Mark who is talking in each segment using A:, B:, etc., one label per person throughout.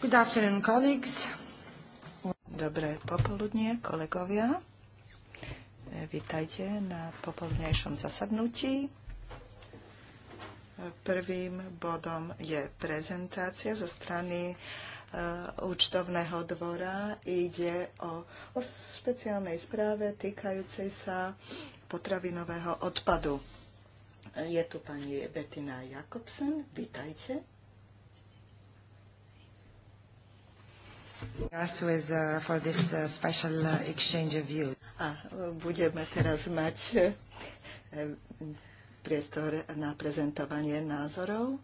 A: Good afternoon, colleagues. Dobré popoludnie, kolegovia. Vítajte na popoludnejšom zasadnutí. Prvým bodom je prezentácia zo strany eh, účtovného dvora. Ide o, o špeciálnej správe týkajúcej sa potravinového odpadu. Je tu pani Betina Jakobsen. Vítajte. Uh, uh, uh, budeme teraz mať eh, priestor na prezentovanie názorov.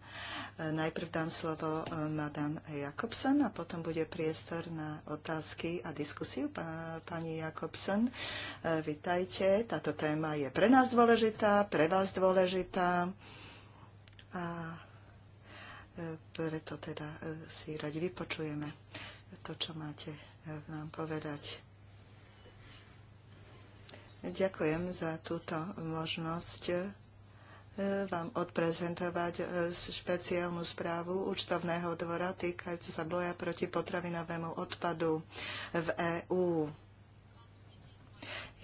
A: Eh, najprv dám slovo eh, madam Jakobsen a potom bude priestor na otázky a diskusiu. Pani Jakobsen, vitajte. Táto téma je pre nás dôležitá, pre vás dôležitá. A preto teda si radi vypočujeme to, čo máte e, nám povedať. Ďakujem za túto možnosť e, vám odprezentovať e, špeciálnu správu účtovného dvora týkajúce sa boja proti potravinovému odpadu v EÚ.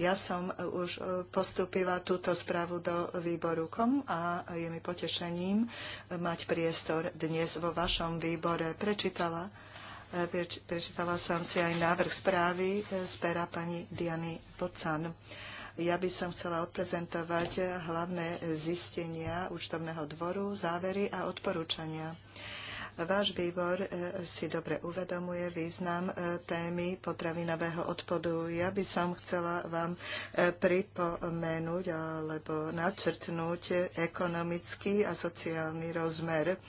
A: Ja som už postúpila túto správu do výboru KOM a je mi potešením mať priestor dnes vo vašom výbore. Prečítala Prečítala som si aj návrh správy e, z pera pani Diany Pocan. Ja by som chcela odprezentovať hlavné zistenia účtovného dvoru, závery a odporúčania. Váš výbor e, si dobre uvedomuje význam e, témy potravinového odpadu. Ja by som chcela vám e, pripomenúť alebo načrtnúť ekonomický a sociálny rozmer.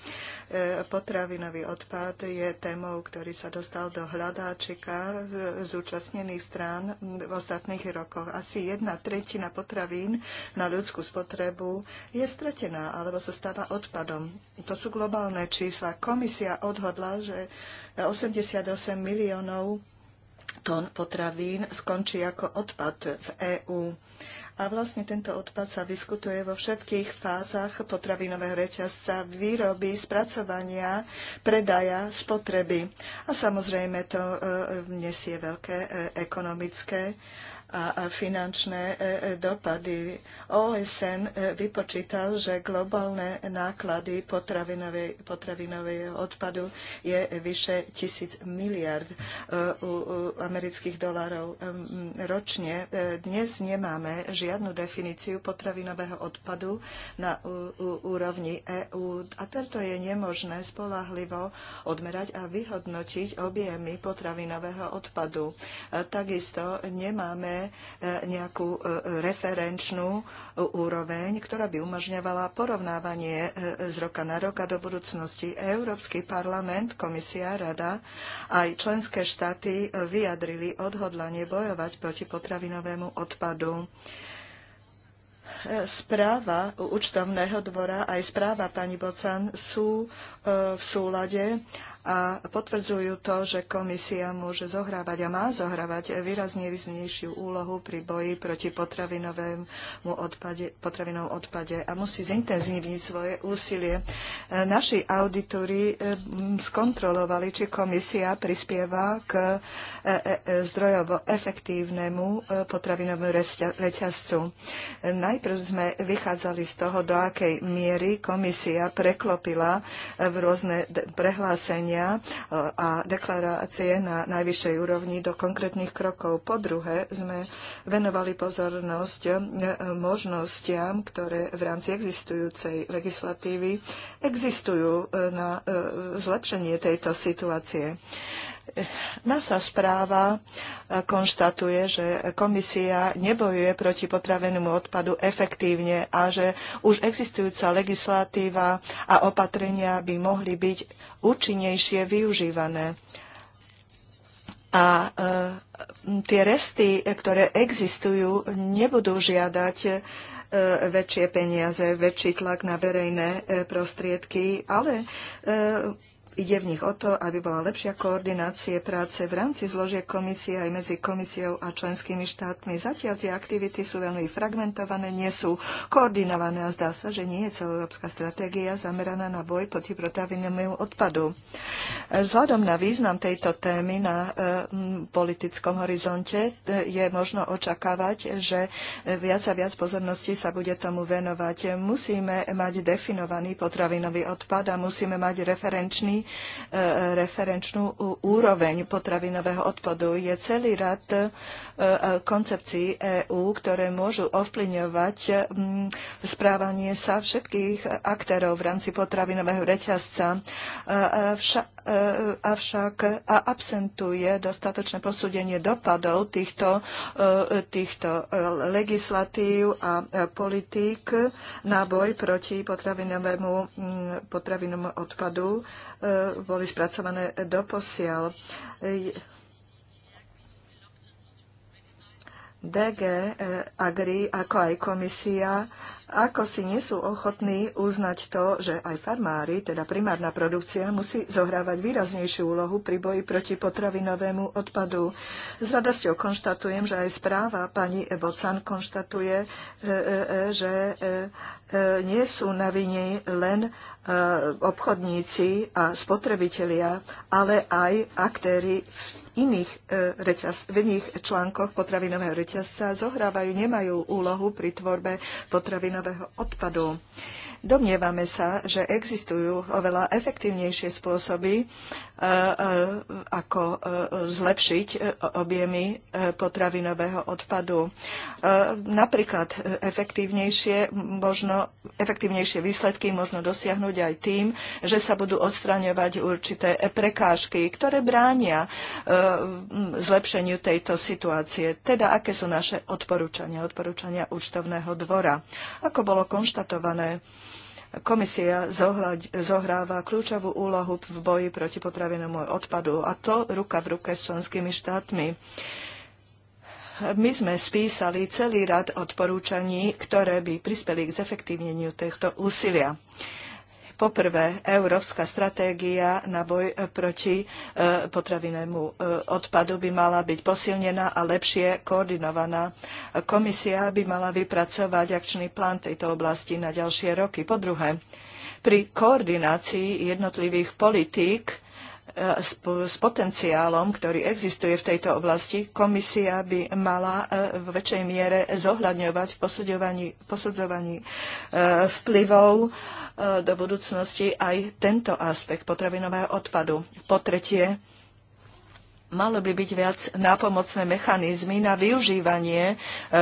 A: Potravinový odpad je témou, ktorý sa dostal do hľadáčika zúčastnených strán v ostatných rokoch. Asi jedna tretina potravín na ľudskú spotrebu je stratená alebo sa stáva odpadom. To sú globálne čísla komisia odhodla, že 88 miliónov tón potravín skončí ako odpad v EÚ. A vlastne tento odpad sa vyskutuje vo všetkých fázach potravinového reťazca, výroby, spracovania, predaja, spotreby. A samozrejme to e, e, nesie veľké e, ekonomické a finančné e, e, dopady. OSN e, vypočítal, že globálne náklady potravinovej, potravinového odpadu je vyše tisíc miliard amerických dolárov ročne. Dnes nemáme žiadnu definíciu potravinového odpadu na úrovni EÚ a preto je nemožné spolahlivo odmerať a vyhodnotiť objemy potravinového odpadu. Takisto nemáme E, nejakú e, referenčnú úroveň, ktorá by umožňovala porovnávanie e, z roka na rok a do budúcnosti. Európsky parlament, komisia, rada aj členské štáty vyjadrili odhodlanie bojovať proti potravinovému odpadu správa účtovného dvora aj správa pani Bocan sú v súlade a potvrdzujú to, že komisia môže zohrávať a má zohrávať výrazne významnejšiu úlohu pri boji proti potravinovému odpade, potravinovom odpade a musí zintenzívniť svoje úsilie. E, naši auditori e, skontrolovali, či komisia prispieva k e, zdrojovo efektívnemu potravinovému reťazcu. Najprv sme vychádzali z toho, do akej miery komisia preklopila v rôzne prehlásenie vyjadrenia e, a deklarácie na najvyššej úrovni do konkrétnych krokov. Po druhé, sme venovali pozornosť e, e, možnostiam, ktoré v rámci existujúcej legislatívy existujú na zlepšenie tejto situácie. NASA správa e, konštatuje, že komisia nebojuje proti potravenému odpadu efektívne a že už existujúca legislatíva a opatrenia by mohli byť účinnejšie využívané. A e, tie resty, ktoré existujú, nebudú žiadať e, väčšie peniaze, väčší tlak na verejné prostriedky, ale Ide v nich o to, aby bola lepšia koordinácie práce v rámci zložiek komisie aj medzi komisiou a členskými štátmi. Zatiaľ tie aktivity sú veľmi fragmentované, nie sú koordinované a zdá sa, že nie je celoeurópska stratégia zameraná na boj proti protavinnému odpadu. Vzhľadom na význam tejto témy na e, politickom horizonte e, je možno očakávať, že viac a viac pozornosti sa bude tomu venovať. Musíme mať definovaný potravinový odpad a musíme mať referenčný referenčnú úroveň potravinového odpadu. Je celý rad e, koncepcií EÚ, ktoré môžu ovplyvňovať mm, správanie sa všetkých aktérov v rámci potravinového reťazca. E, e, Vša- E, avšak absentuje dostatočné posúdenie dopadov týchto, e, týchto e, legislatív a politík na boj proti potravinovému mm, potravinovému odpadu boli spracované doposiaľ. DG Agri, ako aj komisia, ako si nie sú ochotní uznať to, že aj farmári, teda primárna produkcia, musí zohrávať výraznejšiu úlohu pri boji proti potravinovému odpadu. S radosťou konštatujem, že aj správa pani Bocan konštatuje, e, e, e, že nie sú na vine len obchodníci a spotrebitelia, ale aj aktéry v iných, e, reťaz, v iných článkoch potravinového reťazca zohrávajú, nemajú úlohu pri tvorbe potravinového odpadu. Domnievame sa, že existujú oveľa efektívnejšie spôsoby, E, e, ako e, zlepšiť objemy potravinového odpadu. Napríklad efektívnejšie, možno, efektívnejšie výsledky možno dosiahnuť aj tým, že sa budú odstraňovať určité prekážky, ktoré bránia zlepšeniu tejto situácie. Teda aké sú naše odporúčania, odporúčania účtovného dvora. Ako bolo konštatované, Komisia zohráva kľúčovú úlohu v boji proti potravinému odpadu a to ruka v ruke s členskými štátmi my sme spísali celý rad odporúčaní, ktoré by prispeli k zefektívneniu tohto úsilia. Poprvé, európska stratégia na boj e, proti e, potravinému e, odpadu by mala byť posilnená a lepšie koordinovaná. Komisia by mala vypracovať akčný plán tejto oblasti na ďalšie roky. Po druhé, pri koordinácii jednotlivých politík s, potenciálom, ktorý existuje v tejto oblasti, komisia by mala v väčšej miere zohľadňovať v posudzovaní vplyvov E, do budúcnosti aj tento aspekt potravinového odpadu. Po tretie, malo by byť viac nápomocné mechanizmy na využívanie e,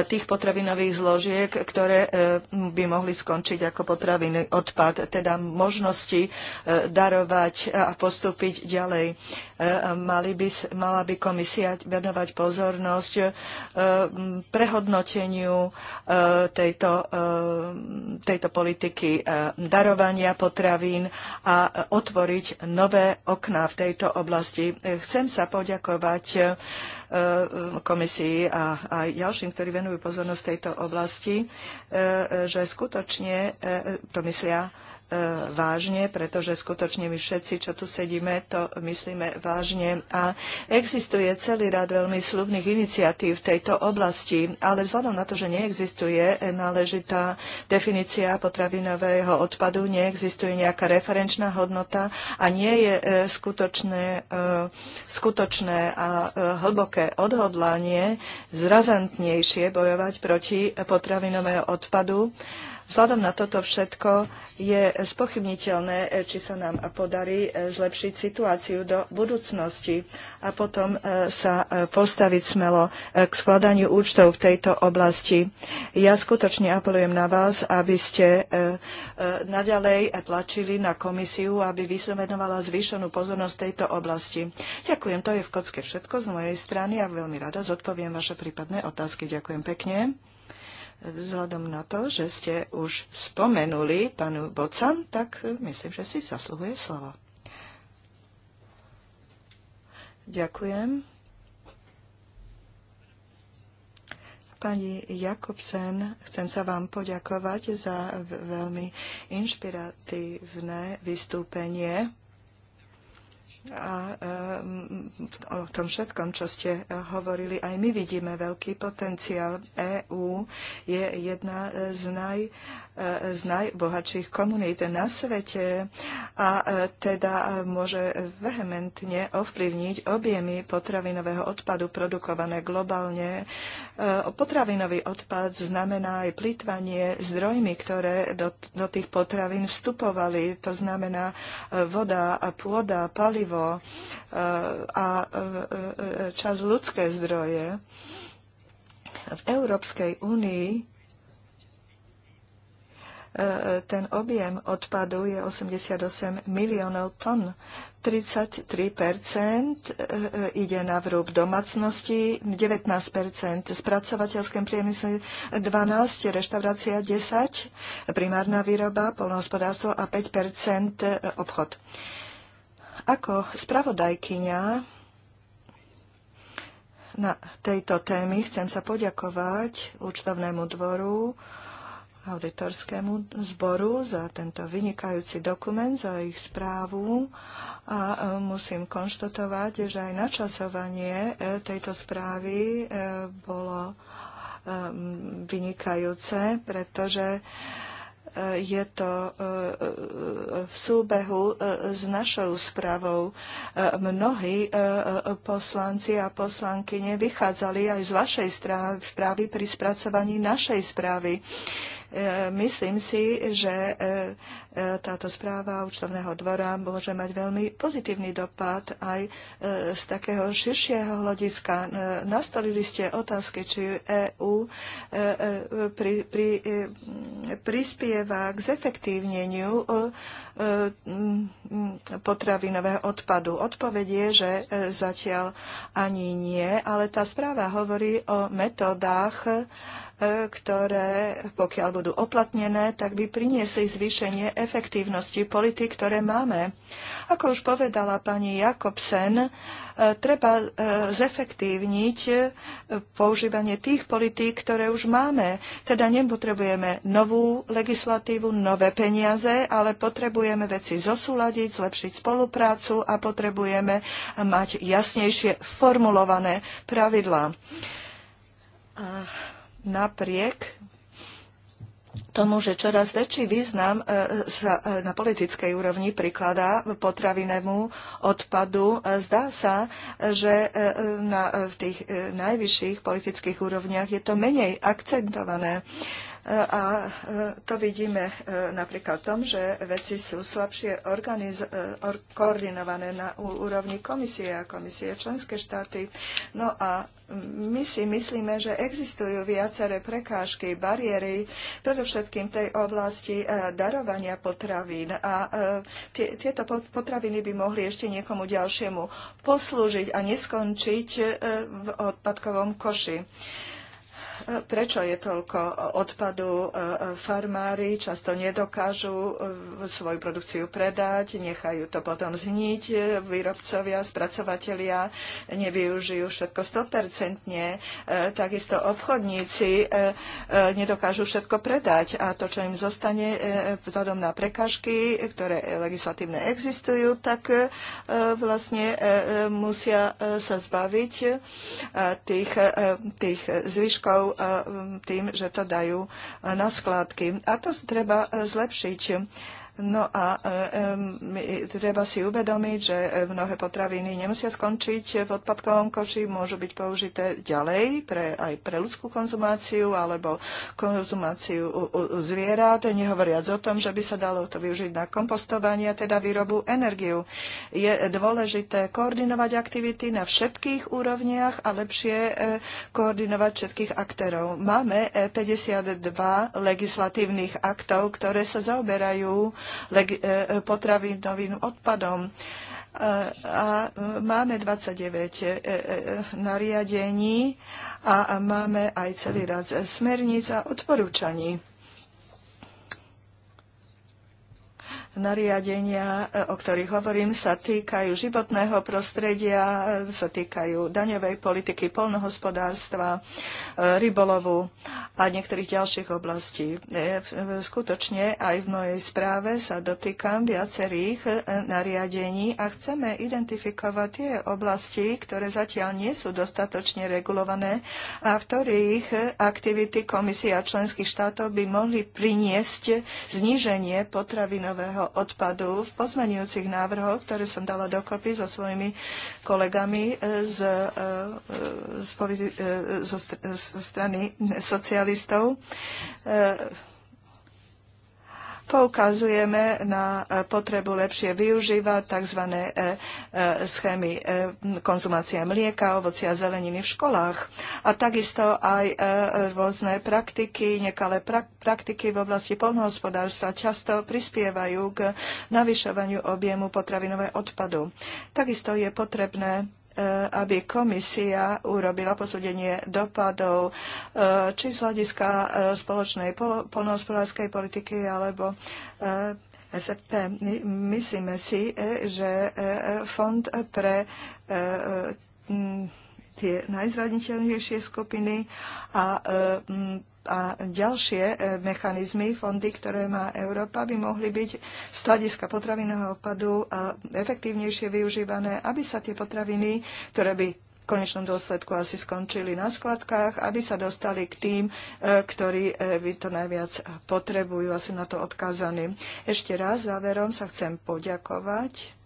A: tých potravinových zložiek, ktoré e, by mohli skončiť ako potraviny odpad, teda možnosti darovať a postúpiť ďalej. E, mali by, mala by komisia venovať pozornosť e, prehodnoteniu e, tejto, tejto politiky darovania potravín a otvoriť nové okná v tejto oblasti. Chcem sa poďakovať komisii a aj ďalším, ktorí venujú pozornosť tejto oblasti, že skutočne to myslia E, vážne, pretože skutočne my všetci, čo tu sedíme, to myslíme vážne. A existuje celý rád veľmi slubných iniciatív v tejto oblasti, ale vzhľadom na to, že neexistuje náležitá definícia potravinového odpadu, neexistuje nejaká referenčná hodnota a nie je e, skutočné, e, skutočné a hlboké odhodlanie zrazantnejšie bojovať proti potravinového odpadu, Vzhľadom na toto všetko je spochybniteľné, eh, či sa nám podarí eh, zlepšiť situáciu do budúcnosti a potom eh, sa postaviť smelo k skladaniu účtov v tejto oblasti. Ja skutočne apelujem na vás, aby ste naďalej tlačili na komisiu, aby vysomenovala zvýšenú pozornosť tejto oblasti. Ďakujem, to je v kocke všetko z mojej strany a veľmi rada zodpoviem vaše prípadné otázky. Ďakujem pekne. Vzhľadom na to, že ste už spomenuli panu Bocan, tak myslím, že si zasluhuje slovo. Ďakujem. Pani Jakobsen, chcem sa vám poďakovať za veľmi inšpiratívne vystúpenie a eh, o tom všetkom, čo ste eh, hovorili, aj my vidíme veľký potenciál. EÚ je jedna eh, z naj z najbohatších komunít na svete a e, teda e, môže vehementne ovplyvniť objemy potravinového odpadu produkované globálne. E, potravinový odpad znamená aj plýtvanie zdrojmi, ktoré do, do tých potravín vstupovali. To znamená voda, a pôda, palivo a čas ľudské zdroje v Európskej únii E, ten objem odpadu je 88 miliónov tón. 33 e, e, ide na vrúb domácnosti, 19 spracovateľském priemysle 12, reštaurácia 10, primárna výroba, polnohospodárstvo a 5 obchod. Ako spravodajkyňa na tejto témy chcem sa poďakovať účtovnému dvoru, auditorskému zboru za tento vynikajúci dokument, za ich správu a e, musím konštatovať, že aj načasovanie e, tejto správy e, bolo vynikajúce, pretože je to v súbehu s našou správou. Mnohí poslanci a poslanky nevychádzali aj z vašej správy pri spracovaní našej správy. Myslím si, že E, táto správa účtovného dvora môže mať veľmi pozitívny dopad aj e, z takého širšieho hľadiska. E, nastolili ste otázky, či EÚ pri, pri, prispieva k zefektívneniu potravinového odpadu. Odpoveď je, že zatiaľ ani nie, ale tá správa hovorí o metodách, ktoré, pokiaľ budú oplatnené, tak by priniesli zvýšenie efektívnosti politik, ktoré máme. Ako už povedala pani Jakobsen, e, treba e, zefektívniť e, používanie tých politík, ktoré už máme. Teda nepotrebujeme novú legislatívu, nové peniaze, ale potrebujeme veci zosúľadiť, zlepšiť spoluprácu a potrebujeme mať jasnejšie formulované pravidlá. A napriek tomu, že čoraz väčší význam e, sa e, na politickej úrovni prikladá potravinému odpadu. E, zdá sa, že na, v tých najvyšších politických úrovniach je to menej akcentované. A to vidíme e, napríklad v tom, že veci sú slabšie organiz- e, or- koordinované na úrovni komisie a komisie členské štáty. No a my si myslíme, že existujú viaceré prekážky, bariéry, predovšetkým tej oblasti e, darovania potravín. A tieto potraviny by mohli ešte niekomu ďalšiemu poslúžiť a neskončiť v odpadkovom koši prečo je toľko odpadu. E, e, farmári často nedokážu e, svoju produkciu predať, nechajú to potom zhniť, výrobcovia, spracovatelia nevyužijú všetko 100%, takisto obchodníci nedokážu všetko predať a to, čo im zostane vzhľadom na prekážky, ktoré legislatívne existujú, tak vlastne musia sa zbaviť tých, tých zvyškov Um, tým, že to dajú na skládky. A to treba e, zlepšiť No a e, treba si uvedomiť, že e, mnohé potraviny nemusia skončiť v odpadkovom koši, môžu byť použité ďalej pre, aj pre ľudskú konzumáciu alebo konzumáciu u, u, u zvierat, nehovoriac o tom, že by sa dalo to využiť na kompostovanie, teda výrobu energiu. Je dôležité koordinovať aktivity na všetkých úrovniach a lepšie e, koordinovať všetkých aktérov. Máme 52 legislatívnych aktov, ktoré sa zaoberajú E, potravinovým odpadom e, a e, máme 29 nariadení a máme aj celý rad smerníc a odporúčaní. nariadenia, e, o ktorých hovorím, sa týkajú životného prostredia, e, sa týkajú daňovej politiky, polnohospodárstva, e, rybolovu a niektorých ďalších oblastí. Skutočne aj v mojej správe sa dotýkam viacerých nariadení a chceme identifikovať tie oblasti, ktoré zatiaľ nie sú dostatočne regulované a v ktorých aktivity komisia členských štátov by mohli priniesť zníženie potravinového komunálneho odpadu v pozmenujúcich návrhoch, ktoré som dala dokopy so svojimi kolegami e, z, e, e, z, z, z, z strany socialistov poukazujeme na e, potrebu lepšie využívať tzv. E, e, schémy konzumácia mlieka, ovocia a zeleniny v školách. A takisto aj rôzne praktiky, nekalé praktiky v oblasti polnohospodárstva často prispievajú k navyšovaniu objemu potravinového odpadu. Takisto je potrebné Eh, aby komisia urobila posúdenie dopadov eh, či z hľadiska eh, spoločnej polnohospodárskej politiky alebo SFP. Myslíme si, že fond pre tie najzraniteľnejšie skupiny a e, a ďalšie e, mechanizmy, fondy, ktoré má Európa, by mohli byť z hľadiska potravinového odpadu efektívnejšie využívané, aby sa tie potraviny, ktoré by v konečnom dôsledku asi skončili na skladkách, aby sa dostali k tým, e, ktorí by to najviac potrebujú a sú na to odkázaní. Ešte raz záverom sa chcem poďakovať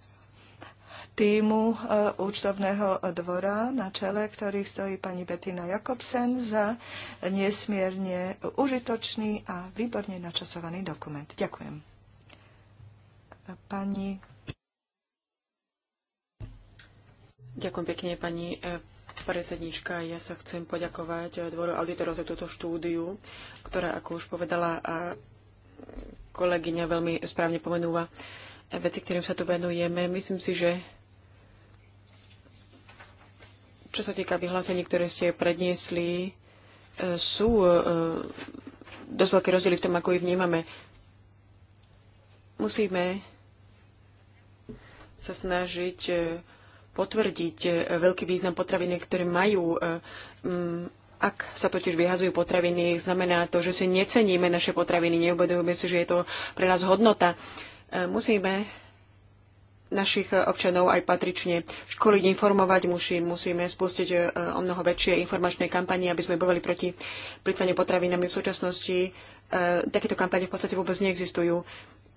A: týmu e, účtovného dvora na čele, ktorých stojí pani Betina Jakobsen za nesmierne užitočný a výborne načasovaný dokument. Ďakujem. Pani.
B: Ďakujem pekne, pani e, predsednička. Ja sa chcem poďakovať e, dvoru auditorov za túto štúdiu, ktorá, ako už povedala kolegyňa, veľmi správne pomenúva veci, ktorým sa tu venujeme. Myslím si, že čo sa týka vyhlásení, ktoré ste predniesli, e, sú e, dosť veľké rozdiely v tom, ako ich vnímame. Musíme sa snažiť e, potvrdiť veľký význam potraviny, ktoré majú. Mm, ak sa totiž vyhazujú potraviny, znamená to, že si neceníme naše potraviny, neobedujeme si, že je to pre nás hodnota. Musíme našich eh, občanov aj patrične školiť, informovať. Musí, musíme spustiť eh, o mnoho väčšie informačné kampanie, aby sme bojovali proti plitvaniu potravinami v súčasnosti. Eh, takéto kampanie v podstate vôbec neexistujú.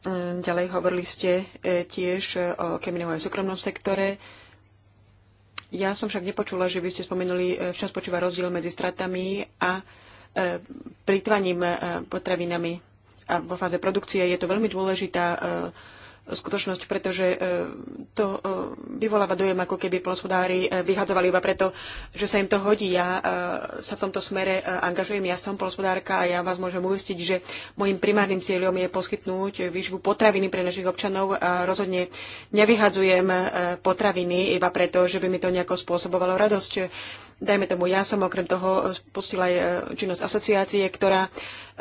B: Mm, ďalej hovorili ste tiež o okrem súkromnom sektore. Ja som však nepočula, že by ste spomenuli, v čom spočíva rozdiel medzi stratami a plýtvaním potravinami. A vo fáze produkcie je to veľmi dôležitá skutočnosť, pretože e, to e, vyvoláva dojem, ako keby plnospodári e, vyhadzovali iba preto, že sa im to hodí. Ja sa v tomto smere angažujem, ja som plnospodárka a ja vás môžem uistiť, že môjim primárnym cieľom je poskytnúť výžvu potraviny pre našich občanov a rozhodne nevyhadzujem potraviny iba preto, že by mi to nejako spôsobovalo radosť. Dajme tomu, ja som okrem toho spustila aj činnosť asociácie, ktorá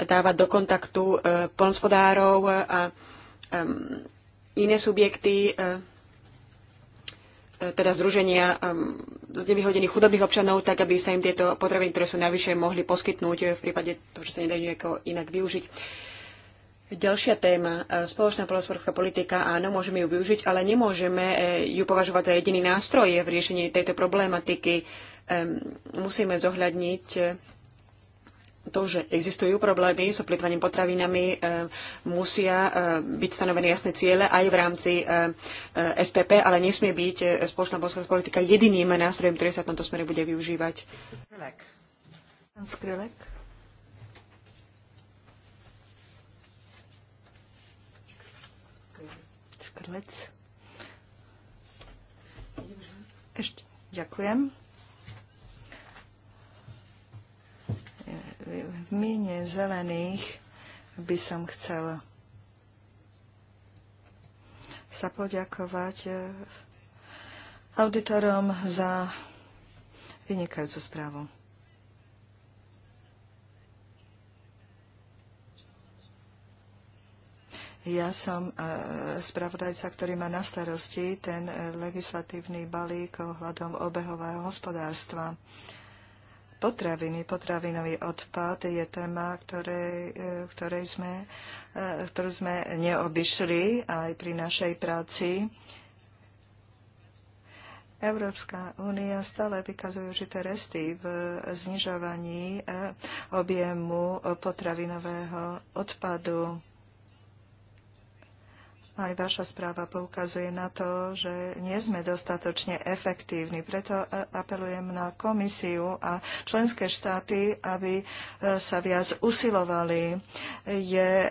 B: dáva do kontaktu polnospodárov a um, iné subjekty, e, e, teda združenia e, nevyhodených chudobných občanov, tak aby sa im tieto potraviny, ktoré sú najvyššie, mohli poskytnúť v prípade toho, že sa nedajú nejako inak využiť. Ďalšia téma, spoločná polosvorská politika, áno, môžeme ju využiť, ale nemôžeme ju považovať za jediný nástroj v riešení tejto problematiky. Musíme zohľadniť to, že existujú problémy s so potravinami, e, musia e, byť stanovené jasné ciele aj v rámci e, SPP, ale nesmie byť spoločná bolská politika jediným nástrojom, ktorý sa v tomto smere bude využívať.
A: Skrylek. Pán Skrylek. Škrlec. Ešte. Ďakujem. v mine zelených by som chcela sa poďakovať eh, auditorom za vynikajúcu správu. Ja som eh, spravodajca, ktorý má na starosti ten eh, legislatívny balík ohľadom obehového hospodárstva potraviny, potravinový odpad je téma, ktorej, e, ktorej sme, e, ktorú sme neobyšli aj pri našej práci. Európska únia stále vykazuje určité resty v znižovaní e, objemu potravinového odpadu. Aj vaša správa poukazuje na to, že nie sme dostatočne efektívni. Preto e, apelujem na komisiu a členské štáty, aby e, sa viac usilovali. Je e,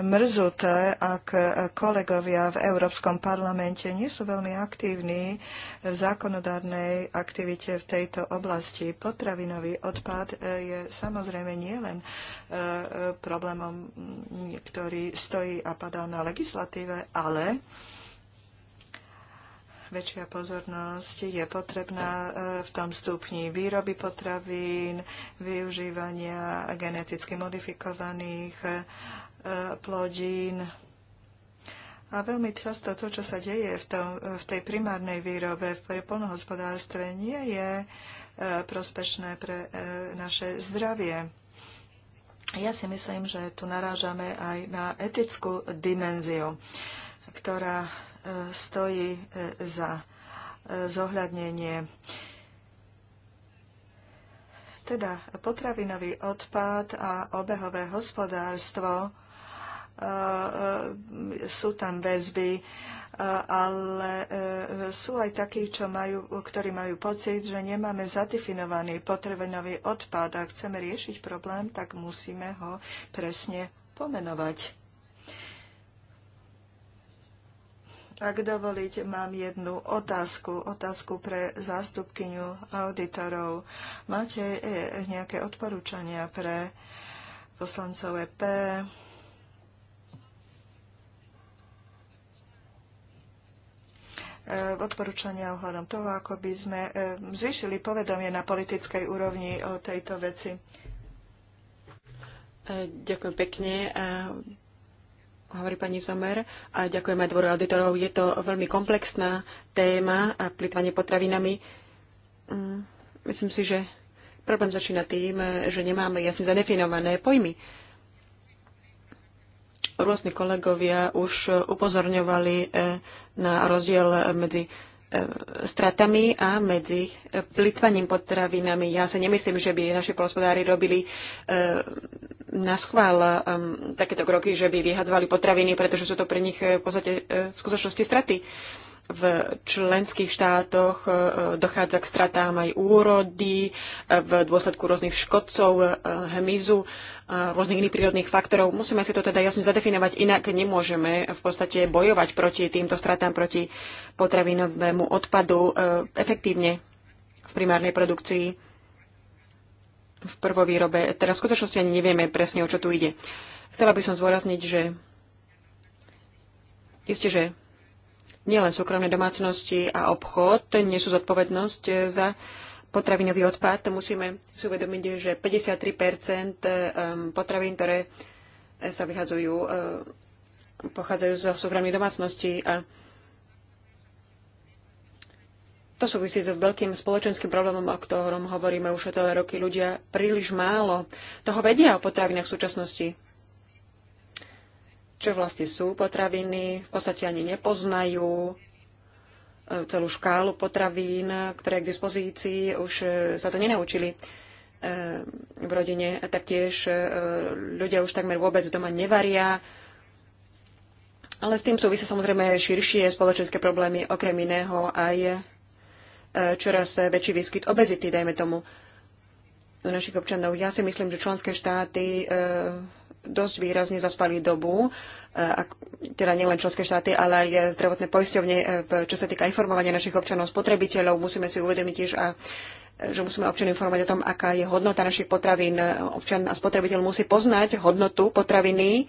A: mrzuté, ak kolegovia v Európskom parlamente nie sú veľmi aktívni v zákonodárnej aktivite v tejto oblasti. Potravinový odpad je samozrejme nielen problémom, ktorý stojí a padá na legislatíve, citlivé, ale väčšia pozornosť je potrebná e, v tom stupni výroby potravín, využívania geneticky modifikovaných e, plodín. A veľmi často to, čo sa deje v, tom, e, v tej primárnej výrobe, v polnohospodárstve, nie je prospešné pre naše zdravie ja si myslím, že tu narážame aj na etickú dimenziu, ktorá e, stojí e, za e, zohľadnenie. Teda potravinový odpad a obehové hospodárstvo sú tam väzby ale e, sú aj takí, čo majú, ktorí majú pocit, že nemáme zadefinovaný potrebenový odpad a chceme riešiť problém, tak musíme ho presne pomenovať. Ak dovoliť, mám jednu otázku, otázku pre zástupkyňu auditorov. Máte e, nejaké odporúčania pre poslancov EP? odporúčania ohľadom toho, ako by sme e, zvýšili povedomie na politickej úrovni o tejto veci. E, ďakujem pekne e, hovorí pani
B: Zomer. A ďakujem aj dvoru auditorov. Je to veľmi komplexná téma a plýtvanie potravinami. Mm, myslím si, že problém začína tým, že nemáme jasne zadefinované pojmy. Rôzni kolegovia už upozorňovali e, na rozdiel medzi e, stratami a medzi e, plitvaním potravinami. Ja si nemyslím, že by naši polospodári robili na schvál takéto kroky, že by vyhadzovali potraviny, pretože sú to pre nich v podstate v skutočnosti straty v členských štátoch e, dochádza k stratám aj úrody e, v dôsledku rôznych škodcov, e, hmyzu, rôznych iných prírodných faktorov. Musíme si to teda jasne zadefinovať, inak nemôžeme v podstate bojovať proti týmto stratám, proti potravinovému odpadu efektívne v primárnej produkcii, v prvovýrobe. Teraz v skutočnosti ani nevieme presne, o čo tu ide. Chcela by som zvorazniť, že Isté, že nielen súkromné domácnosti a obchod nesú zodpovednosť za potravinový odpad. Musíme si uvedomiť, že 53 um, potravín, ktoré eh, sa vyhadzujú, eh, pochádzajú zo súkromných domácností a to súvisí s veľkým spoločenským problémom, o ktorom hovoríme už celé roky. Ľudia príliš málo toho vedia o potravinách v súčasnosti čo vlastne sú potraviny, v podstate ani nepoznajú e, celú škálu potravín, ktoré je k dispozícii, už e, sa to nenaučili e, v rodine. A taktiež ľudia už takmer vôbec doma nevaria. Ale s tým súvisia samozrejme širšie spoločenské problémy, okrem iného aj čoraz väčší výskyt obezity, dajme tomu, u našich občanov. Ja si myslím, že členské štáty dosť výrazne zaspali dobu, e, teda nielen členské štáty, ale aj zdravotné poisťovne, e, čo sa týka informovania našich občanov, spotrebiteľov. Musíme si uvedomiť tiež, a, že musíme občan informovať o tom, aká je hodnota našich potravín. E, občan a spotrebiteľ musí poznať hodnotu potraviny,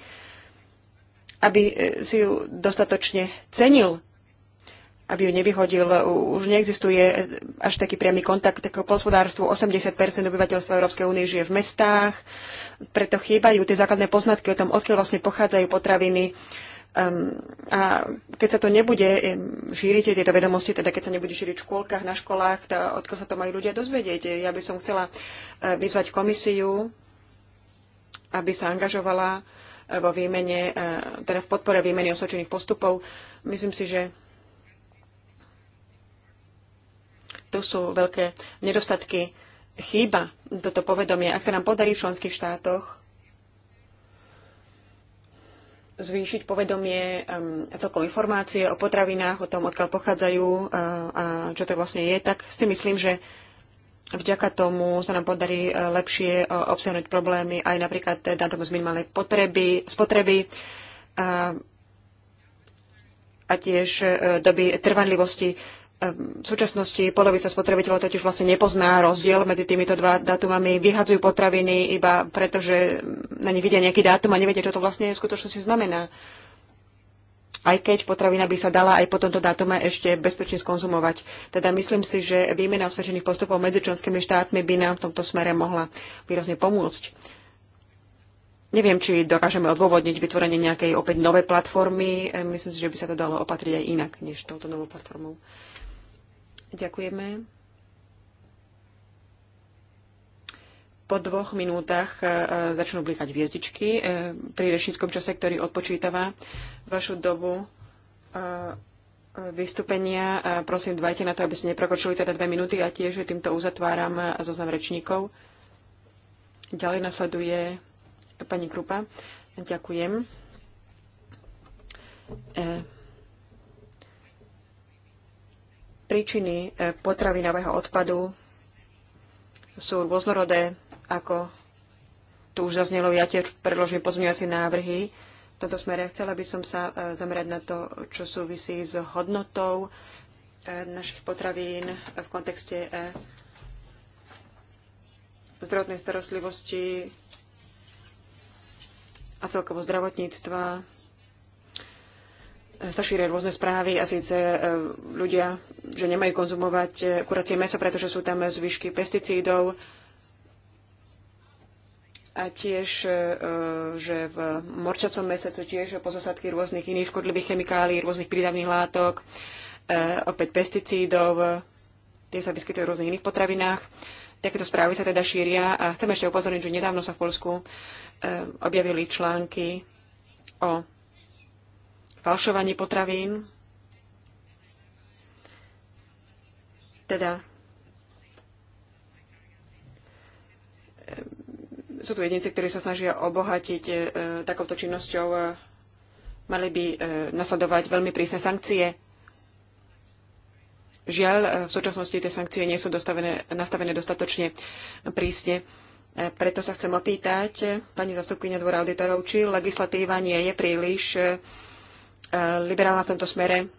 B: aby si ju dostatočne cenil aby ju nevyhodil. Už neexistuje až taký priamy kontakt k hospodárstvu. 80 obyvateľstva Európskej únie žije v mestách, preto chýbajú tie základné poznatky o tom, odkiaľ vlastne pochádzajú potraviny. Um, a keď sa to nebude ehm, šíriť, tieto vedomosti, teda keď sa nebude šíriť v škôlkach, na školách, to, odkiaľ sa to majú ľudia dozvedieť. Ja by som chcela eh, vyzvať komisiu, aby sa angažovala eh, vo výmene, eh, teda v podpore výmeny osočených postupov. Myslím si, že tu sú veľké nedostatky. Chýba toto povedomie. Ak sa nám podarí v členských štátoch zvýšiť povedomie um, celkom informácie o potravinách, o tom, odkiaľ pochádzajú uh, a čo to vlastne je, tak si myslím, že vďaka tomu sa nám podarí uh, lepšie uh, obsiahnuť problémy aj napríklad uh, dátum z minimálnej potreby, spotreby uh, a tiež uh, doby trvanlivosti uh, Ehm, v súčasnosti polovica spotrebiteľov totiž vlastne nepozná rozdiel medzi týmito dva dátumami. Vyhadzujú potraviny iba preto, že na ne vidia nejaký dátum a nevedia, čo to vlastne v skutočnosti znamená. Aj keď potravina by sa dala aj po tomto dátume ešte bezpečne skonzumovať. Teda myslím si, že výmena osvedčených postupov medzi členskými štátmi by nám v tomto smere mohla výrazne pomôcť. Neviem, či dokážeme odôvodniť vytvorenie nejakej opäť novej platformy. Ehm, myslím si, že by sa to dalo opatriť aj inak, než touto novou platformou. Ďakujeme. Po dvoch minútach e, e, začnú blikať hviezdičky e, pri rečníckom čase, ktorý odpočítava vašu dobu vystúpenia. Prosím, dvajte na to, aby ste neprokočili teda dve minúty a tiež týmto uzatváram zoznam rečníkov. Ďalej nasleduje pani Krupa. Ďakujem. Príčiny e, potravinového odpadu sú rôznorodé, ako tu už zaznelo, ja tiež predložím pozmeňovacie návrhy. V tomto smere chcela by som sa e, zamerať na to, čo súvisí s hodnotou e, našich potravín v kontekste zdravotnej starostlivosti a celkovo zdravotníctva sa šíria rôzne správy a síce e, ľudia, že nemajú konzumovať e, kuracie meso, pretože sú tam zvyšky pesticídov a tiež, e, že v morčacom mese sú tiež pozostatky rôznych iných škodlivých chemikálií, rôznych prídavných látok, opäť pesticídov, tie sa vyskytujú v rôznych iných potravinách. Takéto správy sa teda šíria a chcem ešte upozorniť, že nedávno sa v Polsku objavili články o falšovanie potravín. Teda sú tu jedinci, ktorí sa snažia obohatiť e, takouto činnosťou, e, mali by e, nasledovať veľmi prísne sankcie. Žiaľ, e, v súčasnosti tie sankcie nie sú dostavené, nastavené dostatočne prísne. E, preto sa chcem opýtať, e, pani zastupkynia dvora auditorov, či legislatíva nie je príliš liberálna v tomto smere,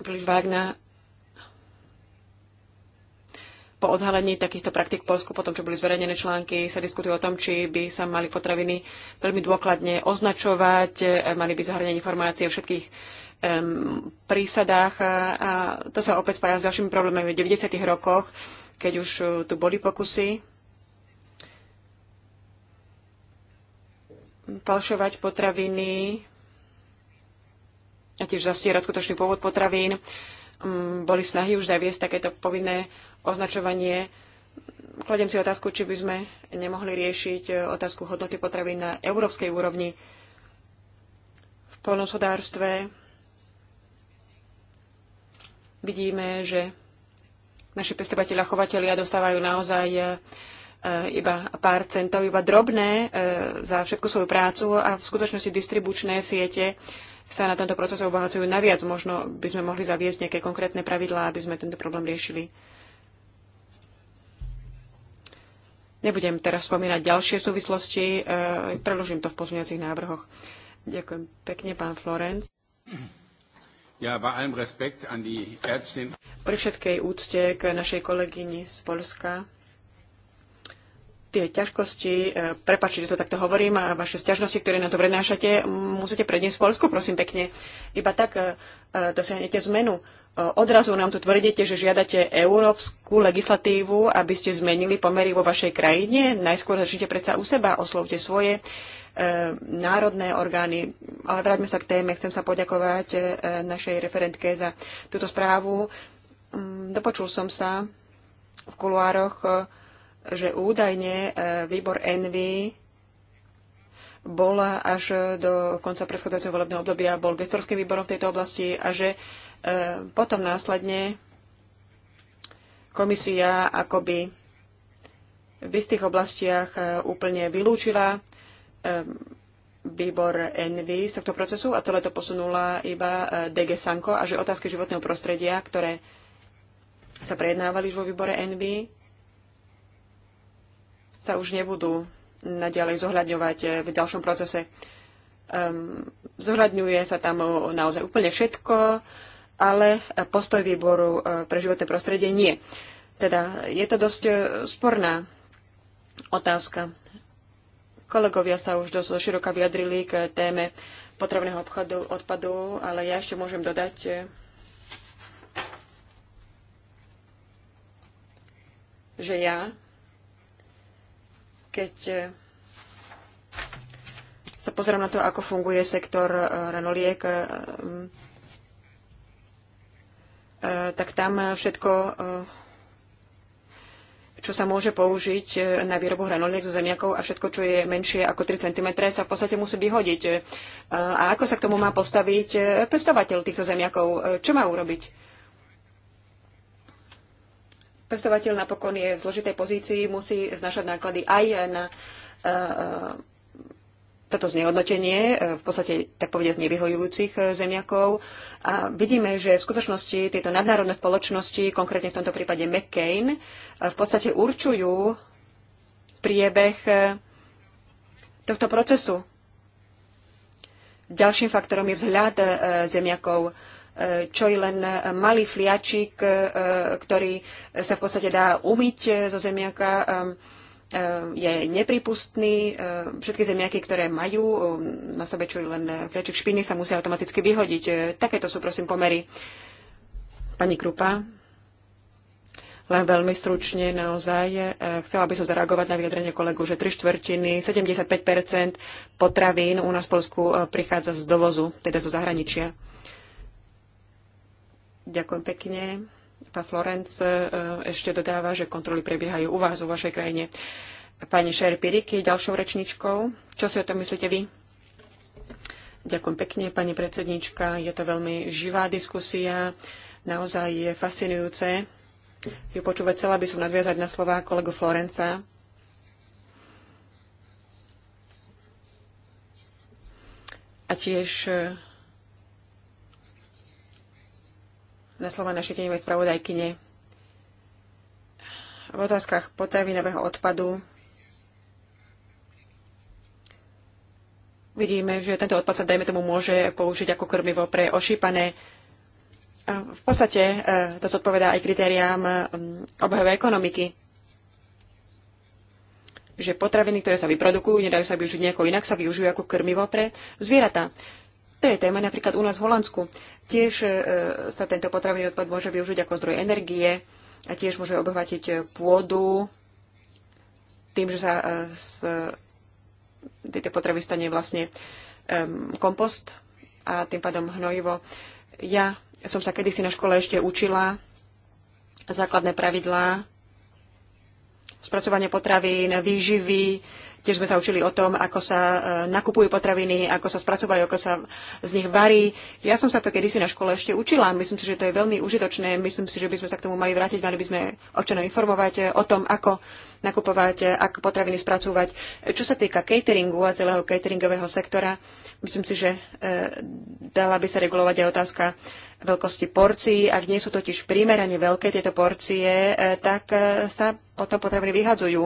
B: príliš vágna po odhalení takýchto praktik v Polsku, potom čo boli zverejnené články, sa diskutuje o tom, či by sa mali potraviny veľmi dôkladne označovať, e, mali by zahrňať informácie o všetkých um, prísadách. A, a to sa opäť spája s ďalšími problémami v 90. rokoch, keď už e, tu boli pokusy falšovať potraviny a tiež zastierať skutočný pôvod potravín. Mm, boli snahy už zaviesť takéto povinné označovanie. Kladiem si otázku, či by sme nemohli riešiť e, otázku hodnoty potravín na európskej úrovni v polnospodárstve. Vidíme, že naši pestovateľi a chovatelia dostávajú naozaj e, e, iba pár centov, iba drobné za všetku svoju prácu a v skutočnosti distribučné siete sa na tento proces obohacujú naviac. Možno by sme mohli zaviesť nejaké konkrétne pravidlá, aby sme tento problém riešili. Nebudem teraz spomínať ďalšie súvislosti, e, preložím to v pozmeňacích návrhoch. Ďakujem pekne, pán Florenc.
A: Ja, bei allem Respekt an die Ärztin.
B: Pri všetkej úcte k našej kolegyni z Polska tie ťažkosti, e, prepačte, že to takto hovorím, a vaše sťažnosti, ktoré na to prenášate, musíte predniesť v Polsku, prosím pekne. Iba tak e, e, dosiahnete zmenu. Odrazu nám tu tvrdíte, že žiadate európsku legislatívu, aby ste zmenili pomery vo vašej krajine. Najskôr začnite predsa u seba, oslovte svoje národné orgány. Ale vráťme sa k téme. Chcem sa poďakovať našej referentke za túto správu. Mm, dopočul som sa v kuluároch že údajne e, výbor Envy bola až do konca predchádzajúceho volebného obdobia bol gestorským výborom v tejto oblasti a že e, potom následne komisia akoby v istých oblastiach e, úplne vylúčila výbor Envy z tohto procesu a celé to posunula iba DG Sanko a že otázky životného prostredia, ktoré sa prejednávali vo výbore Envy, sa už nebudú naďalej zohľadňovať eh, v ďalšom procese. Um, zohľadňuje sa tam eh, naozaj úplne všetko, ale eh, postoj výboru pre životné prostredie nie. Teda je to dosť sporná otázka. Kolegovia sa už dosť široka vyjadrili k téme potrebného obchodu, odpadu, ale ja ešte môžem dodať, že ja keď e, sa pozerám na to, ako funguje sektor e, renoliek, e, tak tam všetko, čo sa môže použiť na výrobu hranoliek zo zemiakov a všetko, čo je menšie ako 3 cm, sa v podstate musí vyhodiť. A ako sa k tomu má postaviť pestovateľ týchto zemiakov? Čo má urobiť? Pestovateľ napokon je v zložitej pozícii, musí znašať náklady aj na e, e, toto znehodnotenie, e, v podstate tak povediať z nevyhojujúcich zemiakov. A vidíme, že v skutočnosti tieto nadnárodné spoločnosti, konkrétne v tomto prípade McCain, v podstate určujú priebeh tohto procesu. Ďalším faktorom je vzhľad zemiakov čo je len malý fliačik, e, ktorý sa v podstate dá umyť zo zemiaka, e, e, je nepripustný. Všetky zemiaky, ktoré majú na sebe čo je len fliačik špiny, sa musia automaticky vyhodiť. Takéto sú, prosím, pomery. Pani Krupa, len veľmi stručne naozaj. Chcela by som zareagovať na vyjadrenie kolegu, že 3 štvrtiny, 75 potravín u nás v Polsku prichádza z dovozu, teda zo zahraničia. Ďakujem pekne. Pán Florenc e, ešte dodáva, že kontroly prebiehajú u vás, u vašej krajine. Pani Šer Pirik je ďalšou rečničkou. Čo si o tom myslíte vy? Ďakujem pekne, pani predsednička. Je to veľmi živá diskusia. Naozaj je fascinujúce ju počúvať. Chcela by som nadviazať na slova kolegu Florenca. A tiež e, na slova našej tenivej spravodajkyne. V otázkach potravinového odpadu vidíme, že tento odpad sa, dajme tomu, môže použiť ako krmivo pre ošípané. V podstate e, to zodpovedá aj kritériám obhajovej ekonomiky že potraviny, ktoré sa vyprodukujú, nedajú sa využiť nejako inak, sa využijú ako krmivo pre zvieratá. To je téma napríklad u nás v Holandsku. Tiež e, sa tento potravný odpad môže využiť ako zdroj energie a tiež môže obohatiť e, pôdu tým, že sa z e, tejto potravy stane vlastne kompost a tým pádom hnojivo. Ja som sa kedysi na škole ešte učila základné pravidlá spracovania potravín, výživy, Tiež sme sa učili o tom, ako sa e, nakupujú potraviny, ako sa spracovajú, ako sa z nich varí. Ja som sa to kedysi na škole ešte učila. Myslím si, že to je veľmi užitočné. Myslím si, že by sme sa k tomu mali vrátiť. Mali by sme občanov informovať e, o tom, ako nakupovať, e, ako potraviny spracúvať. Čo sa týka cateringu a celého cateringového sektora, myslím si, že dala by sa regulovať aj otázka veľkosti porcií. Ak nie sú totiž primerane veľké tieto porcie, tak sa potom potraviny vyhadzujú.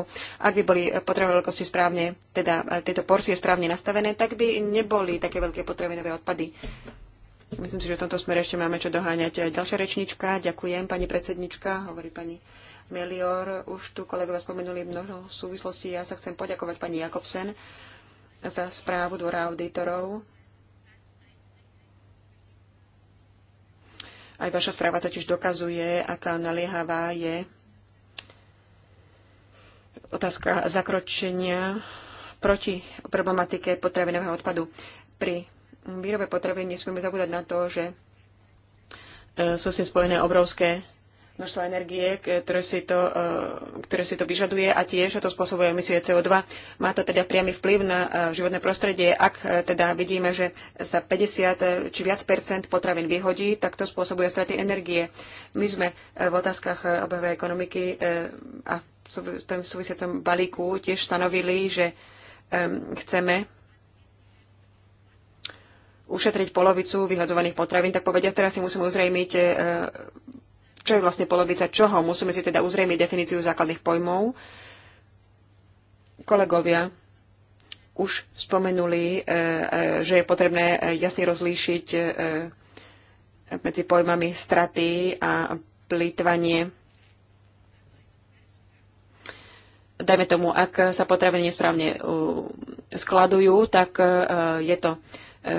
B: Ak by boli potraviny veľkosti správne, správne, teda e, tieto porcie správne nastavené, tak by neboli také veľké potravinové odpady. Myslím si, že v tomto smere ešte máme čo doháňať. Ďalšia rečnička, ďakujem, pani predsednička, hovorí pani Melior. Už tu kolegovia spomenuli mnoho súvislostí. Ja sa chcem poďakovať pani Jakobsen za správu dvora auditorov. Aj vaša správa totiž dokazuje, aká naliehavá je otázka zakročenia proti problematike potravinového odpadu. Pri výrobe potravín nesmieme zabúdať na to, že e, sú s tým spojené obrovské množstvo energie, ktoré si, to, e, ktoré si to vyžaduje a tiež to spôsobuje emisie CO2. Má to teda priamy vplyv na e, životné prostredie. Ak teda vidíme, že sa 50 či viac percent potravín vyhodí, tak to spôsobuje straty energie. My sme v otázkach obehovej ekonomiky a v tom súvisiacom balíku tiež stanovili, že chceme ušetriť polovicu vyhadzovaných potravín, tak povedia, teraz si musíme uzrejmiť, e, čo je vlastne polovica čoho. Musíme si teda uzrejmiť definíciu základných pojmov. Kolegovia už spomenuli, e, e, že je potrebné jasne rozlíšiť medzi pojmami straty a plýtvanie dajme tomu, ak sa potraviny nesprávne uh, skladujú, tak uh, je to uh,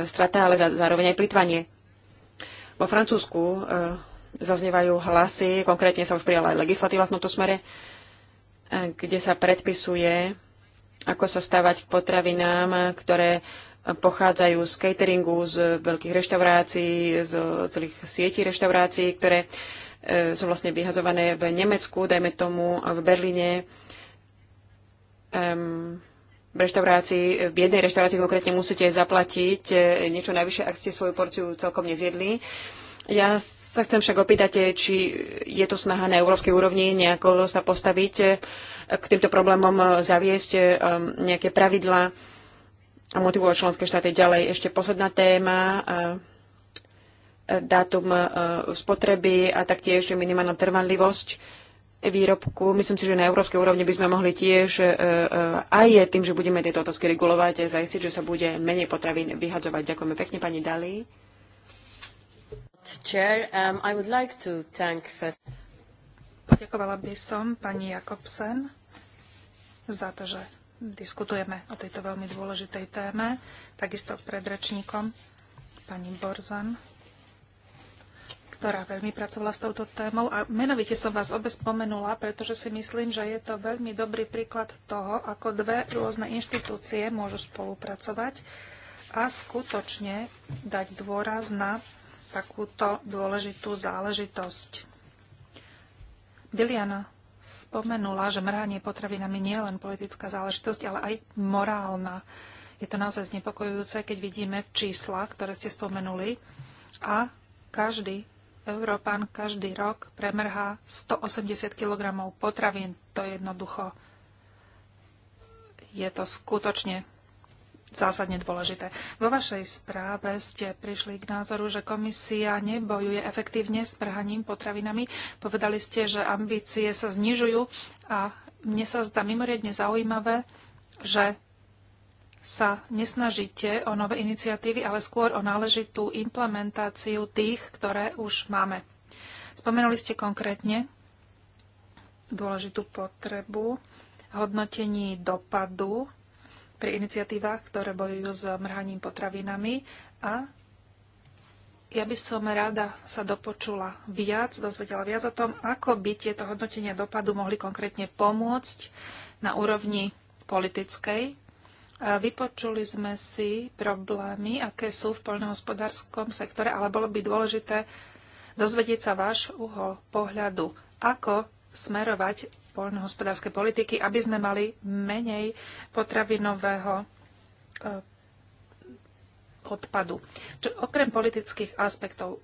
B: strata, ale zároveň aj plitvanie. Vo Francúzsku zaznievajú hlasy, konkrétne sa už prijala aj legislatíva v tomto smere, kde sa predpisuje, ako sa stavať k potravinám, ktoré pochádzajú z cateringu, z veľkých reštaurácií, z celých sietí reštaurácií, ktoré sú vlastne vyhazované v Nemecku, dajme tomu, v Berlíne, um, v reštaurácii, v jednej reštaurácii konkrétne musíte zaplatiť e, niečo najvyššie, ak ste svoju porciu celkom nezjedli. Ja sa chcem však opýtať, e, či je tu snaha na európskej úrovni nejako sa postaviť e, k týmto problémom, zaviesť nejaké pravidlá a motivovať členské štáty ďalej. Ešte posledná téma, dátum spotreby a taktiež minimálna trvanlivosť výrobku. Myslím si, že na európskej úrovni by sme mohli tiež e, e, aj tým, že budeme tieto otázky regulovať, zaistiť, že sa bude menej potravín vyhadzovať. Ďakujeme pekne, pani Dali. Chair, um, I would like to thank first...
C: Poďakovala by som pani Jakobsen za to, že diskutujeme o tejto veľmi dôležitej téme, takisto predrečníkom pani Borzan ktorá veľmi pracovala s touto témou a menovite som vás obe spomenula, pretože si myslím, že je to veľmi dobrý príklad toho, ako dve rôzne inštitúcie môžu spolupracovať a skutočne dať dôraz na takúto dôležitú záležitosť. Biliana spomenula, že mrhanie potravinami nie je len politická záležitosť, ale aj morálna. Je to naozaj znepokojujúce, keď vidíme čísla, ktoré ste spomenuli a každý Európan každý rok premrhá 180 kg potravín. To je jednoducho je to skutočne zásadne dôležité. Vo vašej správe ste prišli k názoru, že komisia nebojuje efektívne s prhaním potravinami. Povedali ste, že ambície sa znižujú a mne sa zdá mimoriadne zaujímavé, že sa nesnažíte o nové iniciatívy, ale skôr o náležitú implementáciu tých, ktoré už máme. Spomenuli ste konkrétne dôležitú potrebu hodnotení dopadu pri iniciatívach, ktoré bojujú s mrhaním potravinami a ja by som rada sa dopočula viac, dozvedela viac o tom, ako by tieto hodnotenia dopadu mohli konkrétne pomôcť na úrovni politickej Vypočuli sme si problémy, aké sú v poľnohospodárskom sektore, ale bolo by dôležité dozvedieť sa váš uhol pohľadu, ako smerovať poľnohospodárske politiky, aby sme mali menej potravinového e, odpadu. Čo, okrem politických aspektov,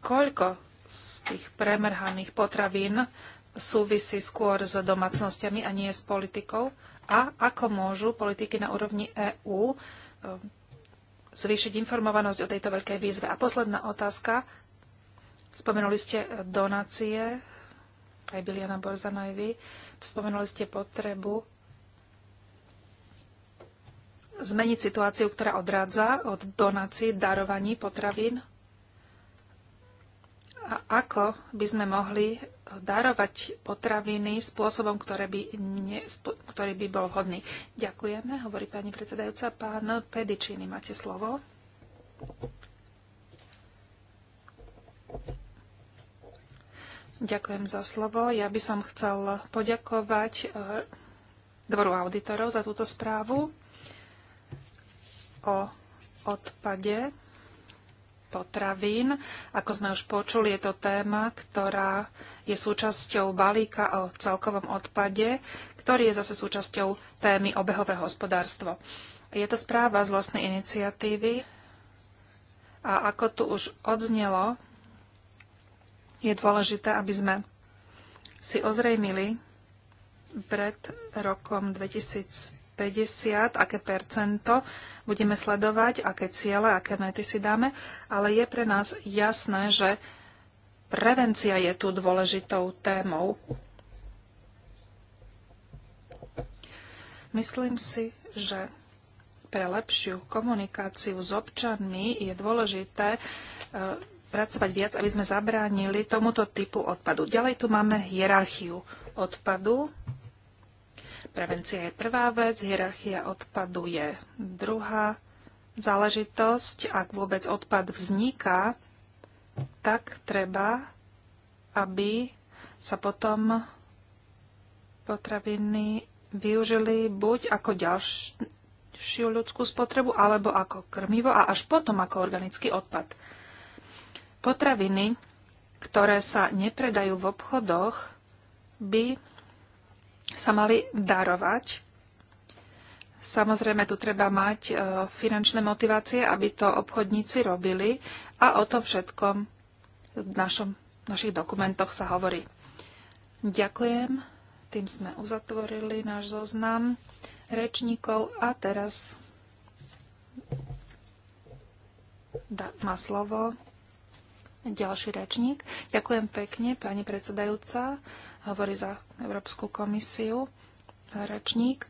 C: koľko z tých premrhaných potravín súvisí skôr s domácnosťami a nie s politikou? a ako môžu politiky na úrovni EÚ e, zvýšiť informovanosť o tejto veľkej výzve. A posledná otázka. Spomenuli ste donácie, aj Biliana Borzan, aj vy. Spomenuli ste potrebu zmeniť situáciu, ktorá odrádza od donácií, darovaní potravín? A ako by sme mohli darovať potraviny spôsobom, ktoré by ne, ktorý by bol vhodný. Ďakujeme, hovorí pani predsedajúca. Pán Pedičiny, máte slovo. Ďakujem za slovo. Ja by som chcel poďakovať e, Dvoru auditorov za túto správu o odpade potravín. Ako sme už počuli, je to téma, ktorá je súčasťou balíka o celkovom odpade, ktorý je zase súčasťou témy obehové hospodárstvo. Je to správa z vlastnej iniciatívy a ako tu už odznelo, je dôležité, aby sme si ozrejmili pred rokom 2000 50, aké percento budeme sledovať, aké ciele, aké mety si dáme, ale je pre nás jasné, že prevencia je tu dôležitou témou. Myslím si, že pre lepšiu komunikáciu s občanmi je dôležité e, pracovať viac, aby sme zabránili tomuto typu odpadu. Ďalej tu máme hierarchiu odpadu. Prevencia je prvá vec, hierarchia odpadu je druhá záležitosť. Ak vôbec odpad vzniká, tak treba, aby sa potom potraviny využili buď ako ďalšiu ľudskú spotrebu, alebo ako krmivo a až potom ako organický odpad. Potraviny, ktoré sa nepredajú v obchodoch, by sa mali darovať. Samozrejme, tu treba mať e, finančné motivácie, aby to obchodníci robili a o tom všetkom v našom, našich dokumentoch sa hovorí. Ďakujem. Tým sme uzatvorili náš zoznam rečníkov a teraz má slovo ďalší rečník. Ďakujem pekne, pani predsedajúca hovorí za Európsku komisiu rečník.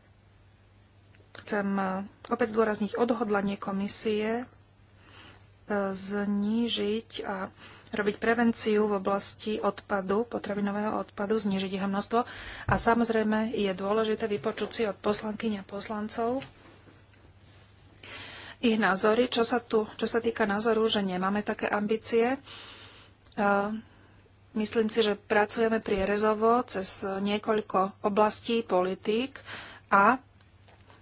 C: Chcem e, opäť zdôrazniť odhodlanie komisie e, znížiť a robiť prevenciu v oblasti odpadu, potravinového odpadu, znižiť jeho množstvo. A samozrejme je dôležité vypočuť si od poslankyň a poslancov ich názory, čo sa, tu, čo sa týka názoru, že nemáme také ambície. E, Myslím si, že pracujeme prierezovo cez niekoľko oblastí politík a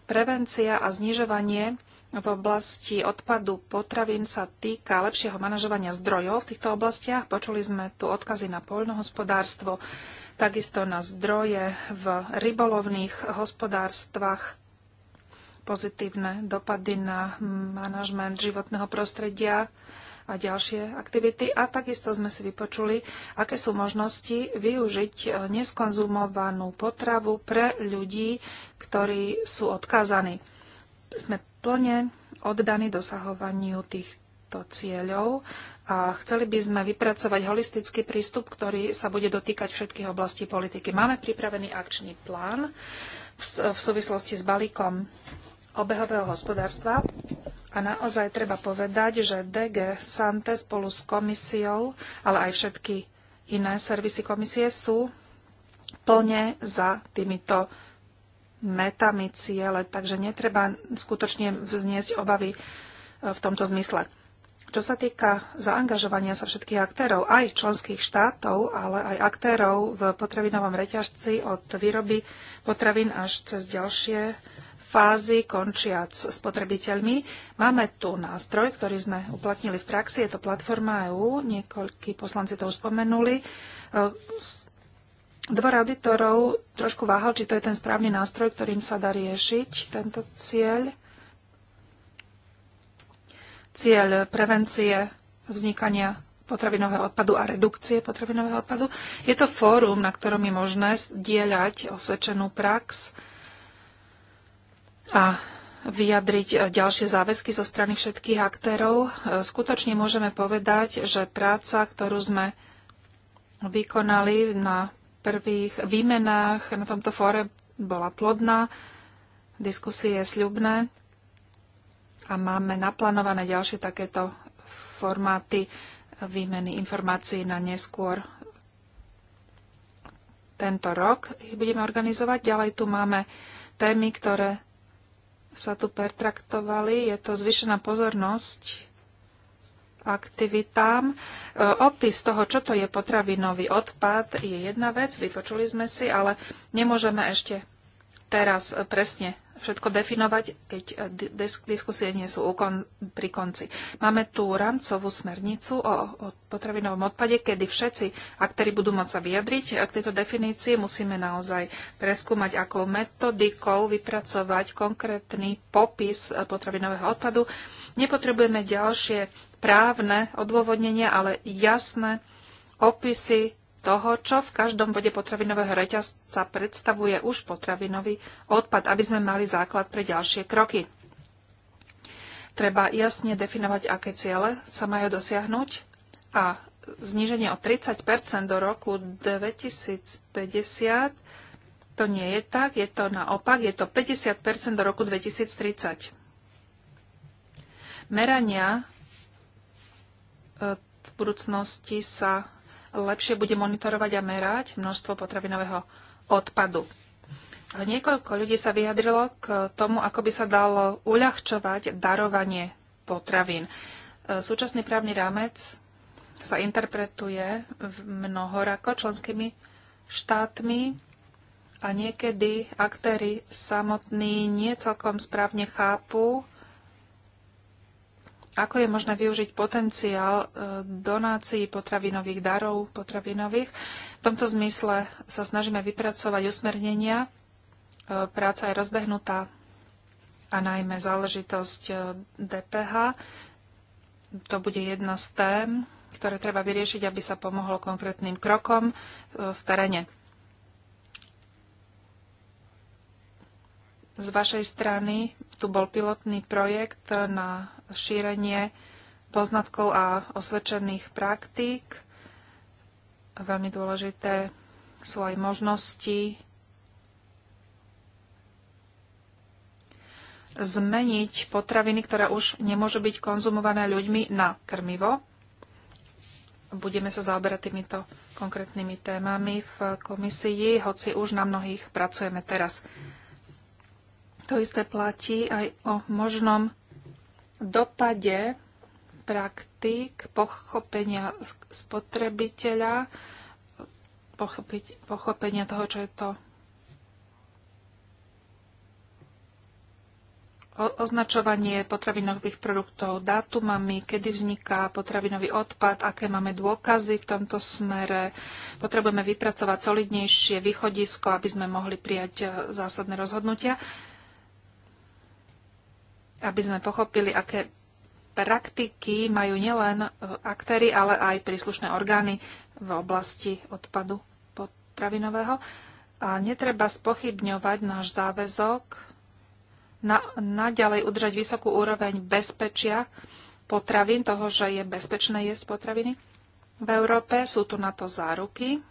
C: prevencia a znižovanie v oblasti odpadu potravín sa týka lepšieho manažovania zdrojov v týchto oblastiach. Počuli sme tu odkazy na poľnohospodárstvo, takisto na zdroje v rybolovných hospodárstvach, pozitívne dopady na manažment životného prostredia, a ďalšie aktivity. A takisto sme si vypočuli, aké sú možnosti využiť e, neskonzumovanú potravu pre ľudí, ktorí sú odkázaní. Sme plne oddaní dosahovaniu týchto cieľov a chceli by sme vypracovať holistický prístup, ktorý sa bude dotýkať všetkých oblastí politiky. Máme pripravený akčný plán v súvislosti s balíkom obehového hospodárstva a naozaj treba povedať, že DG Sante spolu s komisiou, ale aj všetky iné servisy komisie sú plne za týmito metami ciele, takže netreba skutočne vzniesť obavy e, v tomto zmysle. Čo sa týka zaangažovania sa všetkých aktérov, aj členských štátov, ale aj aktérov v potravinovom reťažci od výroby potravín až cez ďalšie fázy končiac s potrebiteľmi. Máme tu nástroj, ktorý sme uplatnili v praxi. Je to platforma EU. Niekoľkí poslanci to už spomenuli. E, dvor auditorov trošku váhal, či to je ten správny nástroj, ktorým sa dá riešiť tento cieľ. Cieľ prevencie vznikania potravinového odpadu a redukcie potravinového odpadu. Je to fórum, na ktorom je možné zdieľať osvedčenú prax, a vyjadriť e, ďalšie záväzky zo strany všetkých aktérov. E, skutočne môžeme povedať, že práca, ktorú sme vykonali na prvých výmenách na tomto fóre, bola plodná, diskusie je sľubné a máme naplánované ďalšie takéto formáty výmeny informácií na neskôr tento rok ich budeme organizovať. Ďalej tu máme témy, ktoré sa tu pertraktovali. Je to zvyšená pozornosť aktivitám. E, opis toho, čo to je potravinový odpad, je jedna vec, vypočuli sme si, ale nemôžeme ešte teraz presne všetko definovať, keď eh, diskusie nie sú kon, pri konci. Máme tu rámcovú smernicu o, o potravinovom odpade, kedy všetci aktéri budú môcť sa vyjadriť eh, k tejto definícii. Musíme naozaj preskúmať, akou metodikou vypracovať konkrétny popis eh, potravinového odpadu. Nepotrebujeme ďalšie právne odôvodnenia, ale jasné opisy toho, čo v každom bode potravinového reťazca predstavuje už potravinový odpad, aby sme mali základ pre ďalšie kroky. Treba jasne definovať, aké ciele sa majú dosiahnuť a zníženie o 30 do roku 2050 to nie je tak, je to naopak, je to 50 do roku 2030. Merania e, v budúcnosti sa lepšie bude monitorovať a merať množstvo potravinového odpadu. Ale niekoľko ľudí sa vyjadrilo k tomu, ako by sa dalo uľahčovať darovanie potravín. E, súčasný právny rámec sa interpretuje v mnohorako členskými štátmi a niekedy aktéry samotní nie celkom správne chápu, ako je možné využiť potenciál e, donácií potravinových darov, potravinových. V tomto zmysle sa snažíme vypracovať usmernenia. E, práca je rozbehnutá a najmä záležitosť e, DPH. To bude jedna z tém, ktoré treba vyriešiť, aby sa pomohlo konkrétnym krokom v teréne. Z vašej strany tu bol pilotný projekt na šírenie poznatkov a osvedčených praktík. Veľmi dôležité sú aj možnosti zmeniť potraviny, ktoré už nemôžu byť konzumované ľuďmi, na krmivo. Budeme sa zaoberať týmito konkrétnymi témami v komisii, hoci už na mnohých pracujeme teraz. To isté platí aj o možnom dopade praktík pochopenia spotrebiteľa, pochopiť, pochopenia toho, čo je to označovanie potravinových produktov dátumami, kedy vzniká potravinový odpad, aké máme dôkazy v tomto smere. Potrebujeme vypracovať solidnejšie východisko, aby sme mohli prijať eh, zásadné rozhodnutia aby sme pochopili, aké praktiky majú nielen e, aktéry, ale aj príslušné orgány v oblasti odpadu potravinového. A netreba spochybňovať náš záväzok na, naďalej udržať vysokú úroveň bezpečia potravín, toho, že je bezpečné jesť potraviny. V Európe sú tu na to záruky.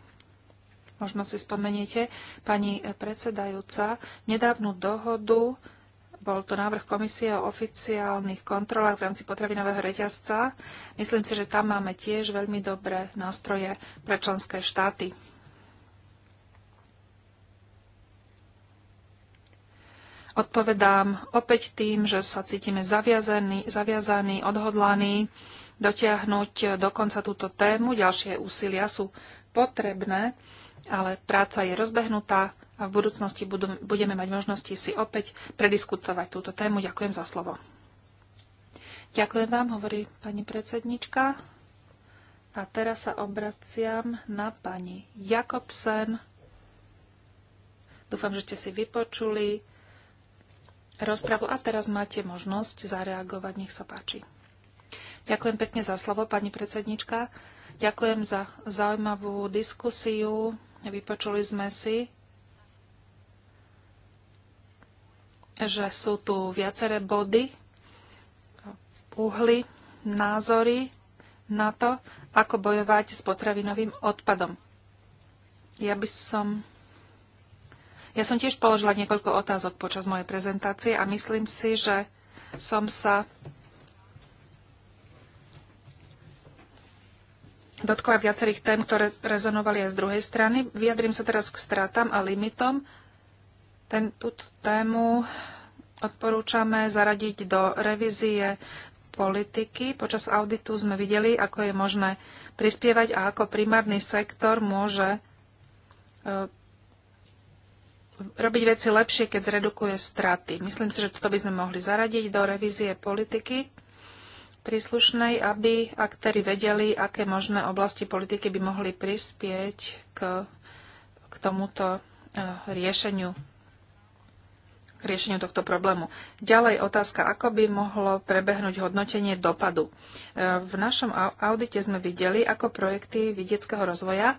C: Možno si spomeniete, pani predsedajúca, nedávnu dohodu bol to návrh komisie o oficiálnych kontrolách v rámci potravinového reťazca. Myslím si, že tam máme tiež veľmi dobré nástroje pre členské štáty. Odpovedám opäť tým, že sa cítime zaviazaní, zaviazaní odhodlaní dotiahnuť do konca túto tému. Ďalšie úsilia sú potrebné, ale práca je rozbehnutá, a v budúcnosti budú, budeme mať možnosti si opäť prediskutovať túto tému. Ďakujem za slovo. Ďakujem vám, hovorí pani predsednička. A teraz sa obraciam na pani Jakobsen. Dúfam, že ste si vypočuli rozpravu a teraz máte možnosť zareagovať. Nech sa páči. Ďakujem pekne za slovo, pani predsednička. Ďakujem za zaujímavú diskusiu. Vypočuli sme si že sú tu viaceré body, uhly, názory na to, ako bojovať s potravinovým odpadom. Ja by som... Ja som tiež položila niekoľko otázok počas mojej prezentácie a myslím si, že som sa dotkla viacerých tém, ktoré rezonovali aj z druhej strany. Vyjadrím sa teraz k stratám a limitom Túto tému odporúčame zaradiť do revízie politiky. Počas auditu sme videli, ako je možné prispievať a ako primárny sektor môže e, robiť veci lepšie, keď zredukuje straty. Myslím si, že toto by sme mohli zaradiť do revízie politiky príslušnej, aby aktéry vedeli, aké možné oblasti politiky by mohli prispieť k, k tomuto e, riešeniu riešeniu tohto problému. Ďalej otázka, ako by mohlo prebehnúť hodnotenie dopadu. E, v našom audite sme videli, ako projekty vidieckého rozvoja e,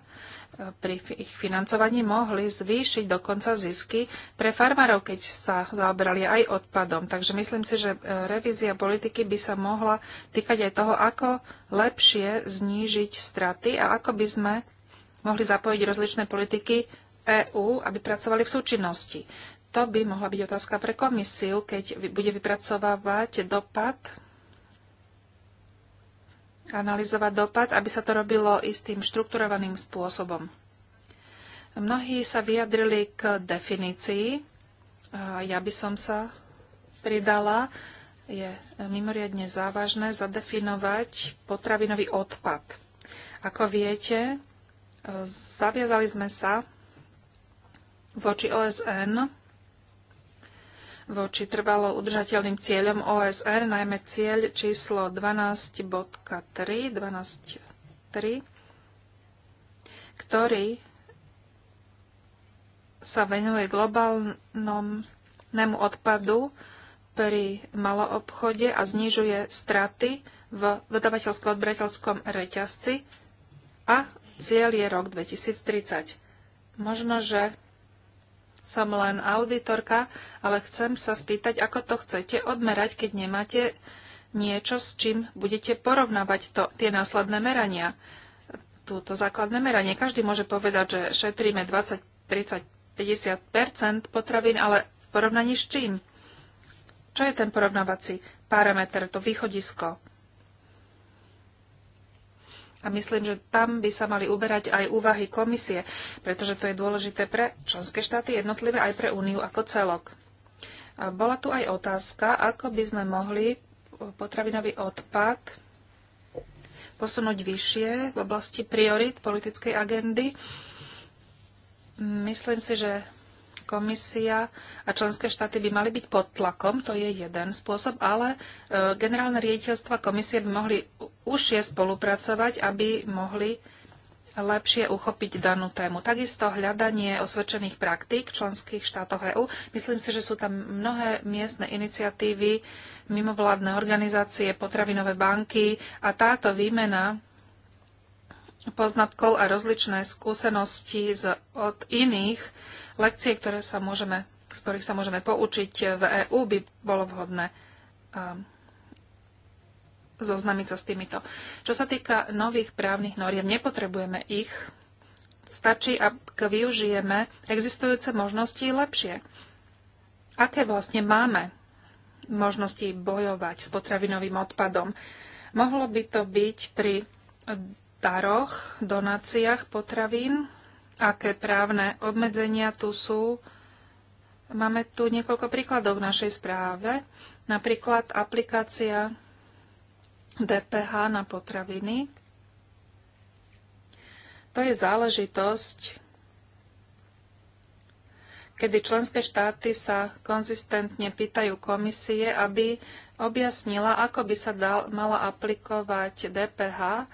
C: pri ich financovaní mohli zvýšiť dokonca zisky pre farmárov, keď sa zaoberali aj odpadom. Takže myslím si, že e, revízia politiky by sa mohla týkať aj toho, ako lepšie znížiť straty a ako by sme mohli zapojiť rozličné politiky EÚ, aby pracovali v súčinnosti. To by mohla byť otázka pre komisiu, keď bude vypracovávať dopad, analyzovať dopad, aby sa to robilo istým štrukturovaným spôsobom. Mnohí sa vyjadrili k definícii. Ja by som sa pridala. Je mimoriadne závažné zadefinovať potravinový odpad. Ako viete, e, zaviazali sme sa voči OSN voči trvalo udržateľným cieľom OSR, najmä cieľ číslo 12.3, 12.3 ktorý sa venuje globálnomu odpadu pri maloobchode a znižuje straty v dodavateľsko-odberateľskom reťazci a cieľ je rok 2030. Možno, že som len auditorka, ale chcem sa spýtať, ako to chcete odmerať, keď nemáte niečo, s čím budete porovnávať to, tie následné merania. Túto základné meranie. Každý môže povedať, že šetríme 20, 30, 50 potravín, ale v porovnaní s čím? Čo je ten porovnávací parameter, to východisko? A myslím, že tam by sa mali uberať aj úvahy komisie, pretože to je dôležité pre členské štáty jednotlivé aj pre úniu ako celok. A bola tu aj otázka, ako by sme mohli potravinový odpad posunúť vyššie v oblasti priorit politickej agendy. Myslím si, že komisia a členské štáty by mali byť pod tlakom, to je jeden spôsob, ale e, generálne riediteľstva komisie by mohli užšie spolupracovať, aby mohli lepšie uchopiť danú tému. Takisto hľadanie osvedčených praktík v členských štátoch EÚ. Myslím si, že sú tam mnohé miestne iniciatívy, mimovládne organizácie, potravinové banky a táto výmena poznatkov a rozličné skúsenosti z, od iných lekcie, ktoré sa môžeme, z ktorých sa môžeme poučiť v EÚ, by bolo vhodné um, zoznamiť sa s týmito. Čo sa týka nových právnych noriem, nepotrebujeme ich. Stačí, ak využijeme existujúce možnosti lepšie. Aké vlastne máme možnosti bojovať s potravinovým odpadom? Mohlo by to byť pri daroch, donáciách potravín, aké právne obmedzenia tu sú. Máme tu niekoľko príkladov v našej správe, napríklad aplikácia DPH na potraviny. To je záležitosť, kedy členské štáty sa konzistentne pýtajú komisie, aby objasnila, ako by sa dal, mala aplikovať DPH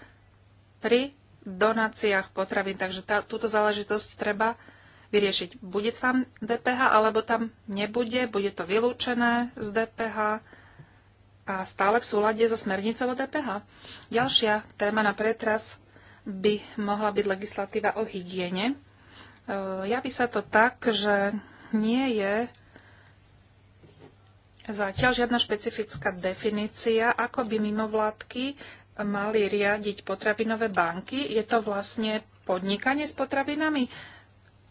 C: pri donáciách potravín, takže tá, túto záležitosť treba vyriešiť. Bude tam DPH, alebo tam nebude, bude to vylúčené z DPH a stále v súlade so smernicou o DPH. Ďalšia téma na pretras by mohla byť legislatíva o hygiene. E, javí sa to tak, že nie je Zatiaľ žiadna špecifická definícia, ako by mimovládky mali riadiť potravinové banky. Je to vlastne podnikanie s potravinami?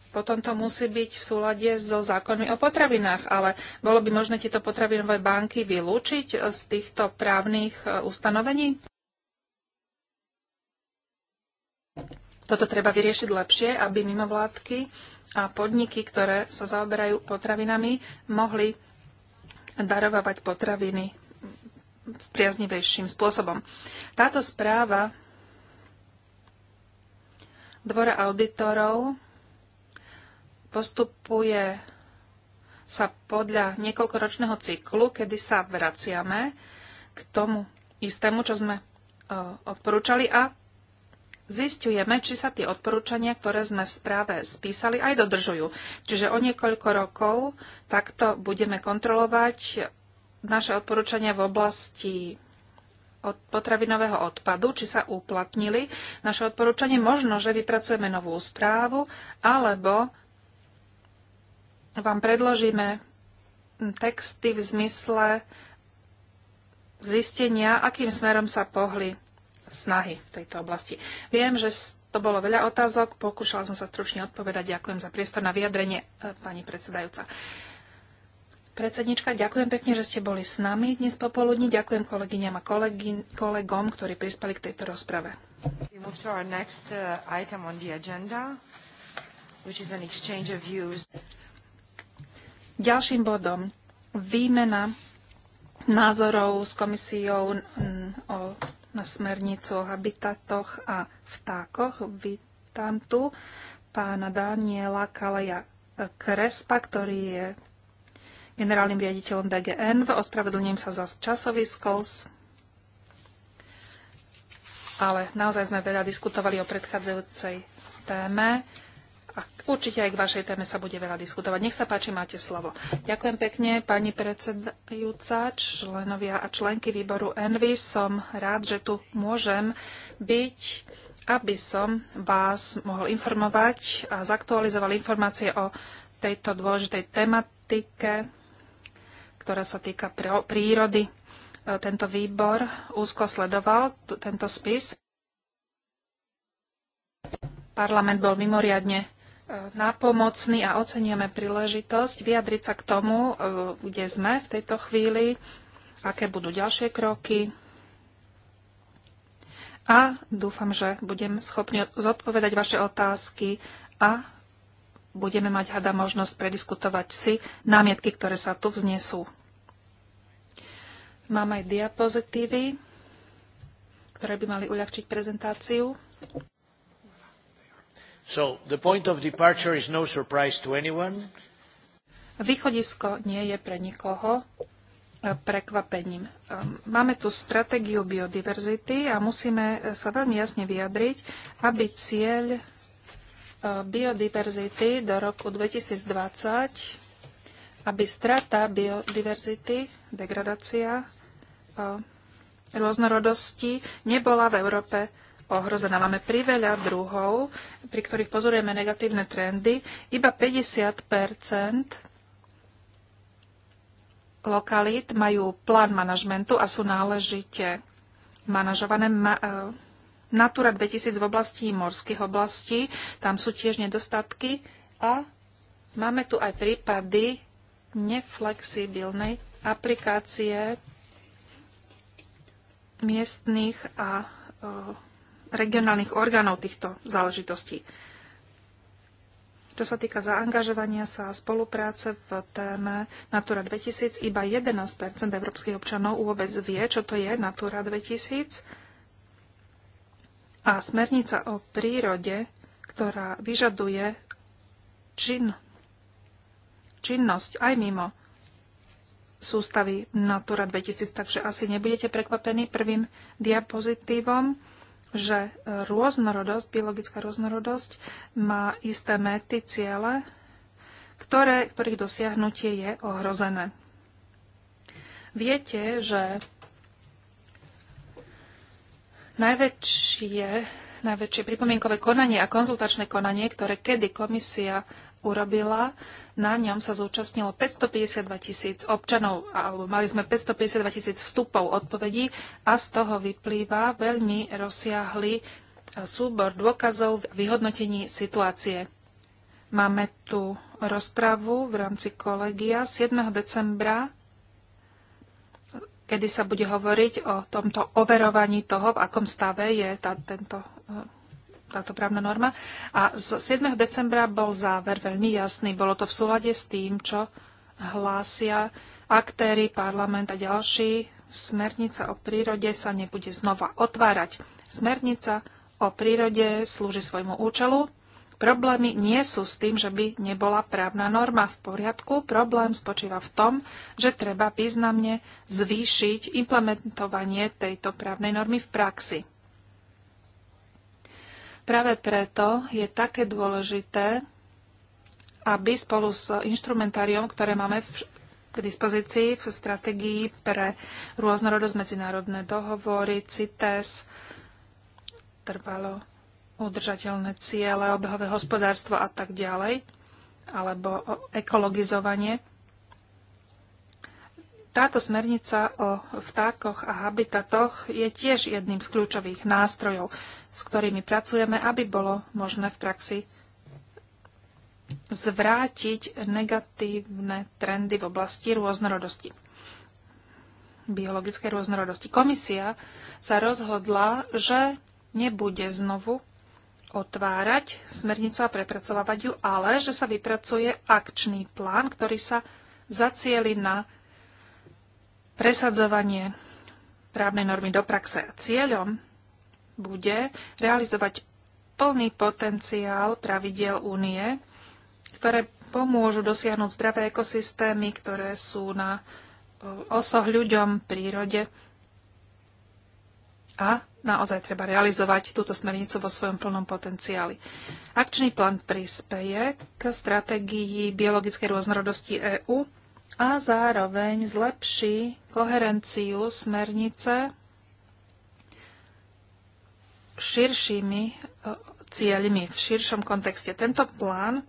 C: Potom to musí byť v súlade so zákonmi o potravinách, ale bolo by možné tieto potravinové banky vylúčiť z týchto právnych e, ustanovení? Toto treba vyriešiť lepšie, aby mimovládky a podniky, ktoré sa zaoberajú potravinami, mohli darovávať potraviny priaznivejším spôsobom. Táto správa Dvora auditorov postupuje sa podľa niekoľkoročného cyklu, kedy sa vraciame k tomu istému, čo sme e, odporúčali a zistujeme, či sa tie odporúčania, ktoré sme v správe spísali, aj dodržujú. Čiže o niekoľko rokov takto budeme kontrolovať naše odporúčania v oblasti od potravinového odpadu, či sa uplatnili. Naše odporúčanie možno, že vypracujeme novú správu, alebo vám predložíme texty v zmysle zistenia, akým smerom sa pohli snahy v tejto oblasti. Viem, že to bolo veľa otázok, pokúšala som sa stručne odpovedať. Ďakujem za priestor na vyjadrenie, e, pani predsedajúca. Predsednička, ďakujem pekne, že ste boli s nami dnes popoludní. Ďakujem kolegyňam a kolegom, ktorí prispeli k tejto rozprave.
A: Next, uh, agenda,
C: Ďalším bodom výmena názorov s komisiou o, na smernicu o habitatoch a vtákoch. Vítam tu pána Daniela Kaleja Krespa, ktorý je generálnym riaditeľom DGN. Ospravedlňujem sa za časový skls, ale naozaj sme veľa diskutovali o predchádzajúcej téme a určite aj k vašej téme sa bude veľa diskutovať. Nech sa páči, máte slovo. Ďakujem pekne, pani predsedajúca, členovia a členky výboru Envy. Som rád, že tu môžem byť, aby som vás mohol informovať a zaktualizoval informácie o tejto dôležitej tematike ktorá sa týka prírody. E, tento výbor úzko sledoval tento spis. Parlament bol mimoriadne e, nápomocný a ocenujeme príležitosť vyjadriť sa k tomu, e, kde sme v tejto chvíli, aké budú ďalšie kroky, a dúfam, že budem schopný zodpovedať vaše otázky a budeme mať hada možnosť prediskutovať si námietky, ktoré sa tu vznesú. Mám aj diapozitívy, ktoré by mali uľahčiť prezentáciu.
A: So, the point of departure is no surprise to anyone.
C: Východisko nie je pre nikoho e, prekvapením. E, máme tu stratégiu biodiverzity a musíme e, sa veľmi jasne vyjadriť, aby cieľ biodiverzity do roku 2020 aby strata biodiverzity, degradácia rôznorodosti nebola v Európe ohrozená. Máme priveľa druhov, pri ktorých pozorujeme negatívne trendy. Iba 50 lokalít majú plán manažmentu a sú náležite manažované. E, Natura 2000 v oblasti morských oblastí, tam sú tiež nedostatky a máme tu aj prípady neflexibilnej aplikácie miestných a e, regionálnych orgánov týchto záležitostí. Čo sa týka zaangažovania sa a spolupráce v téme Natura 2000, iba 11 európskych občanov vôbec vie, čo to je Natura 2000. A smernica o prírode, ktorá vyžaduje čin činnosť aj mimo sústavy Natura 2000, takže asi nebudete prekvapení prvým diapozitívom, že rôznorodosť, biologická rôznorodosť má isté mety, ciele, ktoré, ktorých dosiahnutie je ohrozené. Viete, že najväčšie, najväčšie pripomienkové konanie a konzultačné konanie, ktoré kedy komisia urobila. Na ňom sa zúčastnilo 552 tisíc občanov, alebo mali sme 552 tisíc vstupov, odpovedí a z toho vyplýva veľmi rozsiahly eh, súbor dôkazov v vyhodnotení situácie. Máme tu rozpravu v rámci kolegia 7. decembra, kedy sa bude hovoriť o tomto overovaní toho, v akom stave je tá, tento eh, táto právna norma. A z 7. decembra bol záver veľmi jasný. Bolo to v súlade s tým, čo hlásia aktéry, parlament a ďalší. Smernica o prírode sa nebude znova otvárať. Smernica o prírode slúži svojmu účelu. Problémy nie sú s tým, že by nebola právna norma v poriadku. Problém spočíva v tom, že treba významne zvýšiť implementovanie tejto právnej normy v praxi. Práve preto je také dôležité, aby spolu s inštrumentáriom, ktoré máme v, k dispozícii v stratégii pre rôznorodosť medzinárodné dohovory, CITES, trvalo udržateľné ciele, obehové hospodárstvo a tak ďalej, alebo ekologizovanie táto smernica o vtákoch a habitatoch je tiež jedným z kľúčových nástrojov, s ktorými pracujeme, aby bolo možné v praxi zvrátiť negatívne trendy v oblasti rôznorodosti biologickej rôznorodosti. Komisia sa rozhodla, že nebude znovu otvárať smernicu a prepracovávať ju, ale že sa vypracuje akčný plán, ktorý sa zacieli na presadzovanie právnej normy do praxe. a Cieľom bude realizovať plný potenciál pravidiel únie, ktoré pomôžu dosiahnuť zdravé ekosystémy, ktoré sú na eh, osoh ľuďom, prírode. A naozaj treba realizovať túto smernicu vo svojom plnom potenciáli. Akčný plán prispeje k stratégii biologickej rôznorodosti EÚ a zároveň zlepší koherenciu smernice širšími e, cieľmi v širšom kontexte. Tento plán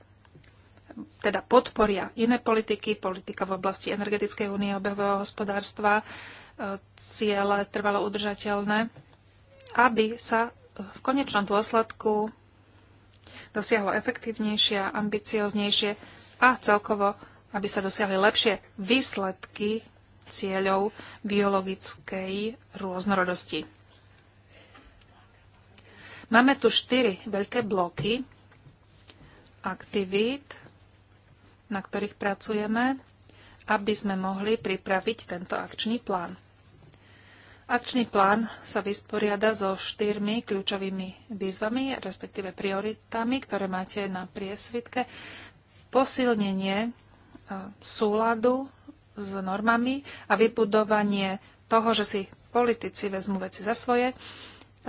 C: teda podporia iné politiky, politika v oblasti energetickej únie, obehového hospodárstva, e, ciele trvalo udržateľné, aby sa v konečnom dôsledku dosiahlo efektívnejšie, ambicioznejšie a celkovo, aby sa dosiahli lepšie výsledky cieľov biologickej rôznorodosti. Máme tu štyri veľké bloky aktivít, na ktorých pracujeme, aby sme mohli pripraviť tento akčný plán. Akčný plán sa vysporiada so štyrmi kľúčovými výzvami, respektíve prioritami, ktoré máte na priesvitke. Posilnenie e, súladu s normami a vybudovanie toho, že si politici vezmú veci za svoje,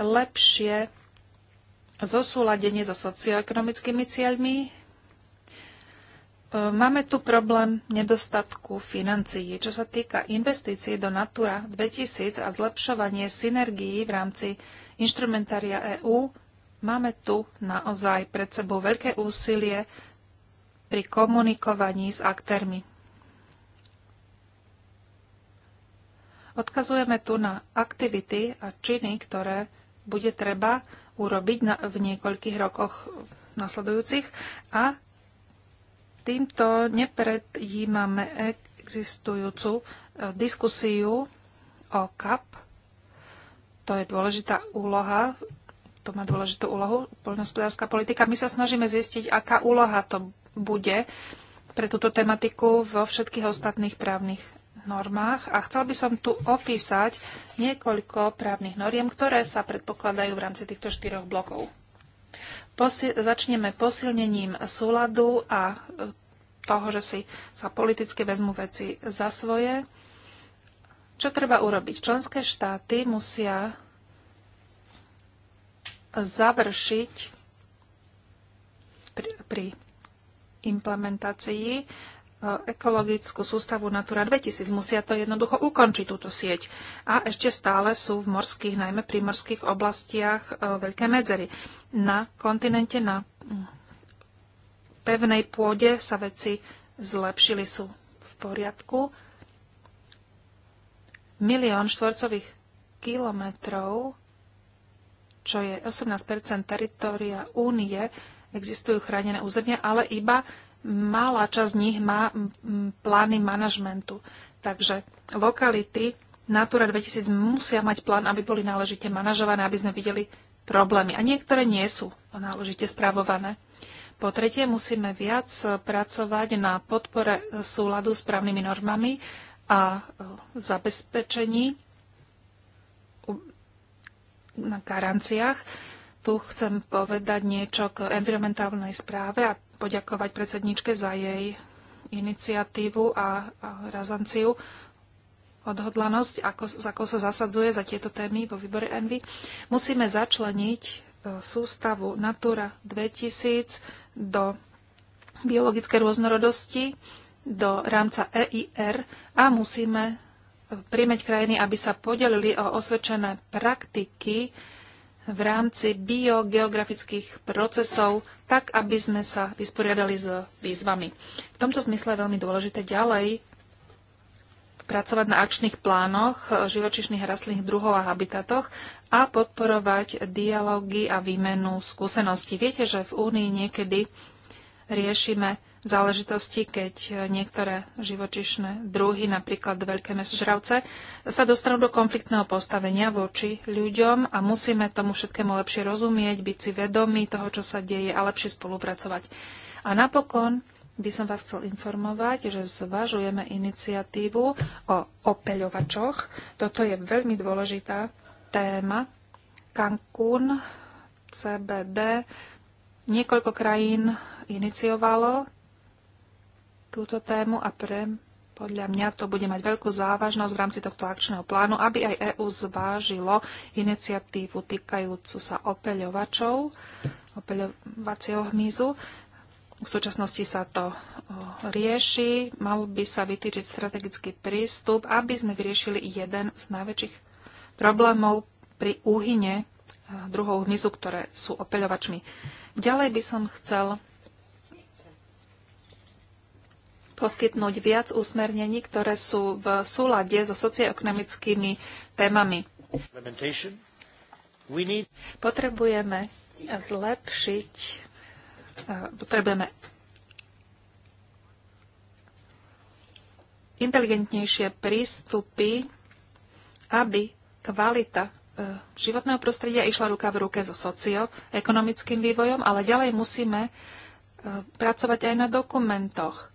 C: lepšie zosúladenie so socioekonomickými cieľmi. E, máme tu problém nedostatku financií. Čo sa týka investícií do Natura 2000 a zlepšovanie synergií v rámci inštrumentária EÚ, máme tu naozaj pred sebou veľké úsilie pri komunikovaní s aktérmi. Odkazujeme tu na aktivity a činy, ktoré bude treba urobiť na, v niekoľkých rokoch nasledujúcich a týmto nepredjímame existujúcu e, diskusiu o CAP. To je dôležitá úloha, to má dôležitú úlohu, poľnohospodárska politika. My sa snažíme zistiť, aká úloha to bude pre túto tematiku vo všetkých ostatných právnych normách a chcel by som tu opísať niekoľko právnych noriem, ktoré sa predpokladajú v rámci týchto štyroch blokov. Posi- začneme posilnením súladu a e, toho, že si sa politicky vezmu veci za svoje. Čo treba urobiť? Členské štáty musia završiť pri, pri implementácii ekologickú sústavu Natura 2000. Musia to jednoducho ukončiť túto sieť. A ešte stále sú v morských, najmä pri morských oblastiach e, veľké medzery. Na kontinente, na mm, pevnej pôde sa veci zlepšili, sú v poriadku. Milión štvorcových kilometrov, čo je 18 teritória únie, existujú chránené územia, ale iba malá časť z nich má plány manažmentu. Takže lokality Natura 2000 musia mať plán, aby boli náležite manažované, aby sme videli problémy. A niektoré nie sú náležite spravované. Po tretie, musíme viac pracovať na podpore súladu s právnymi normami a e, zabezpečení na garanciách tu chcem povedať niečo k environmentálnej správe a poďakovať predsedničke za jej iniciatívu a, a razanciu, odhodlanosť, ako, ako sa zasadzuje za tieto témy vo výbore Envy. Musíme začleniť e, sústavu Natura 2000 do biologické rôznorodosti, do rámca EIR a musíme e, príjmeť krajiny, aby sa podelili o osvedčené praktiky, v rámci biogeografických procesov, tak aby sme sa vysporiadali s výzvami. V tomto zmysle je veľmi dôležité ďalej pracovať na akčných plánoch živočišných rastlinných druhov a habitatoch a podporovať dialógy a výmenu skúseností. Viete, že v Únii niekedy riešime záležitosti, keď niektoré živočišné druhy, napríklad veľké mesožravce, sa dostanú do konfliktného postavenia voči ľuďom a musíme tomu všetkému lepšie rozumieť, byť si vedomí toho, čo sa deje a lepšie spolupracovať. A napokon by som vás chcel informovať, že zvažujeme iniciatívu o opeľovačoch. Toto je veľmi dôležitá téma. Cancún, CBD, niekoľko krajín iniciovalo túto tému a pre, podľa mňa to bude mať veľkú závažnosť v rámci tohto akčného plánu, aby aj EÚ zvážilo iniciatívu týkajúcu sa opeľovačov, opeľovacieho hmyzu. V súčasnosti sa to rieši. Mal by sa vytýčiť strategický prístup, aby sme vyriešili jeden z najväčších problémov pri úhyne druhov hmyzu, ktoré sú opeľovačmi. Ďalej by som chcel poskytnúť viac usmernení, ktoré sú v súlade so socioekonomickými témami. Potrebujeme zlepšiť, eh, potrebujeme inteligentnejšie prístupy, aby kvalita eh, životného prostredia išla ruka v ruke so socioekonomickým vývojom, ale ďalej musíme eh, pracovať aj na dokumentoch.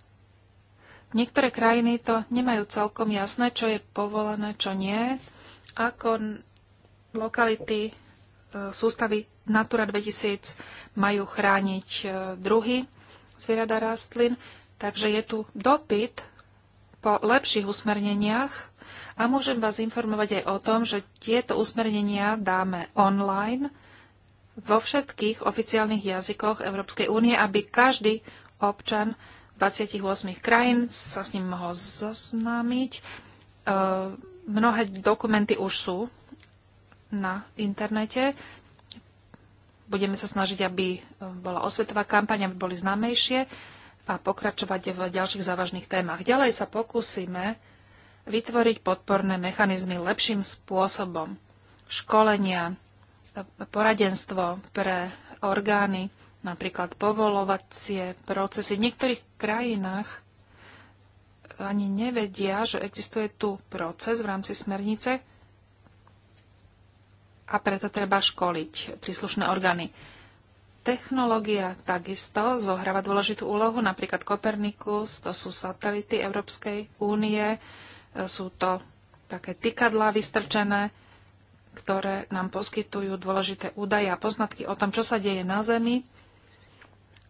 C: Niektoré krajiny to nemajú celkom jasné, čo je povolené, čo nie. Ako lokality e, sústavy Natura 2000 majú chrániť e, druhy zvierat a rastlín, takže je tu dopyt po lepších usmerneniach a môžem vás informovať aj o tom, že tieto usmernenia dáme online vo všetkých oficiálnych jazykoch Európskej únie, aby každý občan 28 krajín sa s ním mohol zoznámiť. E, mnohé dokumenty už sú na internete. Budeme sa snažiť, aby e, bola osvetová kampaň, aby boli známejšie a pokračovať v ďalších závažných témach. Ďalej sa pokúsime vytvoriť podporné mechanizmy lepším spôsobom. Školenia, e, poradenstvo pre orgány napríklad povolovacie procesy. V niektorých krajinách ani nevedia, že existuje tu proces v rámci smernice a preto treba školiť príslušné orgány. Technológia takisto zohráva dôležitú úlohu, napríklad Kopernikus, to sú satelity Európskej únie, sú to také tykadlá vystrčené, ktoré nám poskytujú dôležité údaje a poznatky o tom, čo sa deje na Zemi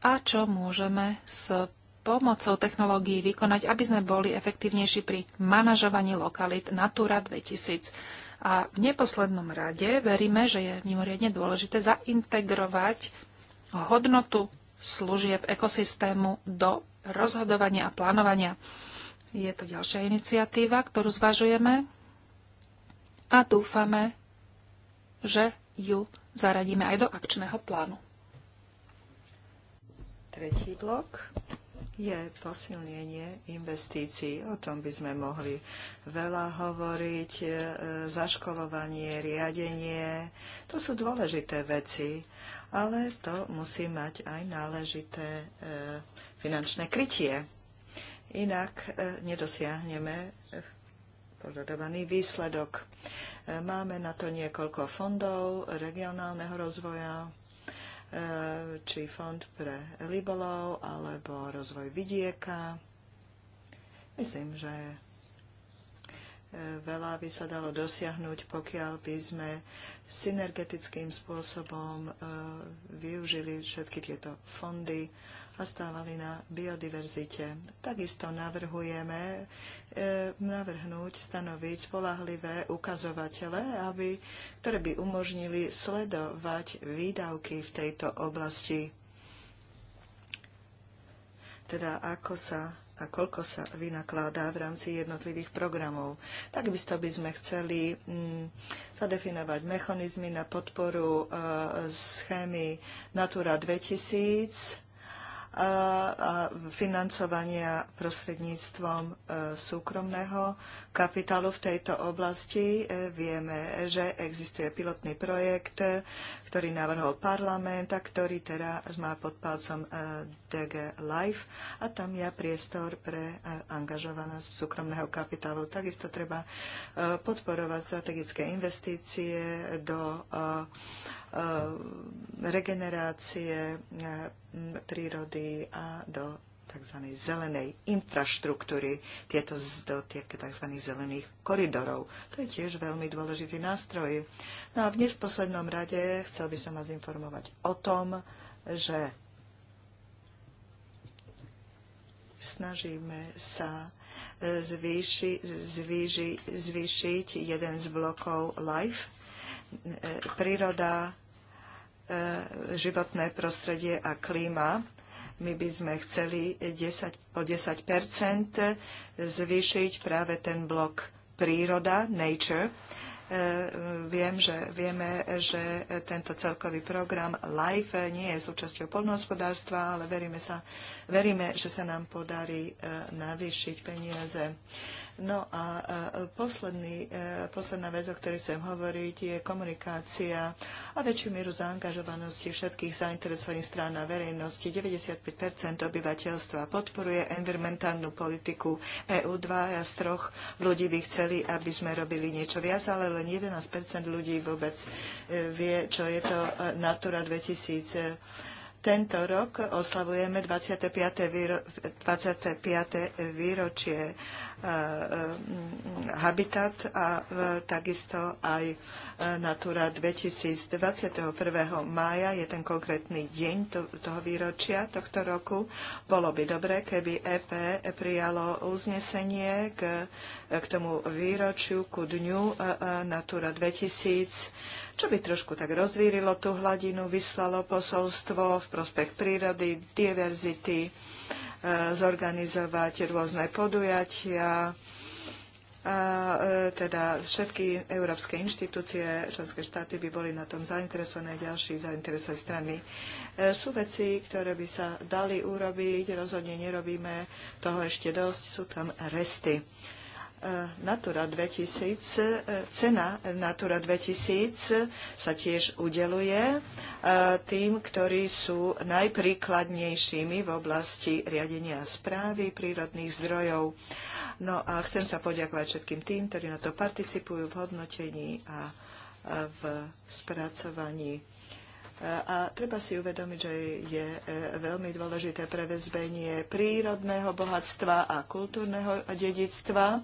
C: a čo môžeme s pomocou technológií vykonať, aby sme boli efektívnejší pri manažovaní lokalit Natura 2000. A v neposlednom rade veríme, že je mimoriadne dôležité zaintegrovať hodnotu služieb ekosystému do rozhodovania a plánovania. Je to ďalšia iniciatíva, ktorú zvažujeme a dúfame, že ju zaradíme aj do akčného plánu.
A: Tretí blok je posilnenie investícií. O tom by sme mohli veľa hovoriť. E, zaškolovanie, riadenie, to sú dôležité veci, ale to musí mať aj náležité e, finančné krytie. Inak e, nedosiahneme požadovaný výsledok. Máme na to niekoľko fondov regionálneho rozvoja, E, či fond pre rybolov, alebo rozvoj vidieka. Myslím, že e, veľa by sa dalo dosiahnuť, pokiaľ by sme synergetickým spôsobom e, využili všetky tieto fondy a stávali na biodiverzite. Takisto navrhujeme e, navrhnúť, stanoviť spolahlivé ukazovatele, aby, ktoré by umožnili sledovať výdavky v tejto oblasti. Teda ako sa a koľko sa vynakladá v rámci jednotlivých programov. Takisto by sme chceli mm, zadefinovať mechanizmy na podporu e, schémy Natura 2000 financovania prostredníctvom e, súkromného kapitálu v tejto oblasti. E, vieme, že existuje pilotný projekt, e, ktorý navrhol parlament a ktorý teraz má pod palcom e, DG Life a tam je priestor pre angažovanosť súkromného kapitálu. Takisto treba podporovať strategické investície do regenerácie prírody a do tzv. zelenej infraštruktúry, tieto do tzv. zelených koridorov. To je tiež veľmi dôležitý nástroj. No a v neposlednom rade chcel by som vás informovať o tom, že snažíme sa e, zvýši, zvýši, zvýšiť jeden z blokov LIFE, e, príroda, e, životné prostredie a klíma my by sme chceli 10, o 10 zvýšiť práve ten blok príroda, nature. E, viem, že, vieme, že tento celkový program LIFE nie je súčasťou poľnohospodárstva, ale veríme, sa, veríme, že sa nám podarí e, navýšiť peniaze No a e, posledný, e, posledná vec, o ktorej chcem hovoriť, je komunikácia a väčšiu mieru zaangažovanosti všetkých zainteresovaných strán na verejnosti. 95 obyvateľstva podporuje environmentálnu politiku EU 2 a z troch ľudí by chceli, aby sme robili niečo viac, ale len 11 ľudí vôbec e, vie, čo je to Natura 2000 tento rok oslavujeme 25. Výro, 25. výročie e, e, Habitat a e, takisto aj Natura 2000. 21. mája je ten konkrétny deň toho výročia tohto roku. Bolo by dobre, keby EP prijalo uznesenie k, k tomu výročiu, ku dňu Natura 2000 čo by trošku tak rozvírilo tú hladinu, vyslalo posolstvo v prospech prírody, diverzity, e, zorganizovať rôzne podujatia, a e, teda všetky európske inštitúcie, členské štáty by boli na tom zainteresované, ďalší zainteresované strany. E, sú veci, ktoré by sa dali urobiť, rozhodne nerobíme toho ešte dosť, sú tam resty. E, Natura 2000, e, cena Natura 2000 sa tiež udeluje e, tým, ktorí sú najpríkladnejšími v oblasti riadenia a správy prírodných zdrojov. No a chcem sa poďakovať všetkým tým, ktorí na to participujú v hodnotení a v spracovaní a treba si uvedomiť, že je e, veľmi dôležité prevezbenie prírodného bohatstva a kultúrneho dedictva. E,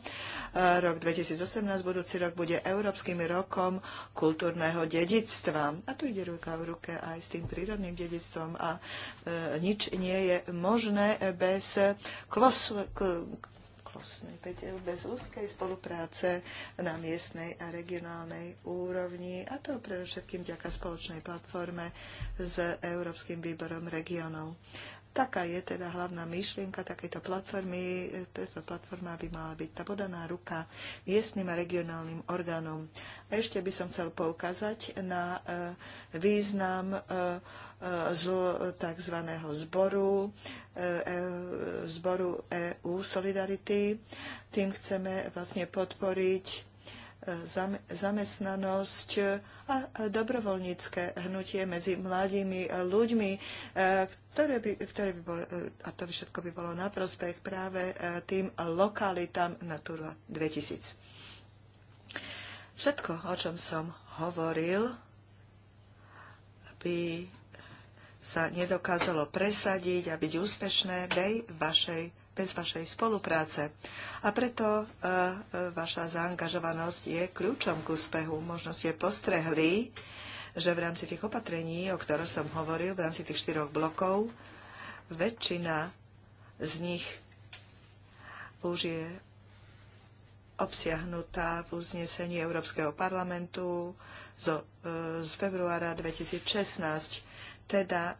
A: rok 2018, budúci rok, bude Európskym rokom kultúrneho dedictva. A tu ide ruka v ruke aj s tým prírodným dedictvom a e, nič nie je možné bez klos, bez úzkej spolupráce na miestnej a regionálnej úrovni, a to predovšetkým vďaka spoločnej platforme s Európskym výborom regionov. Taká je teda hlavná myšlienka takejto platformy. Táto platforma by mala byť tá podaná ruka miestnym a regionálnym orgánom. A ešte by som chcel poukázať na e, význam e, tzv. zboru, e, e, zboru EU Solidarity. Tým chceme vlastne podporiť e, zamestnanosť a dobrovoľnícke hnutie medzi mladými ľuďmi, ktoré by, ktoré by bol, a to všetko by bolo na prospech práve tým lokalitám Natura 2000. Všetko, o čom som hovoril, by sa nedokázalo presadiť a byť úspešné bez vašej, bez vašej spolupráce. A preto e, e vaša zaangažovanosť je kľúčom k úspehu. Možno ste postrehli, že v rámci tých opatrení, o ktorých som hovoril, v rámci tých štyroch blokov, väčšina z nich už je obsiahnutá v uznesení Európskeho parlamentu zo, e, z februára 2016 teda eh,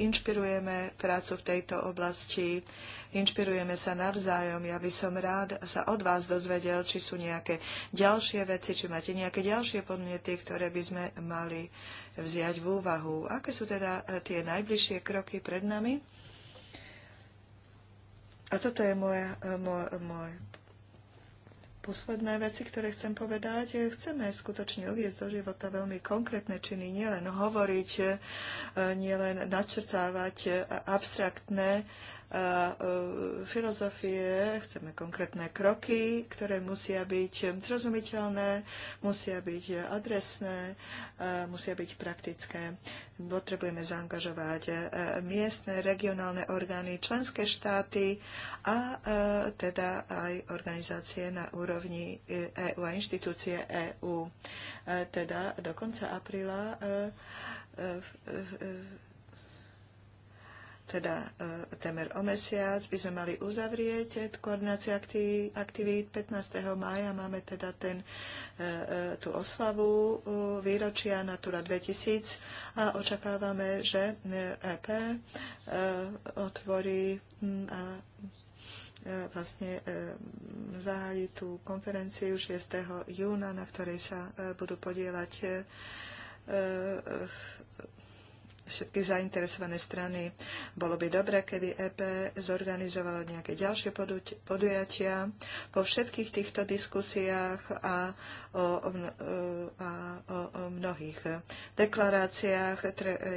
A: inšpirujeme prácu v tejto oblasti, inšpirujeme sa navzájom. Ja by som rád sa od vás dozvedel, či sú nejaké ďalšie veci, či máte nejaké ďalšie podnety, ktoré by sme mali vziať v úvahu. Aké sú teda eh, tie najbližšie kroky pred nami? A toto je moja, eh, môj, môj posledné veci, ktoré chcem povedať. Chceme skutočne uviezť do života veľmi konkrétne činy, nielen hovoriť, nielen načrtávať abstraktné E, filozofie, chceme konkrétne kroky, ktoré musia byť zrozumiteľné, musia byť adresné, musia byť praktické. Potrebujeme zaangažovať e, miestne, regionálne orgány, členské štáty a e, teda aj organizácie na úrovni EU a inštitúcie EU. Teda do konca apríla teda e, temer o mesiac by sme mali uzavrieť koordináciu aktivít 15. mája. Máme teda ten, e, e, tú oslavu výročia Natura 2000 a očakávame, že EP otvorí a vlastne zahájí tú konferenciu 6. júna, na ktorej sa budú podielať všetky zainteresované strany. Bolo by dobré, keby EP zorganizovalo nejaké ďalšie podujatia po všetkých týchto diskusiách a a o mnohých deklaráciách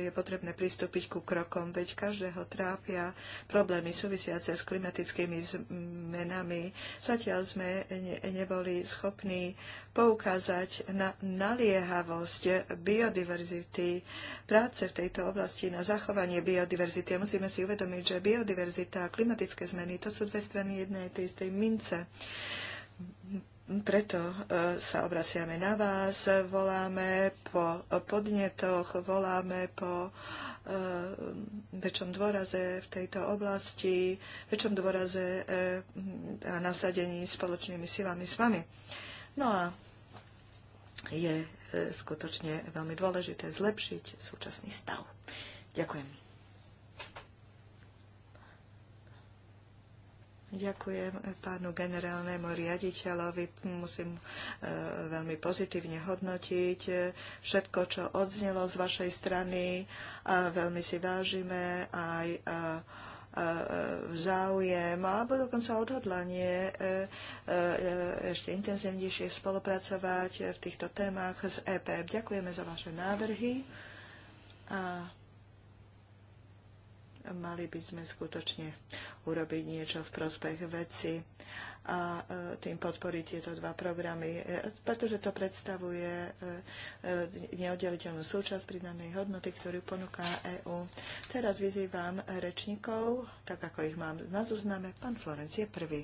A: je potrebné pristúpiť ku krokom, veď každého trápia problémy súvisiace s klimatickými zmenami. Zatiaľ sme neboli schopní poukázať na naliehavosť biodiverzity, práce v tejto oblasti na zachovanie biodiverzity. A musíme si uvedomiť, že biodiverzita a klimatické zmeny to sú dve strany jednej tej istej mince preto e, sa obraciame na vás, voláme po podnetoch, voláme po e, väčšom dôraze v tejto oblasti, väčšom dôraze e, a nasadení spoločnými silami s vami. No a je skutočne veľmi dôležité zlepšiť súčasný stav. Ďakujem. Ďakujem pánu generálnemu riaditeľovi. Musím e, veľmi pozitívne hodnotiť e, všetko, čo odznelo z vašej strany. A veľmi si vážime aj e, záujem alebo dokonca odhodlanie ešte intenzívnejšie spolupracovať v týchto témach s EPEP. Ďakujeme za vaše návrhy. A mali by sme skutočne urobiť niečo v prospech veci a e, tým podporiť tieto dva programy, e, pretože to predstavuje e, neoddeliteľnú súčasť pridanej hodnoty, ktorú ponúka EÚ. Teraz vyzývam rečníkov, tak ako ich mám na zozname. Pán Florenc je prvý.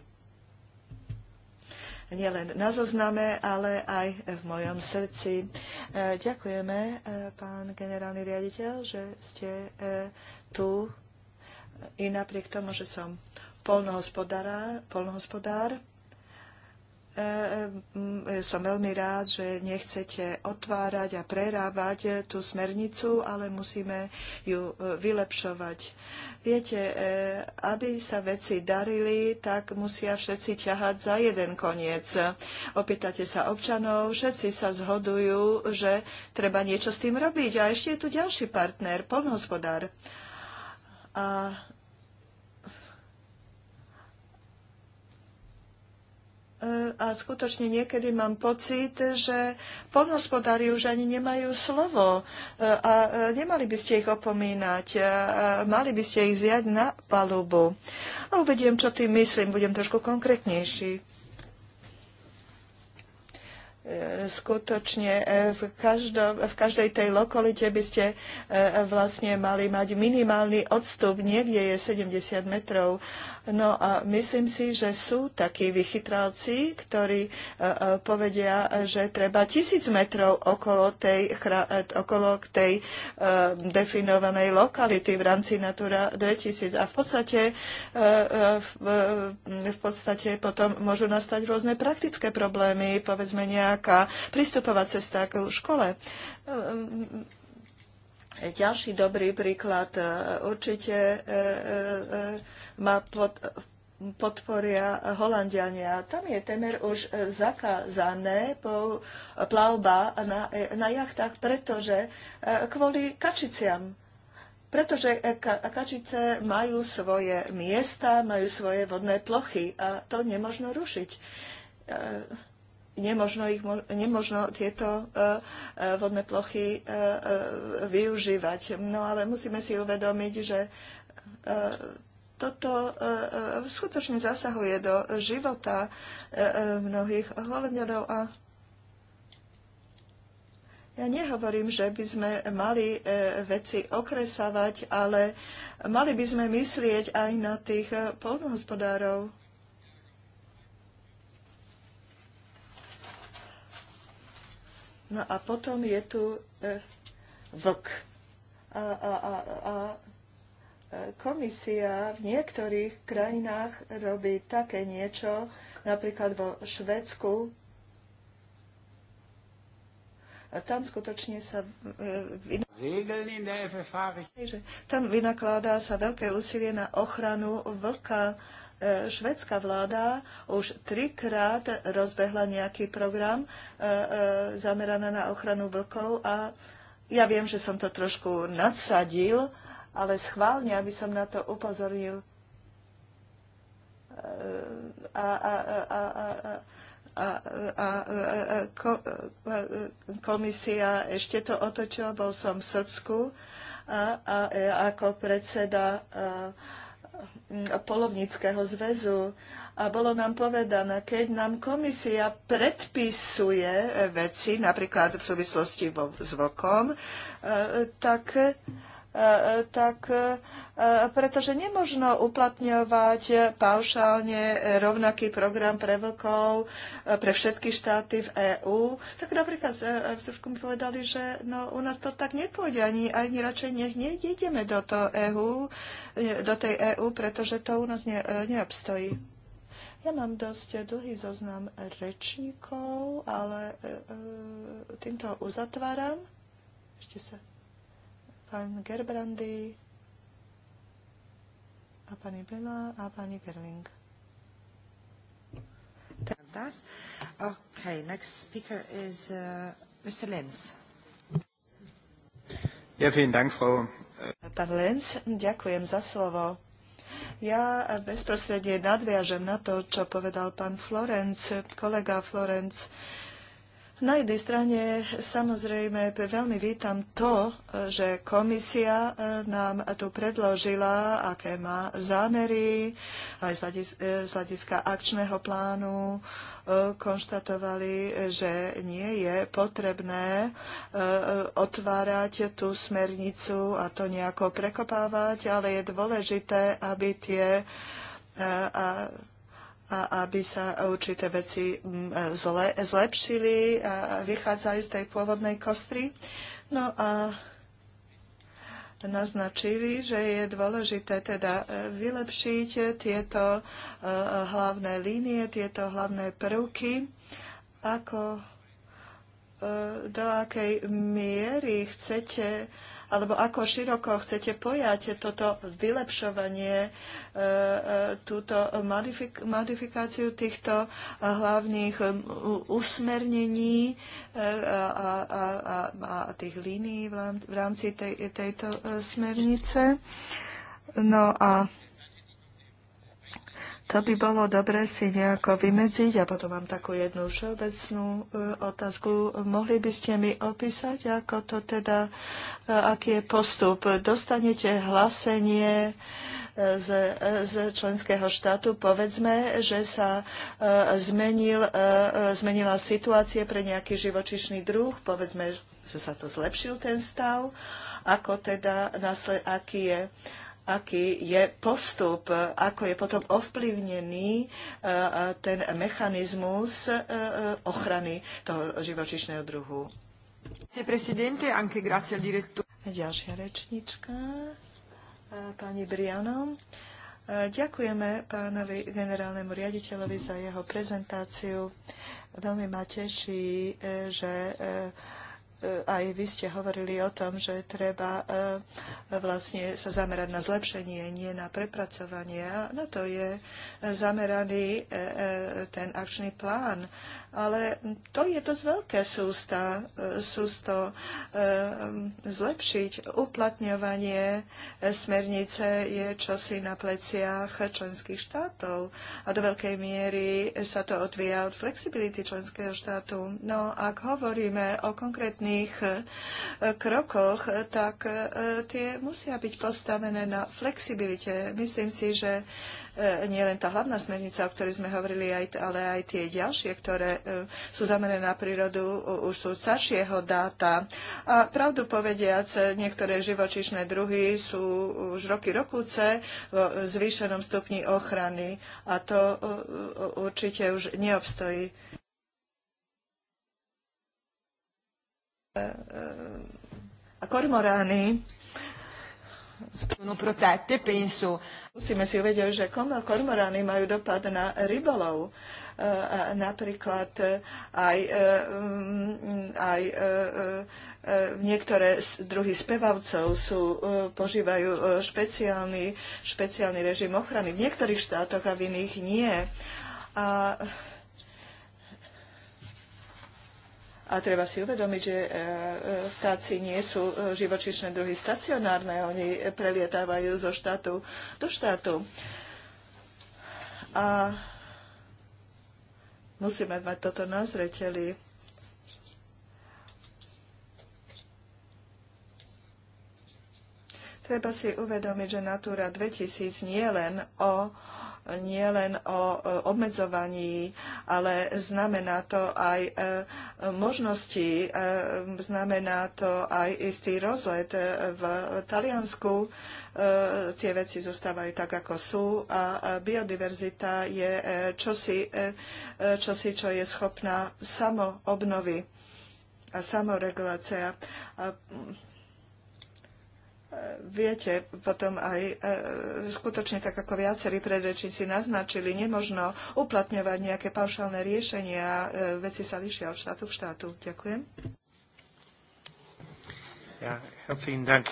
A: Nielen na zozname, ale aj v mojom srdci. Ďakujeme, pán generálny riaditeľ, že ste tu i napriek tomu, že som polnohospodár, e, e, e, som veľmi rád, že nechcete otvárať a prerábať tú smernicu, ale musíme ju vylepšovať. Viete, aby sa veci darili, tak musia všetci ťahať za jeden koniec. Opýtate sa občanov, všetci sa zhodujú, že treba niečo s tým robiť. A ešte je tu ďalší partner, polnohospodár. A a skutočne niekedy mám pocit, že polnospodári už ani nemajú slovo e, a e, nemali by ste ich opomínať, e, mali by ste ich zjať na palubu. A uvediem, čo tým myslím, budem trošku konkrétnejší skutočne v, každo, v každej tej lokalite by ste vlastne mali mať minimálny odstup, niekde je 70 metrov No a myslím si, že sú takí vychytralci, ktorí e, e, povedia, že treba tisíc metrov okolo tej, e, okolo tej definovanej lokality v rámci Natura 2000. A v podstate, v podstate potom môžu nastať rôzne praktické problémy, povedzme nejaká prístupová cesta k škole ďalší dobrý príklad e, určite e, e, má pod, podporia Holandiania. Tam je temer už zakázané plavba na, na jachtách, pretože kvôli kačiciam. Pretože ka, kačice majú svoje miesta, majú svoje vodné plochy a to nemôžno rušiť nemožno, ich, nemožno tieto e, e, vodné plochy e, využívať. No ale musíme si uvedomiť, že toto skutočne zasahuje do života mnohých Holandianov a ja nehovorím, že by sme mali veci okresávať, ale mali by sme myslieť aj na tých polnohospodárov No a potom je tu e, vlk. A, a, a, a komisia v niektorých krajinách robí také niečo, napríklad vo Švedsku. Tam skutočne sa e, tam vynakládá sa veľké úsilie na ochranu vlka E, švedská vláda už trikrát rozbehla nejaký program e, e, zameraný na ochranu vlkov a ja viem, že som to trošku nadsadil, ale schválne, aby som na to upozornil. A, a, a, a, a, a, a, a komisia ešte to otočila, bol som v Srbsku a, a, a ako predseda a, Mm, polovnického zväzu a bolo nám povedané, keď nám komisia predpisuje eh, veci, napríklad v súvislosti s vokom, eh, tak tak e, pretože nemožno uplatňovať paušálne rovnaký program pre vlkov e, pre všetky štáty v EÚ. Tak napríklad e, mi povedali, že no, u nás to tak nepôjde, ani, ani radšej nech nejdeme do, to EU, do tej EÚ, pretože to u nás ne, neobstojí. Ja mám dosť dlhý zoznam rečníkov, ale týmto uzatváram. Ešte sa pán Gerbrandy a pani Bela a pani Gerling. Das. next speaker is uh, Mr. Lenz. Ja, vielen Dank, Frau. Äh, pán Lenz, ďakujem za slovo. Ja bezprostredne nadviažem na to, čo povedal pán Florenc, kolega Florenc. Uh, na jednej strane samozrejme veľmi vítam to, že komisia e, nám tu predložila, aké má zámery aj z e, hľadiska akčného plánu, e, konštatovali, že nie je potrebné otvárať tú smernicu a to nejako prekopávať, ale je dôležité, aby tie a aby sa určité veci mm, zle, zlepšili a vychádzali z tej pôvodnej kostry. No a naznačili, že je dôležité teda e, vylepšiť tieto e, hlavné línie, tieto hlavné prvky, ako e, do akej miery chcete uh, alebo ako široko chcete pojať toto vylepšovanie, e, e, túto modifikáciu týchto e, hlavných usmernení a, a, a, a tých línií v rámci tej, tejto smernice. No a to by bolo dobre si nejako vymedziť a potom mám takú jednu všeobecnú e, otázku. Mohli by ste mi opísať, ako to teda, e, aký je postup? Dostanete hlásenie e, z, z členského štátu. Povedzme, že sa zmenil, zmenila situácia pre nejaký živočišný druh. Povedzme, že sa to zlepšil ten stav. Ako teda, aký je aký je postup, ako je potom ovplyvnený e, e, ten mechanizmus e, ochrany toho živočišného druhu. Ďalšia rečnička, pani Briano. Ďakujeme pánovi generálnemu riaditeľovi za jeho prezentáciu. Veľmi ma teší, že E, aj vy ste hovorili o tom, že treba e, vlastne sa zamerať na zlepšenie, nie na prepracovanie. A na to je e, zameraný ten akčný plán ale to je dosť veľké sústa, e, sústo e, zlepšiť. Uplatňovanie e, smernice je čosi na pleciach členských štátov a do veľkej miery sa to odvíja od flexibility členského štátu. No ak hovoríme o konkrétnych krokoch, tak tie musia byť postavené na flexibilite. Myslím si, že nie len tá hlavná smernica, o ktorej sme hovorili, ale aj tie ďalšie, ktoré E, sú zamerané na prírodu, už sú staršieho dáta. A pravdu povediac, niektoré živočišné druhy sú už roky rokúce v zvýšenom stupni ochrany a to e, e, určite už neobstojí. A kormorány sú protette, penso. Musíme si uvedomiť, že kormorány majú dopad na rybolov napríklad aj, e, mm, aj e, e, niektoré druhy spevavcov sú, požívajú špeciálny, špeciálny režim ochrany. V niektorých štátoch a v iných nie. A A treba si uvedomiť, že vtáci nie sú živočišné druhy stacionárne, oni prelietávajú zo štátu do štátu. A Musíme mať toto na zreteli. Treba si uvedomiť, že Natura 2000 nie len o nie len o e, obmedzovaní, ale znamená to aj e, možnosti, e, znamená to aj istý rozlet. V Taliansku tie veci zostávajú tak, ako sú a biodiverzita je čosi, čosi čo je schopná samoobnovy a samoregulácia viete potom aj e, skutočne tak, ako viacerí predrečníci naznačili, nemožno uplatňovať nejaké paušálne riešenia. E, veci sa líšia od štátu k štátu. Ďakujem. Ja, herzlichen Dank.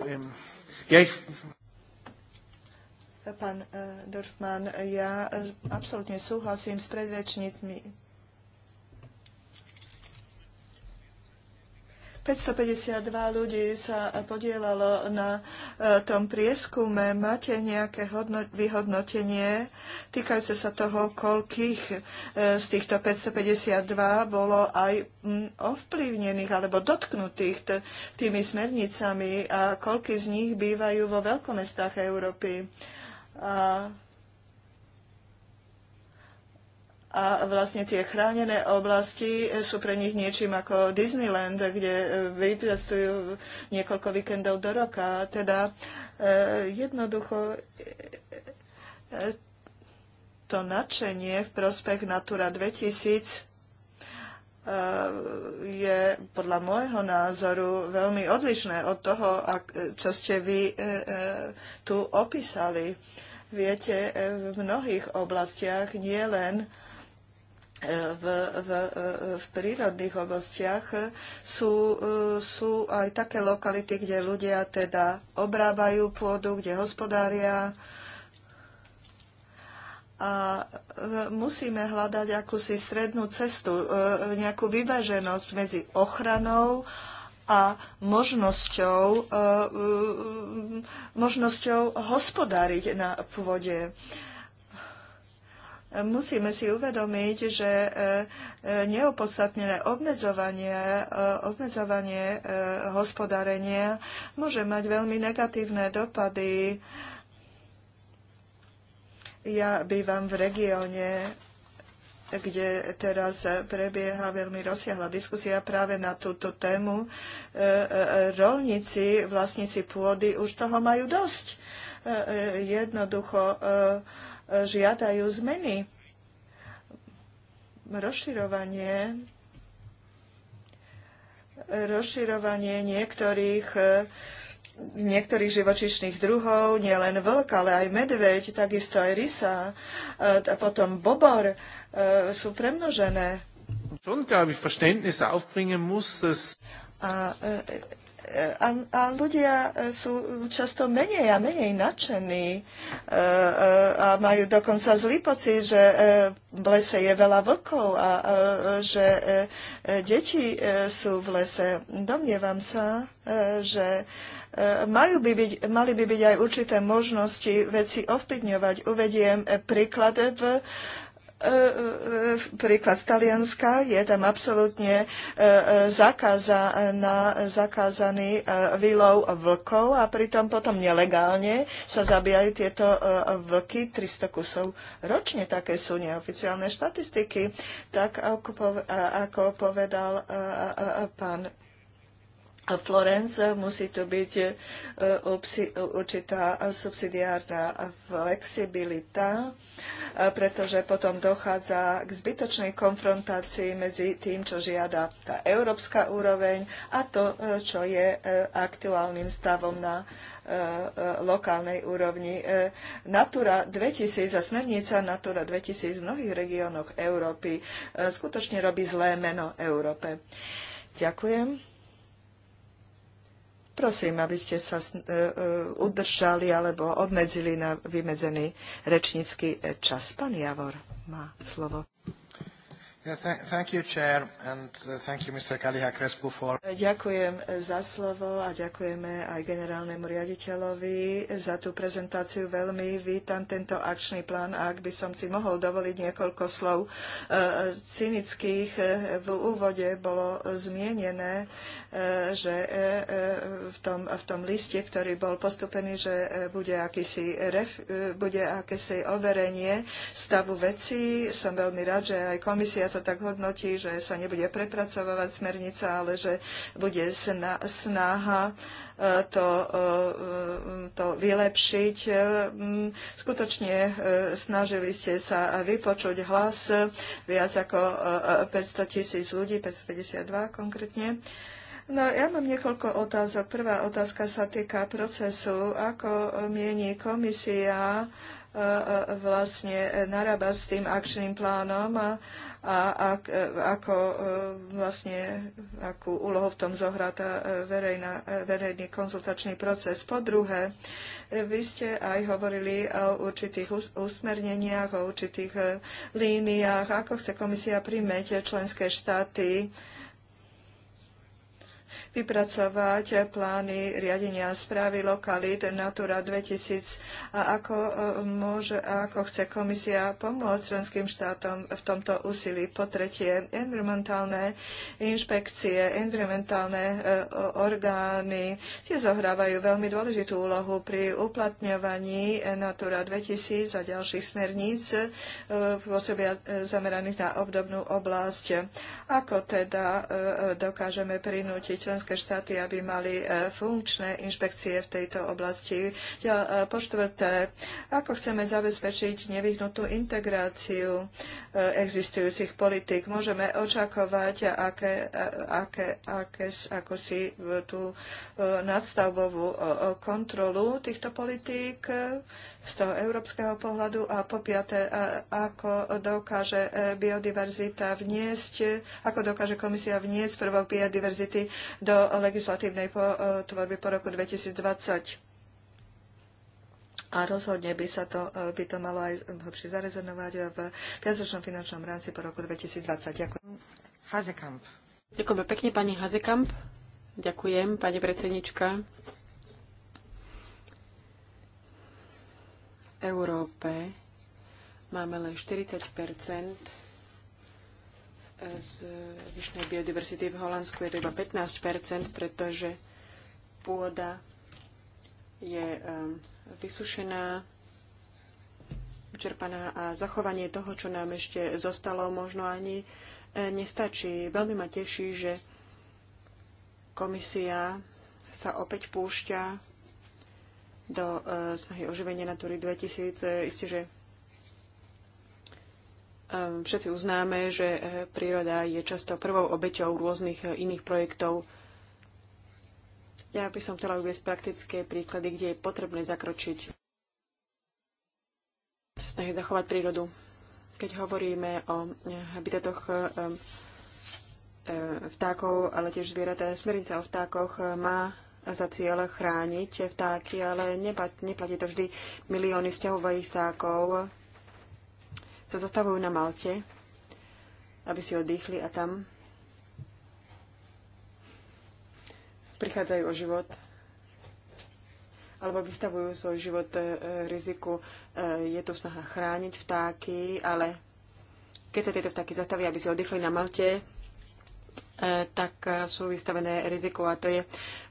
A: Ähm, ja, ich... Pán e, Dorfman, ja absolútne súhlasím s predrečníkmi 552 ľudí sa podielalo na e, tom prieskume. Máte nejaké vyhodnotenie týkajúce sa toho, koľkých e, z týchto 552 bolo aj ovplyvnených alebo dotknutých tými smernicami a koľky z nich bývajú vo veľkomestách Európy? A a vlastne tie chránené oblasti sú pre nich niečím ako Disneyland, kde e, vypestujú niekoľko víkendov do roka. Teda e, jednoducho e, to nadšenie v prospech Natura 2000 je podľa môjho názoru veľmi odlišné od toho, čo ste vy tu opísali. Viete, v mnohých oblastiach nie len uh, v, v, v prírodných oblastiach sú, sú aj také lokality, kde ľudia teda obrábajú pôdu, kde hospodária. A musíme hľadať akúsi strednú cestu, e, nejakú vyváženosť medzi ochranou a možnosťou, e, možnosťou hospodáriť na pôde musíme si uvedomiť, že e, e, neopodstatnené obmedzovanie, e, obmedzovanie hospodárenia môže mať veľmi negatívne dopady. Ja bývam v regióne, kde teraz prebieha veľmi rozsiahla diskusia práve na túto tému. Rolníci, vlastníci pôdy už toho majú dosť. Jednoducho žiadajú zmeny. Rozširovanie rozširovanie niektorých niektorých živočišných druhov, nielen vlk, ale aj medveď, takisto aj rysa, e, a potom bobor, e, sú premnožené. A e, a, a ľudia e, sú často menej a menej nadšení e, e, a majú dokonca zlý pocit, že v lese je veľa vlkov a že deti sú v lese. Domnievam sa, že majú by byť, mali by byť aj určité možnosti veci ovplyvňovať. Uvediem príklad v E, e, príklad z Talianska je tam absolútne e, zakázaná, zakázaný výlov vlkov a pritom potom nelegálne sa zabíjajú tieto vlky, 300 kusov ročne, také sú neoficiálne štatistiky, tak ako povedal pán Florence eh, musí tu byť eh, určitá subsidiárna flexibilita, eh, pretože potom dochádza k zbytočnej konfrontácii medzi tým, čo žiada tá európska úroveň a to, čo je aktuálnym stavom na lokálnej úrovni. Natura 2000 a smernica Natura 2000 v mnohých regiónoch Európy skutočne robí zlé meno Európe. Ďakujem. Prosím, aby ste sa e, e, udržali alebo obmedzili na vymedzený rečnícky čas. Pán Javor má slovo. Uh, Ďakujem za slovo a ďakujeme aj generálnemu riaditeľovi za tú prezentáciu. Veľmi vítam tento akčný plán a ak by som si mohol dovoliť niekoľko slov uh, cynických, uh, v úvode bolo zmienené, že v tom, v tom liste, ktorý bol postupený, že bude ref, bude akési overenie stavu vecí. Som veľmi rád, že aj komisia to tak hodnotí, že sa nebude prepracovávať smernica, ale že bude snaha e, to, e, to vylepšiť. E, skutočne snažili ste sa vypočuť hlas viac ako 500 tisíc ľudí, 552 konkrétne. No, ja mám niekoľko otázok. Prvá otázka sa týka procesu. Ako mieni komisia vlastne narába s tým akčným plánom a a a, ako e, vlastne, akú úlohu v tom zohrá tá e, verejná, e, verejný konzultačný proces. Po druhé, vy ste aj hovorili o určitých usmerneniach, o určitých líniách, ako chce komisia primeť členské štáty vypracovať plány riadenia správy lokalit Natura 2000 a ako, e, môže, ako chce komisia pomôcť členským štátom v tomto úsilí. Po tretie, environmentálne inšpekcie, environmentálne e, orgány, tie zohrávajú veľmi dôležitú úlohu pri uplatňovaní Natura 2000 a ďalších smerníc e, pôsobia zameraných na obdobnú oblasť. Ako teda dokážeme prinútiť členským členské štáty, aby mali e, funkčné inšpekcie v tejto oblasti. Ja, e, po štvrté, ako chceme zabezpečiť nevyhnutú integráciu e, existujúcich politik? Môžeme očakovať, aké, aké, aké, ako si tú nadstavbovú kontrolu týchto politík z toho európskeho pohľadu a po piaté, ako dokáže e, biodiverzita vniesť, ako dokáže komisia vniesť prvok biodiverzity do legislatívnej e, tvorby po roku 2020. A rozhodne by, sa to, e, by to malo aj hlbšie zarezonovať v viacročnom finančnom rámci po roku 2020. Ďakujem. Hazekamp. Ďakujem pekne, pani Hazekamp. Ďakujem, pani predsednička.
B: Európe máme len 40 eh, z vyššej biodiverzity. V Holandsku je to iba 15 pretože pôda je eh, vysušená, vyčerpaná a zachovanie toho, čo nám ešte zostalo, možno ani eh, nestačí. Veľmi ma teší, že komisia sa opäť púšťa do e, snahy oživenia Natúry 2000. E, Isté, že e, všetci uznáme, že príroda je často prvou obeťou rôznych iných projektov. Ja by som chcela uvieť praktické príklady, kde je potrebné zakročiť v snahe zachovať prírodu. Keď hovoríme o habitatoch vtákov, ale tiež zvieratá, smernica o vtákoch má za cieľ chrániť vtáky, ale neplatí to vždy. Milióny vzťahových vtákov sa zastavujú na Malte, aby si oddychli a tam prichádzajú o život alebo vystavujú svoj život e, riziku. E, je tu snaha chrániť vtáky, ale keď sa tieto vtáky zastavia, aby si oddychli na Malte, E, tak sú vystavené riziku a to je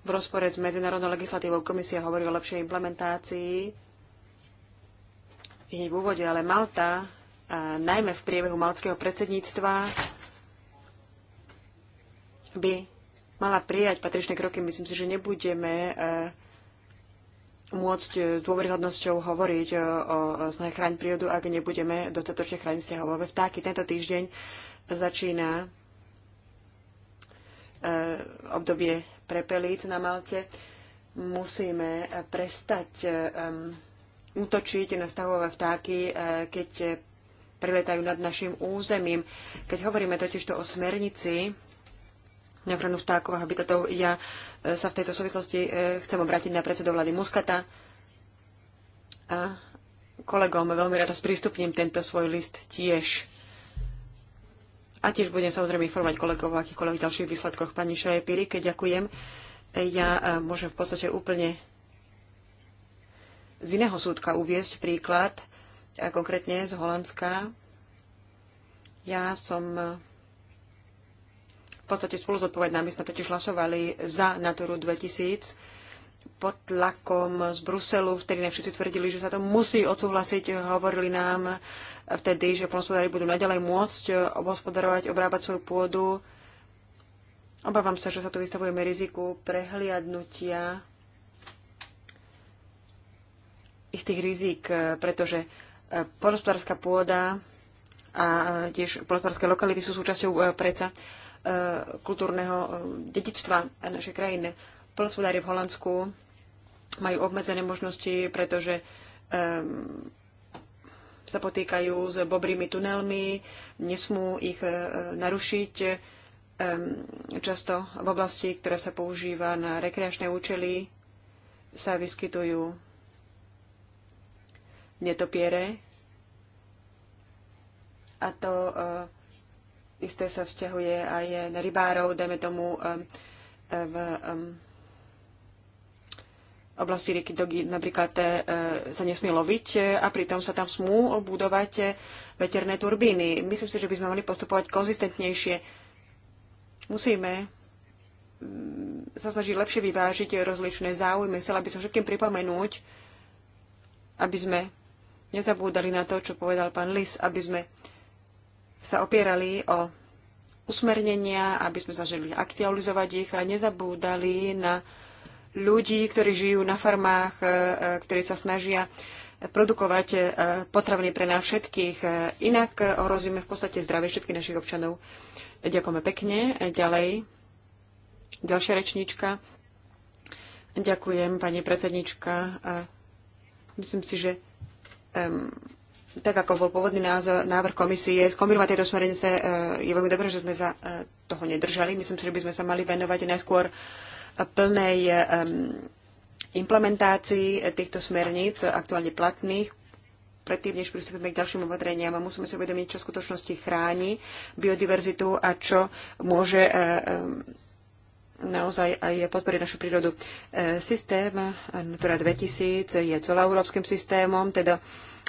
B: v rozpore s medzinárodnou legislatívou. Komisia hovorí o lepšej implementácii v v úvode, ale Malta, e, najmä v priebehu maltského predsedníctva, by mala prijať patričné kroky. Myslím si, že nebudeme e, môcť s dôveryhodnosťou hovoriť o snahe chrániť prírodu, ak nebudeme dostatočne chrániť stiahovové vtáky. Tento týždeň začína Eh, obdobie prepelíc na Malte, musíme prestať útočiť na stavové vtáky, eh, keď priletajú nad našim územím. Keď hovoríme totižto o smernici na ochranu vtákov a habitatov, ja eh, sa v tejto súvislosti chcem obrátiť na predsedu vlády Muskata a kolegom veľmi rada sprístupním tento svoj list tiež. A tiež budem samozrejme informovať kolegov o akýchkoľvek ďalších výsledkoch. Pani Šrejpiri, keď ďakujem, ja e, môžem v podstate úplne z iného súdka uviesť príklad, e, konkrétne z Holandska. Ja som e, v podstate spolu zodpovedná. My sme totiž hlasovali za Naturu 2000 pod tlakom z Bruselu. Vtedy nám všetci tvrdili, že sa to musí odsúhlasiť. Hovorili nám, vtedy, že poľnospodári budú naďalej môcť obhospodarovať, obrábať svoju pôdu. Obávam sa, že sa tu vystavujeme riziku prehliadnutia istých rizik, pretože e, polnospodárska pôda a e, tiež poľnospodárske lokality sú súčasťou e, predsa kultúrneho dedičstva našej krajiny. Poľnospodári v Holandsku majú obmedzené možnosti, pretože um, sa potýkajú s bobrými tunelmi, nesmú ich e, narušiť. E, často v oblasti, ktorá sa používa na rekreačné účely, sa vyskytujú netopiere. A to e, isté sa vzťahuje aj na rybárov, dajme tomu v oblasti rieky Dogi napríklad e, sa nesmie loviť e, a pritom sa tam smú budovať e, veterné turbíny. Myslím si, že by sme mali postupovať konzistentnejšie. Musíme mm, sa snažiť lepšie vyvážiť rozličné záujmy. Chcela by som všetkým pripomenúť, aby sme nezabúdali na to, čo povedal pán Lis, aby sme sa opierali o usmernenia, aby sme sa žili aktualizovať ich a nezabúdali na ľudí, ktorí žijú na farmách, e, e, ktorí sa snažia produkovať e, potraviny pre nás všetkých. Inak ohrozíme v podstate zdravie všetkých našich občanov. Ďakujeme pekne. Ďalej. Ďalšia rečníčka. Ďakujem, pani predsednička. Myslím si, že um, tak ako bol pôvodný názor, návrh komisie, skombinovať tieto smernice je veľmi dobré, že sme sa toho nedržali. Myslím si, že by sme sa mali venovať najskôr plnej implementácii týchto smerníc aktuálne platných predtým, než pristúpime k ďalším opatreniam. A musíme si uvedomiť, čo v skutočnosti chráni biodiverzitu a čo môže eh, naozaj aj podporiť našu prírodu. Eh, systém eh, Natura 2000 je celoeurópskym systémom, teda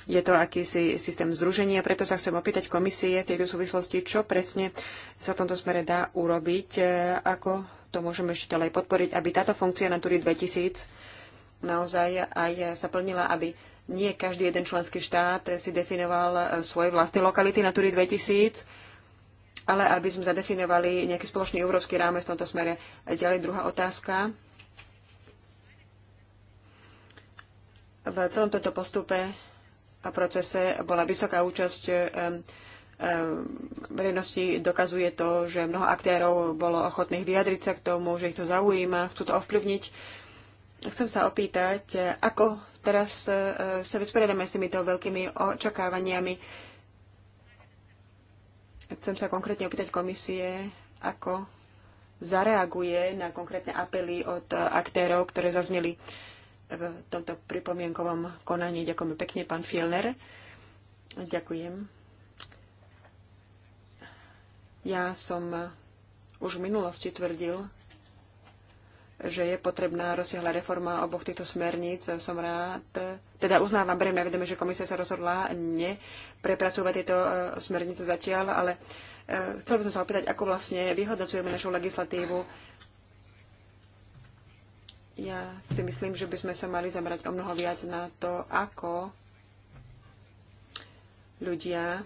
B: je to akýsi systém združenia, preto sa chcem opýtať komisie v tejto súvislosti, čo presne sa v tomto smere dá urobiť, ako to môžeme ešte ďalej podporiť, aby táto funkcia Natúry 2000 naozaj aj sa plnila, aby nie každý jeden členský štát si definoval e, svoje vlastné lokality Natúry 2000, ale aby sme zadefinovali nejaký spoločný európsky rámec v tomto smere. Ďalej druhá otázka. V celom tomto postupe a procese bola vysoká účasť Ehm, verejnosti dokazuje to, že mnoho aktérov bolo ochotných vyjadriť sa k tomu, že ich to zaujíma, chcú to ovplyvniť. Chcem sa opýtať, ako teraz e, sa vysporiadame s týmito veľkými očakávaniami. Chcem sa konkrétne opýtať komisie, ako zareaguje na konkrétne apely od aktérov, ktoré zazneli v tomto pripomienkovom konaní. Ďakujem pekne, pán Fielner. Ďakujem. Ja som už v minulosti tvrdil, že je potrebná rozsiahla reforma oboch týchto smerníc. Som rád, teda uznávam, beriem na vedeme, že komisia sa rozhodla neprepracovať tieto e, smernice zatiaľ, ale e, chcel by som sa opýtať, ako vlastne vyhodnocujeme našu legislatívu. Ja si myslím, že by sme sa mali zamerať o mnoho viac na to, ako ľudia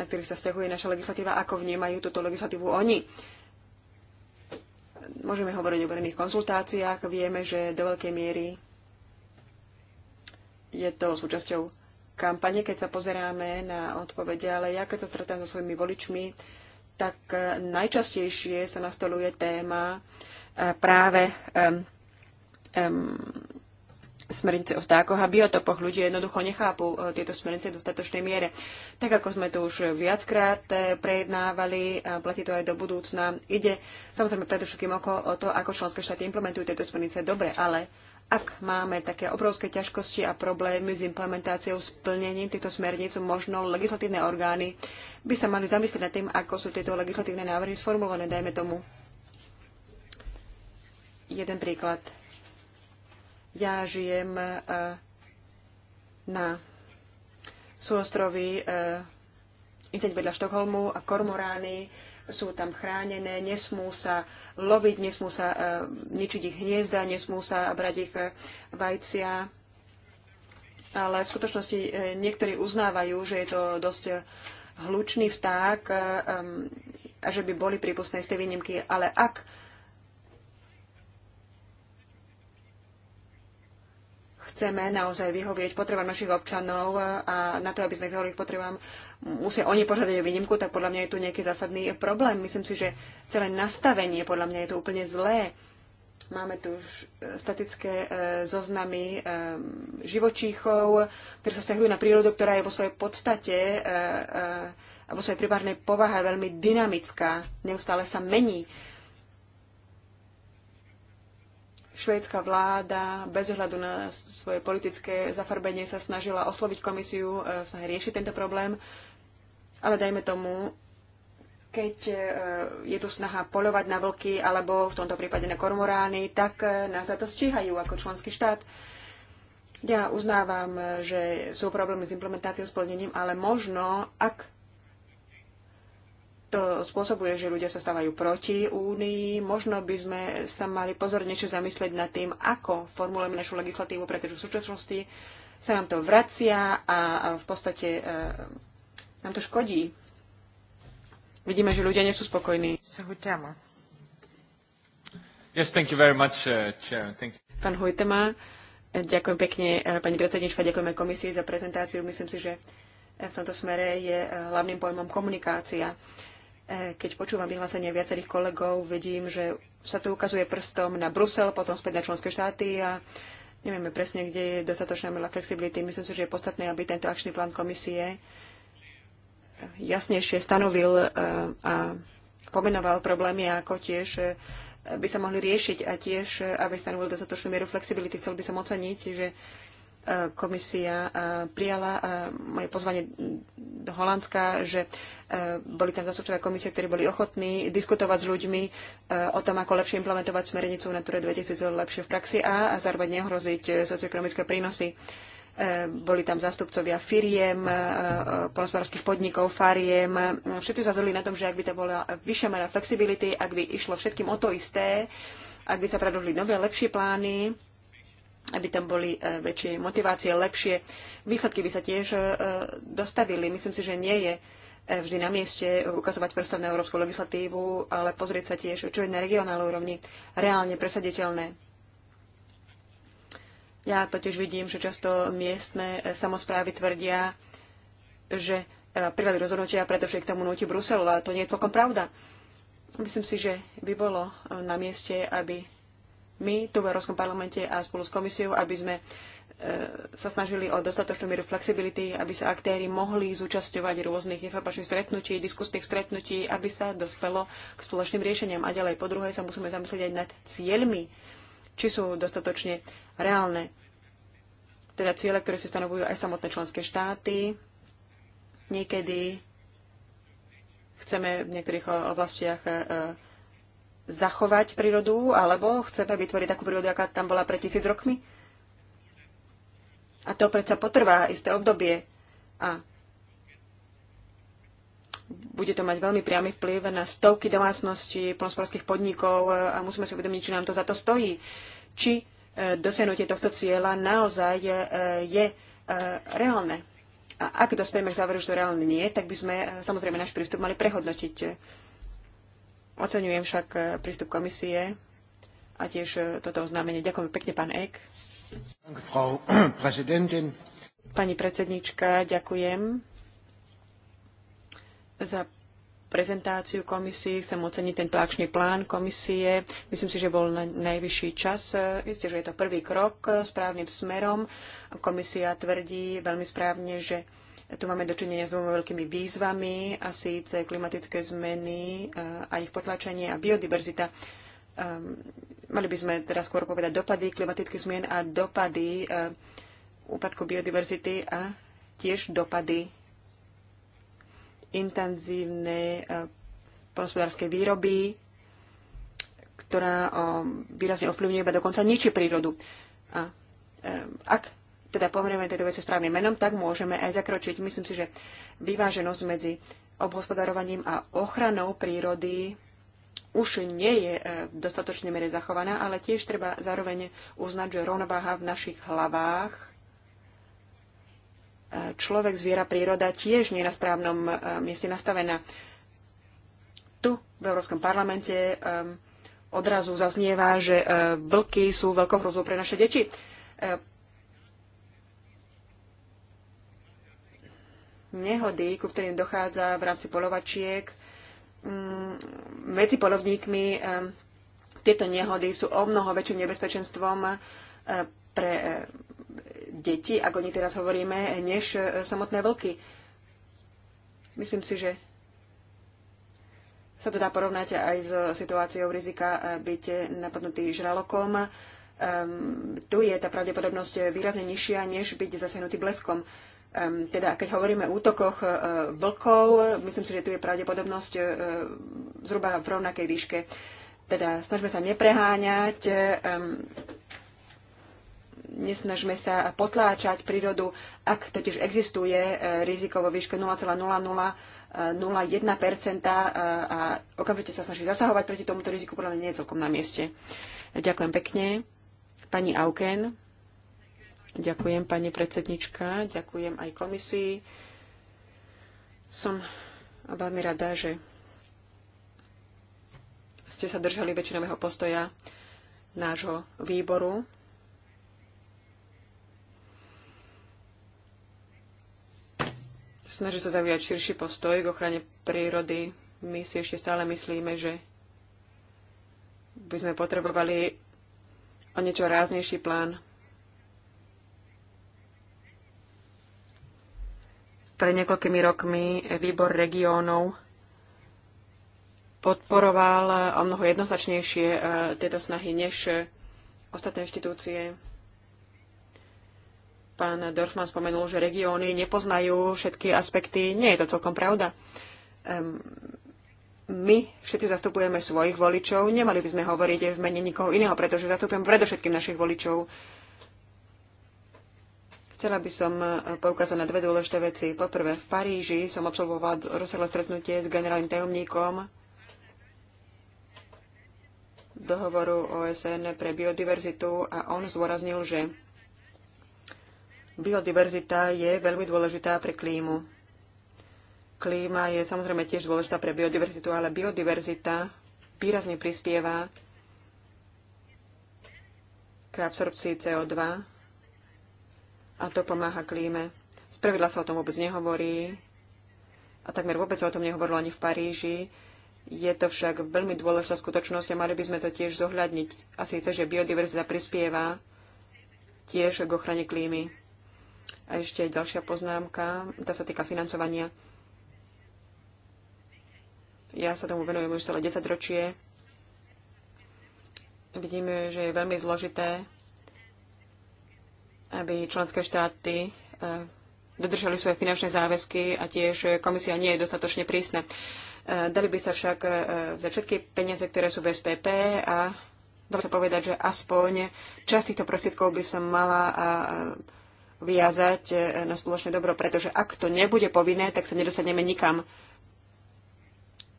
B: na ktorých sa stiahuje naša legislatíva, ako vnímajú túto legislatívu oni. Môžeme hovoriť o verejných konzultáciách, vieme, že do veľkej miery je to súčasťou kampane, keď sa pozeráme na odpovede, ale ja keď sa stretám so svojimi voličmi, tak eh, najčastejšie sa nastoluje téma eh, práve um, um, smernice o vtákoch a biotopoch. Ľudia jednoducho nechápu e, tieto smernice v dostatočnej miere. Tak ako sme to už viackrát e, prejednávali, a platí to aj do budúcna. Ide samozrejme predovšetkým oko o to, ako členské štáty implementujú tieto smernice dobre, ale ak máme také obrovské ťažkosti a problémy s implementáciou splnením týchto smerníc, možno legislatívne orgány by sa mali zamyslieť nad tým, ako sú tieto legislatívne návrhy sformulované, dajme tomu. Jeden príklad ja žijem e, na súostrovi e, hneď vedľa Štokholmu a kormorány sú tam chránené, nesmú sa loviť, nesmú sa e, ničiť ich hniezda, nesmú sa brať ich vajcia. Ale v skutočnosti niektorí uznávajú, že je to dosť hlučný vták a že by boli prípustné z tej výnimky. Ale ak chceme naozaj vyhovieť potrebám našich občanov a na to, aby sme vyhovili potrebám, musia oni požiadať o výnimku, tak podľa mňa je tu nejaký zásadný problém. Myslím si, že celé nastavenie podľa mňa je tu úplne zlé. Máme tu e, statické e, zoznamy e, živočíchov, ktoré sa stahujú na prírodu, ktorá je vo svojej podstate a vo svojej primárnej povahe veľmi dynamická. Neustále sa mení. Švédska vláda bez ohľadu na svoje politické zafarbenie sa snažila osloviť komisiu e, v snahe riešiť tento problém. Ale dajme tomu, keď e, je tu snaha poľovať na vlky alebo v tomto prípade na kormorány, tak e, nás za to stíhajú ako členský štát. Ja uznávam, že sú problémy s implementáciou, splnením, ale možno, ak to spôsobuje, že ľudia sa stávajú proti únii. Možno by sme sa mali pozornejšie zamyslieť nad tým, ako formulujeme našu legislatívu, pretože v súčasnosti sa nám to vracia a v podstate e, nám to škodí. Vidíme, že ľudia nie sú spokojní.
A: Yes, thank you very much, uh, chair. Thank you.
B: Pán Hojtema, e, ďakujem pekne, e, pani predsednička, ďakujeme komisii za prezentáciu. Myslím si, že v tomto smere je hlavným pojmom komunikácia. E, keď počúvam vyhlásenie viacerých kolegov, vidím, že sa tu ukazuje prstom na Brusel, potom späť na členské štáty a nevieme presne, kde je dostatočná miera flexibility. Myslím si, že je podstatné, aby tento akčný plán komisie jasnejšie stanovil e, a pomenoval problémy, ako tiež e, by sa mohli riešiť a tiež, aby stanovil dostatočnú mieru flexibility. Chcel by som oceniť, že E, komisia e, prijala e, moje pozvanie do Holandska, že boli tam zastupcovia komisie, ktorí boli ochotní diskutovať s ľuďmi o tom, ako lepšie implementovať smernicu ktoré 2000 lepšie v praxi a, a zároveň nehroziť socioekonomické prínosy. Boli tam zastupcovia firiem, polospodárských podnikov, fariem. Všetci sa zhodli na tom, že ak by to bola vyššia mera flexibility, ak by išlo všetkým o to isté, ak by sa predložili nové, lepšie plány, aby tam boli e, väčšie motivácie, lepšie výsledky by sa tiež e, dostavili. Myslím si, že nie je e, vždy na mieste ukazovať prstom na európsku legislatívu, ale pozrieť sa tiež, čo je na regionálnej úrovni reálne presaditeľné. Ja totiž vidím, že často miestne samozprávy tvrdia, že prijali rozhodnutia, pretože k tomu núti Brusel ale to nie je celkom pravda. Myslím si, že by bolo na mieste, aby my tu v Európskom parlamente a spolu s komisiou, aby sme e, sa snažili o dostatočnú mieru flexibility, aby sa aktéry mohli zúčastňovať rôznych informačných stretnutí, diskusných stretnutí, aby sa dospelo k spoločným riešeniam. A ďalej, po druhé, sa musíme zamyslieť aj nad cieľmi, či sú dostatočne reálne. Teda ciele, ktoré si stanovujú aj samotné členské štáty. Niekedy chceme v niektorých oblastiach e, zachovať prírodu, alebo chceme vytvoriť takú prírodu, aká tam bola pred tisíc rokmi? A to predsa potrvá isté obdobie a bude to mať veľmi priamy vplyv na stovky domácností, plnospodárských podnikov a musíme si uvedomiť, či nám to za to stojí. Či e, dosiahnutie tohto cieľa naozaj e, je e, reálne. A ak dospejeme k záveru, že to reálne nie, tak by sme samozrejme náš prístup mali prehodnotiť. Oceňujem však e, prístup komisie a tiež e, toto oznámenie. Ďakujem pekne, pán Ek. Pani predsednička, ďakujem za prezentáciu komisii. Chcem oceniť tento akčný plán komisie. Myslím si, že bol na najvyšší čas. Viete, že je to prvý krok e, správnym smerom. Komisia tvrdí veľmi správne, že tu máme dočinenia s dvoma veľkými výzvami, a síce klimatické zmeny eh, a ich potlačenie a biodiverzita. Ehm, mali by sme teraz skôr povedať dopady klimatických zmien a dopady eh, úpadku biodiverzity a tiež dopady intenzívnej eh, hospodárskej výroby, ktorá výrazne ovplyvňuje, iba dokonca ničí prírodu. A ak teda pomrieme tieto veci správnym menom, tak môžeme aj zakročiť. Myslím si, že vyváženosť medzi obhospodarovaním a ochranou prírody už nie je e, v dostatočnej mere zachovaná, ale tiež treba zároveň uznať, že rovnováha v našich hlavách e, človek, zviera, príroda tiež nie je na správnom e, mieste nastavená. Tu v Európskom parlamente odrazu zaznieva, že vlky sú veľkou hrozbou pre naše deti nehody, ku ktorým dochádza v rámci polovačiek, mm, medzi polovníkmi tieto nehody sú o mnoho väčším nebezpečenstvom eh, pre eh, deti, ako nich teraz hovoríme, než eh, samotné vlky. Myslím si, že sa to dá porovnať aj s situáciou rizika byť napadnutý žralokom. Um, tu je tá pravdepodobnosť výrazne nižšia, než byť zasenutý bleskom. Teda, keď hovoríme o útokoch e, vlkov, myslím si, že tu je pravdepodobnosť e, zhruba v rovnakej výške. Teda snažme sa nepreháňať, nesnažme sa potláčať prírodu, ak totiž existuje e, riziko vo výške 0,00 0,1% a okamžite sa snaží zasahovať proti tomuto riziku, podľa mňa nie je celkom na mieste. Ďakujem pekne. Pani Auken. Ďakujem, pani predsednička, ďakujem aj komisii. Som veľmi rada, že ste sa držali väčšinového postoja nášho výboru. Snaží sa zaujať širší postoj k ochrane prírody. My si ešte stále myslíme, že by sme potrebovali o niečo ráznejší plán Pred niekoľkými rokmi výbor regiónov podporoval e, o mnoho jednoznačnejšie e, tieto snahy než e, ostatné inštitúcie. Pán Dorfman spomenul, že regióny nepoznajú všetky aspekty. Nie je to celkom pravda. My všetci zastupujeme svojich voličov. Nemali by sme hovoriť v mene nikoho iného, pretože zastupujem predovšetkým našich voličov. Chcela by som e, poukázať na dve dôležité veci. Poprvé, v Paríži som absolvovala rozsiahle stretnutie s generálnym tajomníkom dohovoru OSN pre biodiverzitu a on zdôraznil, že biodiverzita je veľmi dôležitá pre klímu. Klíma je samozrejme tiež dôležitá pre biodiverzitu, ale biodiverzita výrazne prispieva k absorpcii CO2 a to pomáha klíme. Spravidla sa o tom vôbec nehovorí a takmer vôbec sa o tom nehovorilo ani v Paríži. Je to však veľmi dôležitá skutočnosť a mali by sme to tiež zohľadniť. A síce, že biodiverzita prispieva tiež k ochrane klímy. A ešte ďalšia poznámka, tá sa týka financovania. Ja sa tomu venujem už celé 10 ročie. Vidíme, že je veľmi zložité aby členské štáty e, dodržali svoje finančné záväzky a tiež komisia nie je dostatočne prísna. E, dali by sa však e, za všetky peniaze, ktoré sú bez PP a dá sa povedať, že aspoň časť týchto prostriedkov by som mala viazať na spoločné dobro, pretože ak to nebude povinné, tak sa nedosadneme nikam.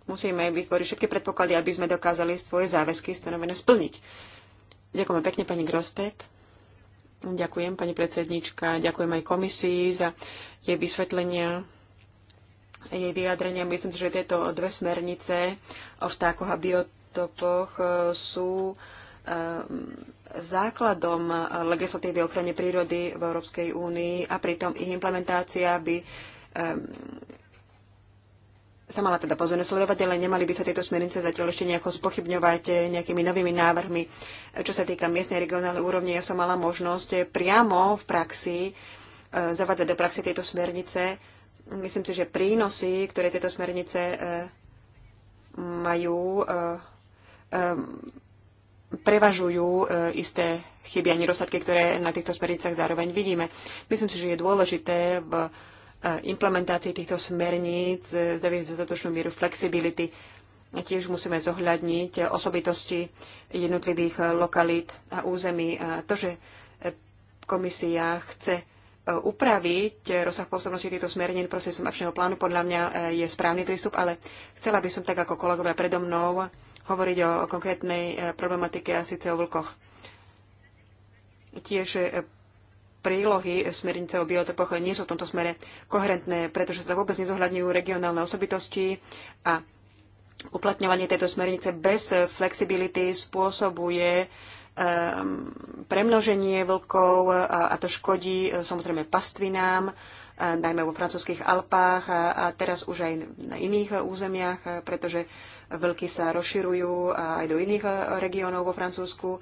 B: Musíme vytvoriť všetky predpoklady, aby sme dokázali svoje záväzky stanovené splniť. Ďakujem pekne, pani Grostet. Ďakujem, pani predsednička. Ďakujem aj komisii za jej vysvetlenia, jej vyjadrenia. Myslím, že tieto dve smernice o vtákoch a biotopoch e, sú e, základom legislatívy ochrane prírody v Európskej únii a pritom ich implementácia by e, sa mala teda pozorne sledovať, ale nemali by sa tieto smernice zatiaľ ešte nejako spochybňovať eh, nejakými novými návrhmi. Eh, čo sa týka miestnej regionálnej úrovne, ja som mala možnosť eh, priamo v praxi zavádzať do praxe tieto smernice. Myslím si, že prínosy, ktoré tieto smernice majú, prevažujú isté chyby a nedostatky, ktoré na týchto smernicách zároveň vidíme. Myslím si, že je dôležité v implementácii týchto smerníc e, zaviesť dostatočnú mieru flexibility. Tiež musíme zohľadniť osobitosti jednotlivých lokalít a území. A to, že e, komisia chce e, upraviť rozsah pôsobnosti týchto smerníc procesom akčného plánu, podľa mňa je správny prístup, ale chcela by som tak ako kolegovia predo mnou hovoriť o konkrétnej problematike a síce o vlkoch. Tiež prílohy smernice o biotopoch nie sú v tomto smere koherentné, pretože sa vôbec nezohľadňujú regionálne osobitosti a uplatňovanie tejto smernice bez flexibility spôsobuje um, premnoženie vlkov a, a to škodí e, samozrejme pastvinám, e, najmä vo francúzských Alpách a, a teraz už aj na iných územiach, e, pretože vlky sa rozširujú aj do iných regiónov vo Francúzsku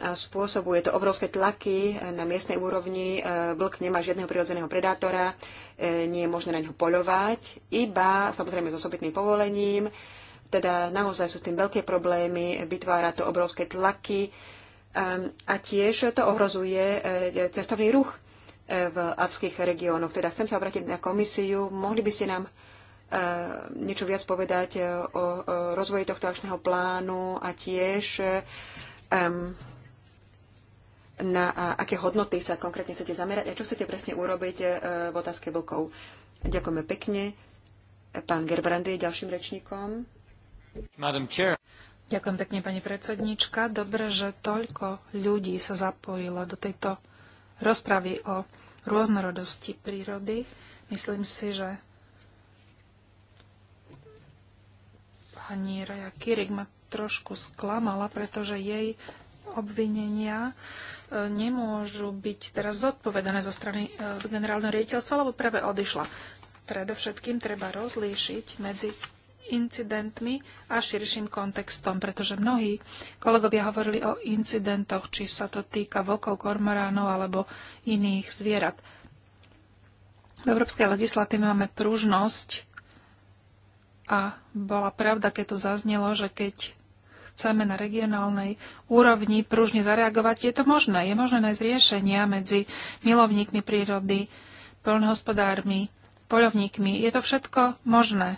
B: a spôsobuje to obrovské tlaky na miestnej úrovni. E, vlk nemá žiadneho prirodzeného predátora, e, nie je možné na neho poľovať, iba samozrejme s osobitným povolením. Teda naozaj sú s tým veľké problémy, vytvára to obrovské tlaky e, a tiež to ohrozuje cestovný ruch v avských regiónoch. Teda chcem sa obrátiť na komisiu. Mohli by ste nám niečo viac povedať o rozvoji tohto akčného plánu a tiež na aké hodnoty sa konkrétne chcete zamerať a čo chcete presne urobiť e, v otázke vlkov. Ďakujeme pekne. Pán Gerbrandy je ďalším rečníkom. Ďakujem pekne, pani predsednička. Dobre, že toľko
C: ľudí sa zapojilo do tejto rozpravy o rôznorodosti prírody. Myslím si, že pani Raja Kirik ma trošku sklamala, pretože jej obvinenia nemôžu byť teraz zodpovedané zo strany e, generálneho riaditeľstva, lebo práve odišla. Predovšetkým treba rozlíšiť medzi incidentmi a širším kontextom, pretože mnohí kolegovia hovorili o incidentoch, či sa to týka vlkov, kormoránov alebo iných zvierat. V európskej legislatíve máme pružnosť a bola pravda, keď to zaznelo, že keď chceme na regionálnej úrovni pružne zareagovať, je to možné. Je možné nájsť riešenia medzi milovníkmi prírody, poľnohospodármi, poľovníkmi. Je to všetko možné.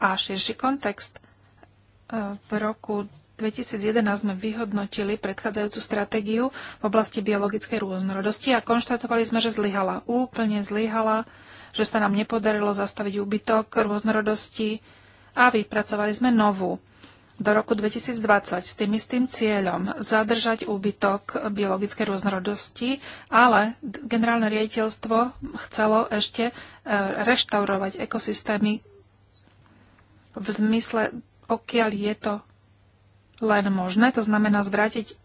C: A širší kontext. E, v roku 2011 sme vyhodnotili predchádzajúcu stratégiu v oblasti biologickej rôznorodosti a konštatovali sme, že zlyhala. Úplne zlyhala, že sa nám nepodarilo zastaviť úbytok rôznorodosti a vypracovali sme novú do roku 2020 s tým istým cieľom zadržať úbytok biologickej rôznorodosti, ale generálne riaditeľstvo chcelo ešte e, reštaurovať ekosystémy v zmysle, pokiaľ je to len možné, to znamená zvrátiť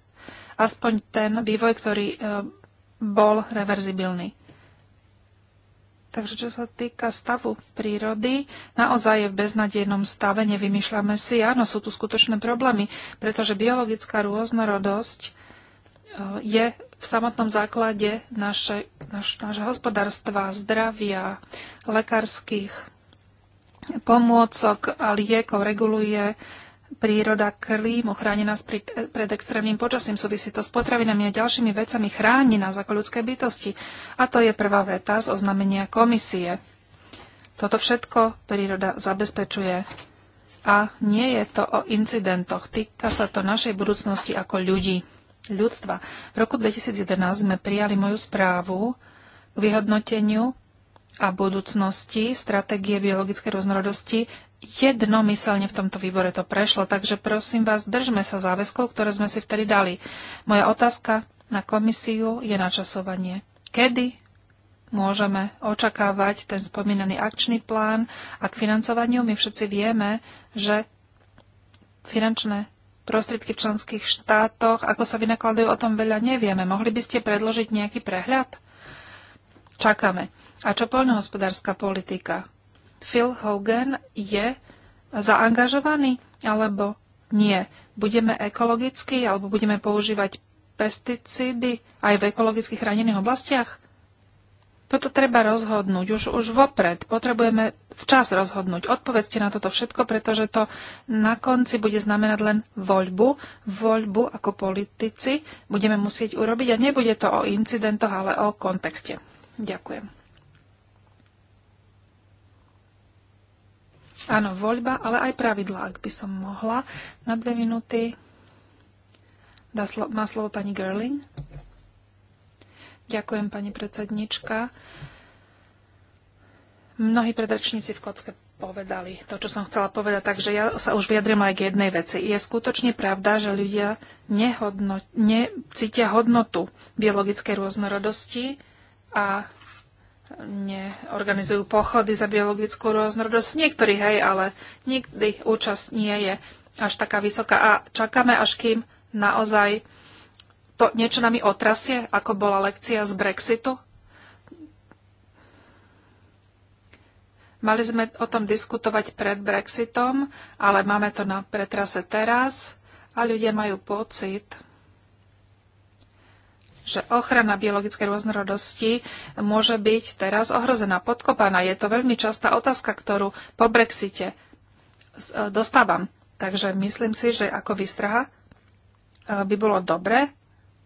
C: aspoň ten vývoj, ktorý e, bol reverzibilný. Takže čo sa týka stavu prírody, naozaj je v beznadejnom stave, nevymýšľame si, áno, sú tu skutočné problémy, pretože biologická rôznorodosť e, je v samotnom základe naše, naš, naše hospodárstva, zdravia, lekárskych pomôcok a liekov reguluje príroda, klím, ochránená nás pri, pred extrémnym počasím, súvisí to s potravinami a ďalšími vecami, chráni nás ako ľudské bytosti. A to je prvá veta z oznamenia komisie. Toto všetko príroda zabezpečuje. A nie je to o incidentoch, týka sa to našej budúcnosti ako ľudí, ľudstva. V roku 2011 sme prijali moju správu k vyhodnoteniu a budúcnosti stratégie biologickej rôznorodosti jednomyselne v tomto výbore to prešlo. Takže prosím vás, držme sa záväzkov, ktoré sme si vtedy dali. Moja otázka na komisiu je načasovanie. Kedy môžeme očakávať ten spomínaný akčný plán a k financovaniu my všetci vieme, že finančné prostriedky v členských štátoch, ako sa vynakladajú, o tom veľa nevieme. Mohli by ste predložiť nejaký prehľad? Čakáme. A čo poľnohospodárska politika? Phil Hogan je zaangažovaný alebo nie. Budeme ekologicky alebo budeme používať pesticídy aj v ekologicky chránených oblastiach? Toto treba rozhodnúť už, už vopred. Potrebujeme včas rozhodnúť. Odpovedzte na toto všetko, pretože to na konci bude znamenať len voľbu. Voľbu ako politici budeme musieť urobiť a nebude to o incidentoch, ale o kontexte. Ďakujem. Áno, voľba, ale aj pravidlá, ak by som mohla. Na dve minúty dá slo- má slovo pani Gerling. Ďakujem, pani predsednička. Mnohí predračníci v kocke povedali to, čo som chcela povedať, takže ja sa už vyjadrím aj k jednej veci. Je skutočne pravda, že ľudia nehodno, necítia hodnotu biologickej rôznorodosti a neorganizujú pochody za biologickú rôznorodosť. Niektorí hej, ale nikdy účasť nie je až taká vysoká. A čakáme, až kým naozaj to niečo nami otrasie, ako bola lekcia z Brexitu. Mali sme o tom diskutovať pred Brexitom, ale máme to na pretrase teraz a ľudia majú pocit, že ochrana biologickej rôznorodosti môže byť teraz ohrozená, podkopaná. Je to veľmi častá otázka, ktorú po Brexite e, dostávam. Takže myslím si, že ako výstraha e, by bolo dobre,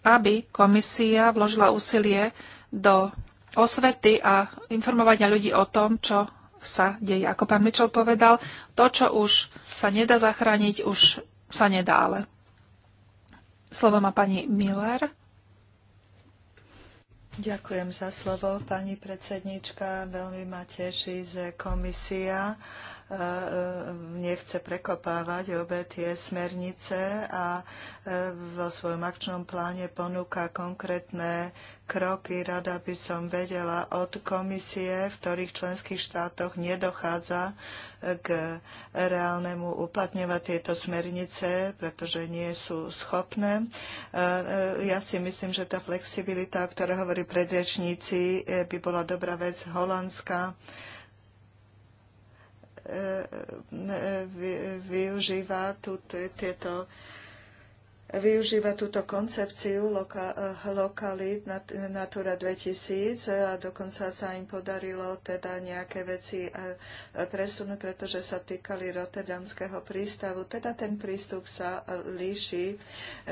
C: aby komisia vložila úsilie do osvety a informovania ľudí o tom, čo sa deje. Ako pán Mitchell povedal, to, čo už sa nedá zachrániť, už sa nedá ale. Slovo má pani Miller.
A: Ďakujem za slovo, pani predsednička. Veľmi ma teší, že komisia E, nechce prekopávať obe tie smernice a e, vo svojom akčnom pláne ponúka konkrétne kroky. Rada by som vedela od komisie, v ktorých členských štátoch nedochádza k reálnemu uplatňovať tieto smernice, pretože nie sú schopné. E, ja si myslím, že tá flexibilita, o ktorej hovorí predrečníci, by bola dobrá vec holandská E, e, využíva tu, tieto využíva túto koncepciu loka, eh, lokalít Natura 2000 a dokonca sa im podarilo teda nejaké veci eh, presunúť, pretože sa týkali Rotterdamského prístavu. Teda ten prístup sa eh, líši.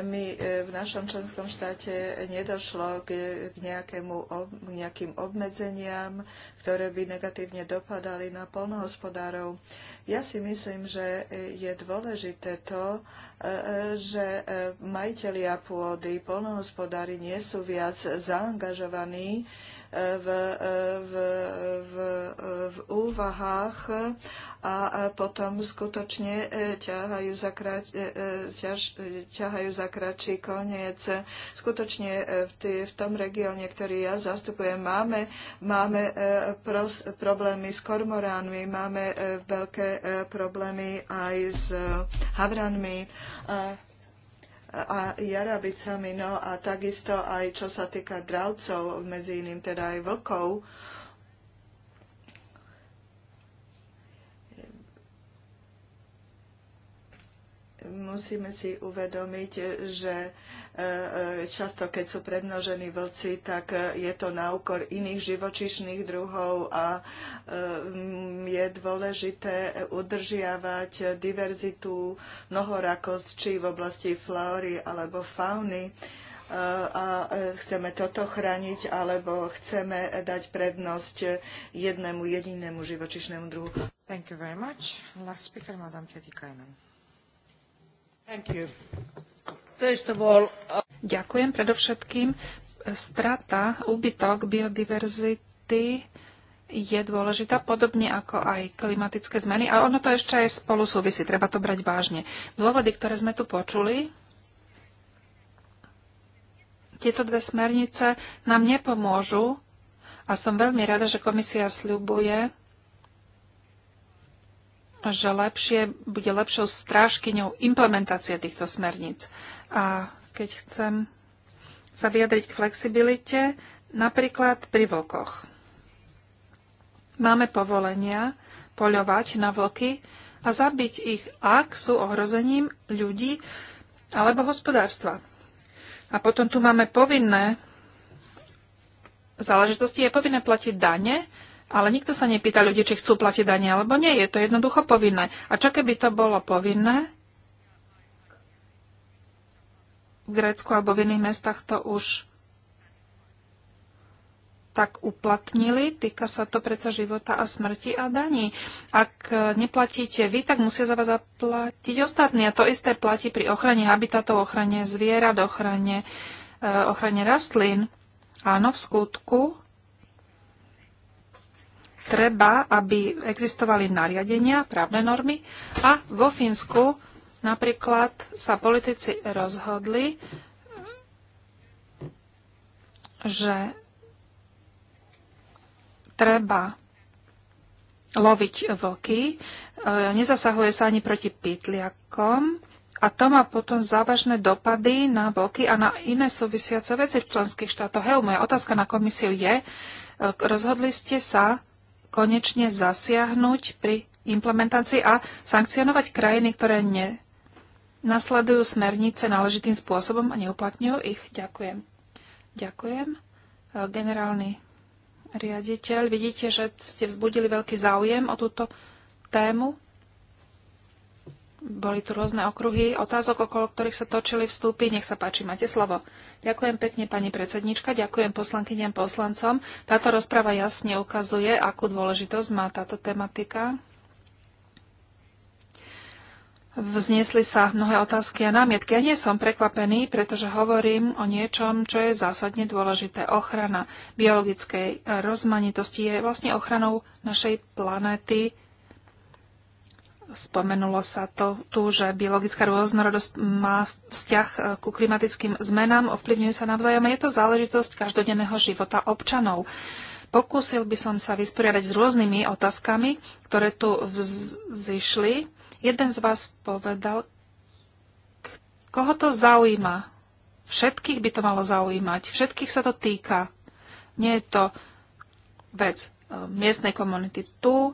A: My v našom členskom štáte nedošlo k, nejakému, k nejakým obmedzeniam, ktoré by negatívne dopadali na polnohospodárov. Ja si myslím, že je dôležité to, e, že e, majitelia pôdy, polnohospodári nie sú viac zaangažovaní v, v, v, v úvahách a potom skutočne e, ťahajú za, e, e, ťahajú za kračí koniec. Skutočne v, tý, v tom regióne, ktorý ja zastupujem, máme, máme pros, problémy s kormoránmi, máme veľké problémy aj s havranmi a jarabicami, no a takisto aj čo sa týka dravcov, medzi iným teda aj vlkov. Musíme si uvedomiť, že Často, keď sú prednožení vlci, tak eh, je to na úkor iných živočišných druhov a eh, je dôležité udržiavať diverzitu mnohorakosť, v oblasti flóry alebo fauny eh, a chceme toto chrániť, alebo chceme dať prednosť jednému jedinému živočišnému druhu. Thank you very much. Last speaker, Madame
C: Thank you. Ďakujem predovšetkým. Strata, úbytok biodiverzity je dôležitá, podobne ako aj klimatické zmeny. A ono to ešte aj spolu súvisí, treba to brať vážne. Dôvody, ktoré sme tu počuli, tieto dve smernice nám nepomôžu a som veľmi rada, že komisia sľubuje, že lepšie, bude lepšou strážkyňou implementácie týchto smerníc. A keď chcem sa vyjadriť k flexibilite, napríklad pri vlkoch. Máme povolenia poľovať na vlky a zabiť ich, ak sú ohrozením ľudí alebo hospodárstva. A potom tu máme povinné záležitosti, je povinné platiť dane, ale nikto sa nepýta ľudí, či chcú platiť dane alebo nie. Je to jednoducho povinné. A čo keby to bolo povinné? Grécku alebo v iných mestách to už tak uplatnili. Týka sa to predsa života a smrti a daní. Ak neplatíte vy, tak musia za vás zaplatiť ostatní. A to isté platí pri ochrane habitatov, ochrane zvierat, ochrane, e, ochrane rastlín. Áno, v skutku treba, aby existovali nariadenia, právne normy a vo Fínsku Napríklad sa politici rozhodli, že treba loviť vlky, e, nezasahuje sa ani proti pytliakom a to má potom závažné dopady na vlky a na iné súvisiace veci v členských štátoch. Hej, moja otázka na komisiu je, e, rozhodli ste sa konečne zasiahnuť pri implementácii a sankcionovať krajiny, ktoré ne nasledujú smernice náležitým spôsobom a neuplatňujú ich. Ďakujem. Ďakujem. E, generálny riaditeľ, vidíte, že ste vzbudili veľký záujem o túto tému. Boli tu rôzne okruhy otázok, okolo ktorých sa točili vstúpy. Nech sa páči, máte slovo. Ďakujem pekne, pani predsednička, ďakujem poslankyňam poslancom. Táto rozprava jasne ukazuje, akú dôležitosť má táto tematika Vznesli sa mnohé otázky a námietky. Ja nie som prekvapený, pretože hovorím o niečom, čo je zásadne dôležité. Ochrana biologickej rozmanitosti je vlastne ochranou našej planéty. Spomenulo sa to tu, že biologická rôznorodosť má vzťah ku klimatickým zmenám, ovplyvňuje sa navzájom. Je to záležitosť každodenného života občanov. Pokúsil by som sa vysporiadať s rôznymi otázkami, ktoré tu vzýšli Jeden z vás povedal, koho to zaujíma. Všetkých by to malo zaujímať. Všetkých sa to týka. Nie je to vec e, miestnej komunity tu, e,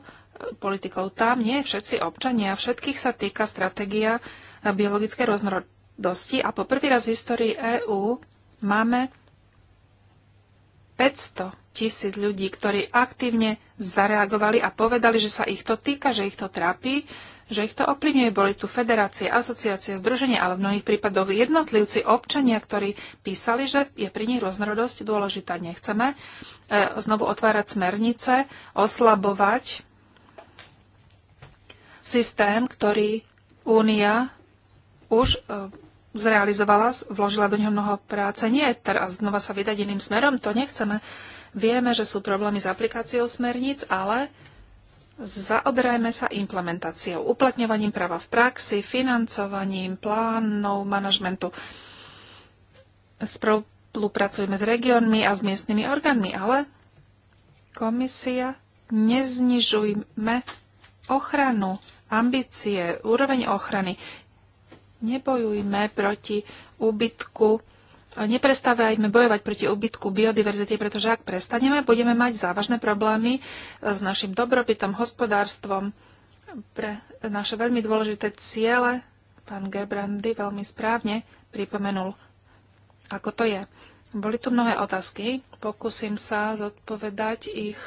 C: politikov tam. Nie, všetci občania. Všetkých sa týka stratégia e, biologickej rôznorodosti. A po prvý raz v histórii EÚ máme 500 tisíc ľudí, ktorí aktívne zareagovali a povedali, že sa ich to týka, že ich to trápi že ich to ovplyvňuje. Boli tu federácie, asociácie, združenia, ale v mnohých prípadoch jednotlivci, občania, ktorí písali, že je pri nich rôznorodosť dôležitá. Nechceme e, znovu otvárať smernice, oslabovať systém, ktorý Únia už e, zrealizovala, vložila do neho mnoho práce. Nie teraz znova sa vydať iným smerom, to nechceme. Vieme, že sú problémy s aplikáciou smerníc, ale Zaoberajme sa implementáciou, uplatňovaním práva v praxi, financovaním, plánov, manažmentu. Spolupracujeme s regiónmi a s miestnymi orgánmi, ale komisia neznižujme ochranu, ambície, úroveň ochrany. Nebojujme proti úbytku neprestávajme bojovať proti obytku biodiverzity, pretože ak prestaneme, budeme mať závažné problémy e, s našim dobrobytom, hospodárstvom pre naše veľmi dôležité ciele. Pán Gerbrandy veľmi správne pripomenul, ako to je. Boli tu mnohé otázky, pokúsim sa zodpovedať ich.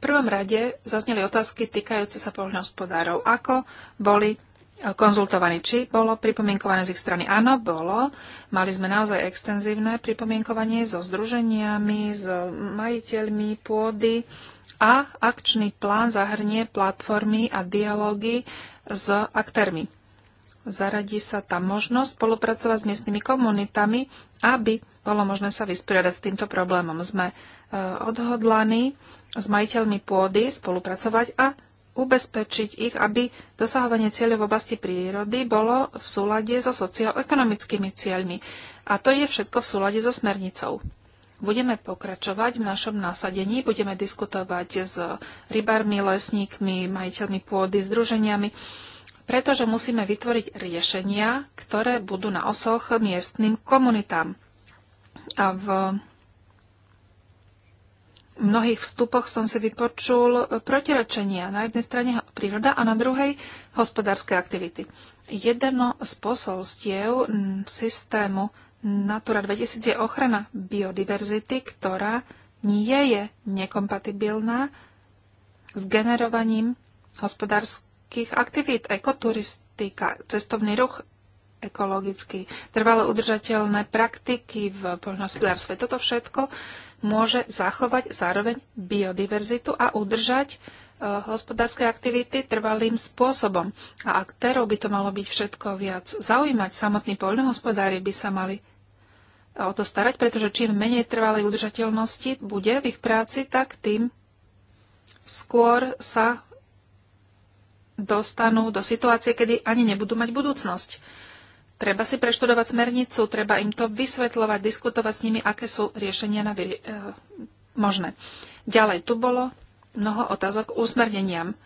C: V prvom rade zazneli otázky týkajúce sa poľnohospodárov. Ako boli konzultovaní. Či bolo pripomienkované z ich strany? Áno, bolo. Mali sme naozaj extenzívne pripomienkovanie so združeniami, s majiteľmi pôdy a akčný plán zahrnie platformy a dialógy s aktérmi. Zaradí sa tá možnosť spolupracovať s miestnymi komunitami, aby bolo možné sa vysporiadať s týmto problémom. Sme eh, odhodlaní s majiteľmi pôdy spolupracovať a ubezpečiť ich, aby dosahovanie cieľov v oblasti prírody bolo v súlade so socioekonomickými cieľmi. A to je všetko v súlade so smernicou. Budeme pokračovať v našom nasadení, budeme diskutovať s rybármi, lesníkmi, majiteľmi pôdy, združeniami, pretože musíme vytvoriť riešenia, ktoré budú na osoch miestnym komunitám. A v mnohých vstupoch som si vypočul e, protirečenia. Na jednej strane príroda a na druhej hospodárske aktivity. Jedno z posolstiev systému Natura 2000 je ochrana biodiverzity, ktorá nie je nekompatibilná s generovaním hospodárskych aktivít, ekoturistika, cestovný ruch, ekologicky, trvalo udržateľné praktiky v poľnohospodárstve. Toto všetko môže zachovať zároveň biodiverzitu a udržať e, hospodárske aktivity trvalým spôsobom. A aktérov by to malo byť všetko viac zaujímať. Samotní poľnohospodári by sa mali e, o to starať, pretože čím menej trvalej udržateľnosti bude v ich práci, tak tým skôr sa dostanú do situácie, kedy ani nebudú mať budúcnosť. Treba si preštudovať smernicu, treba im to vysvetľovať, diskutovať s nimi, aké sú riešenia na vyri- e, možné. Ďalej, tu bolo mnoho otázok k úsmerneniam.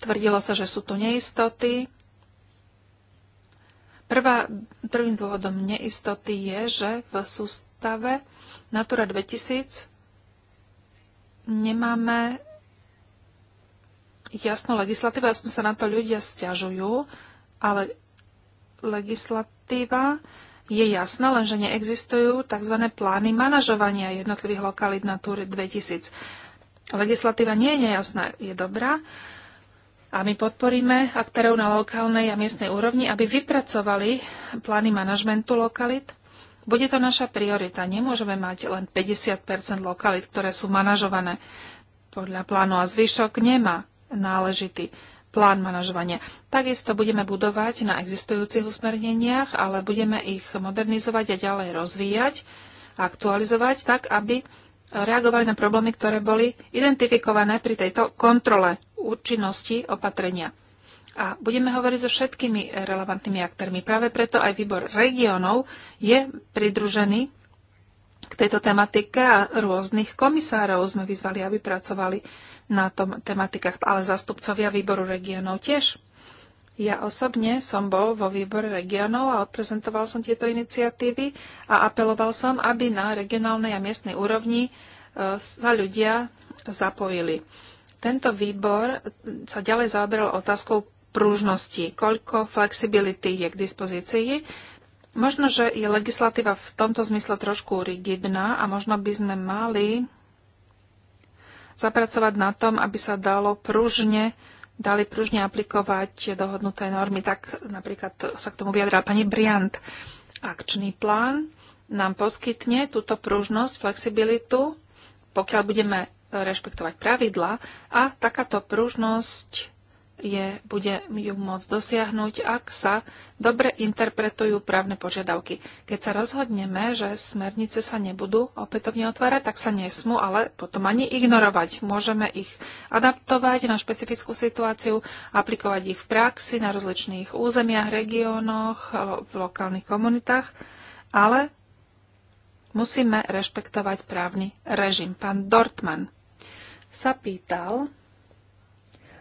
C: Tvrdilo sa, že sú tu neistoty. Prvá, prvým dôvodom neistoty je, že v sústave Natura 2000 nemáme jasnú legislatívu, sme sa na to ľudia stiažujú, ale legislatíva je jasná, lenže neexistujú tzv. plány manažovania jednotlivých lokalít Natúry 2000. Legislatíva nie je nejasná, je dobrá a my podporíme aktérov na lokálnej a miestnej úrovni, aby vypracovali plány manažmentu lokalit. Bude to naša priorita. Nemôžeme mať len 50 lokalit, ktoré sú manažované podľa plánu a zvyšok nemá náležitý plán manažovania. Takisto budeme budovať na existujúcich usmerneniach, ale budeme ich modernizovať a ďalej rozvíjať, aktualizovať tak, aby reagovali na problémy, ktoré boli identifikované pri tejto kontrole účinnosti opatrenia. A budeme hovoriť so všetkými relevantnými aktérmi. Práve preto aj výbor regionov je pridružený k tejto tematike a rôznych komisárov sme vyzvali, aby pracovali na tom tematikách, ale zastupcovia výboru regionov tiež. Ja osobne som bol vo výbore regionov a odprezentoval som tieto iniciatívy a apeloval som, aby na regionálnej a miestnej úrovni e, sa ľudia zapojili. Tento výbor sa ďalej zaoberal otázkou pružnosti, koľko flexibility je k dispozícii Možno, že je legislatíva v tomto zmysle trošku rigidná a možno by sme mali zapracovať na tom, aby sa dalo pružne dali pružne aplikovať dohodnuté normy. Tak napríklad sa k tomu vyjadrá pani Briant. Akčný plán nám poskytne túto pružnosť, flexibilitu, pokiaľ budeme rešpektovať pravidla a takáto pružnosť je, bude ju môcť dosiahnuť, ak sa dobre interpretujú právne požiadavky. Keď sa rozhodneme, že smernice sa nebudú opätovne otvárať, tak sa nesmú, ale potom ani ignorovať. Môžeme ich adaptovať na špecifickú situáciu, aplikovať ich v praxi na rozličných územiach, regiónoch, v lokálnych komunitách, ale musíme rešpektovať právny režim. Pán Dortman sa pýtal,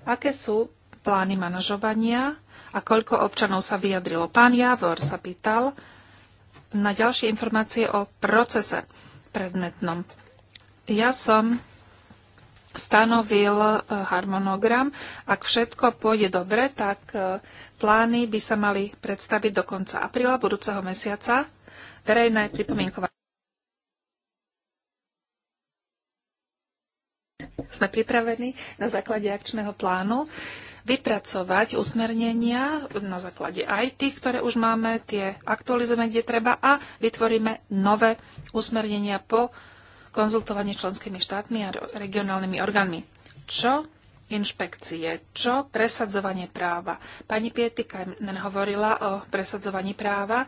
C: aké sú plány manažovania a koľko občanov sa vyjadrilo. Pán Javor sa pýtal na ďalšie informácie o procese predmetnom. Ja som stanovil eh, harmonogram. Ak všetko pôjde dobre, tak eh, plány by sa mali predstaviť do konca apríla budúceho mesiaca. Verejné pripomienkovanie. Sme pripravení na základe akčného plánu vypracovať usmernenia na základe aj tých, ktoré už máme, tie aktualizujeme, kde treba a vytvoríme nové usmernenia po konzultovaní členskými štátmi a regionálnymi orgánmi. Čo inšpekcie, čo presadzovanie práva. Pani Pietika hovorila o presadzovaní práva.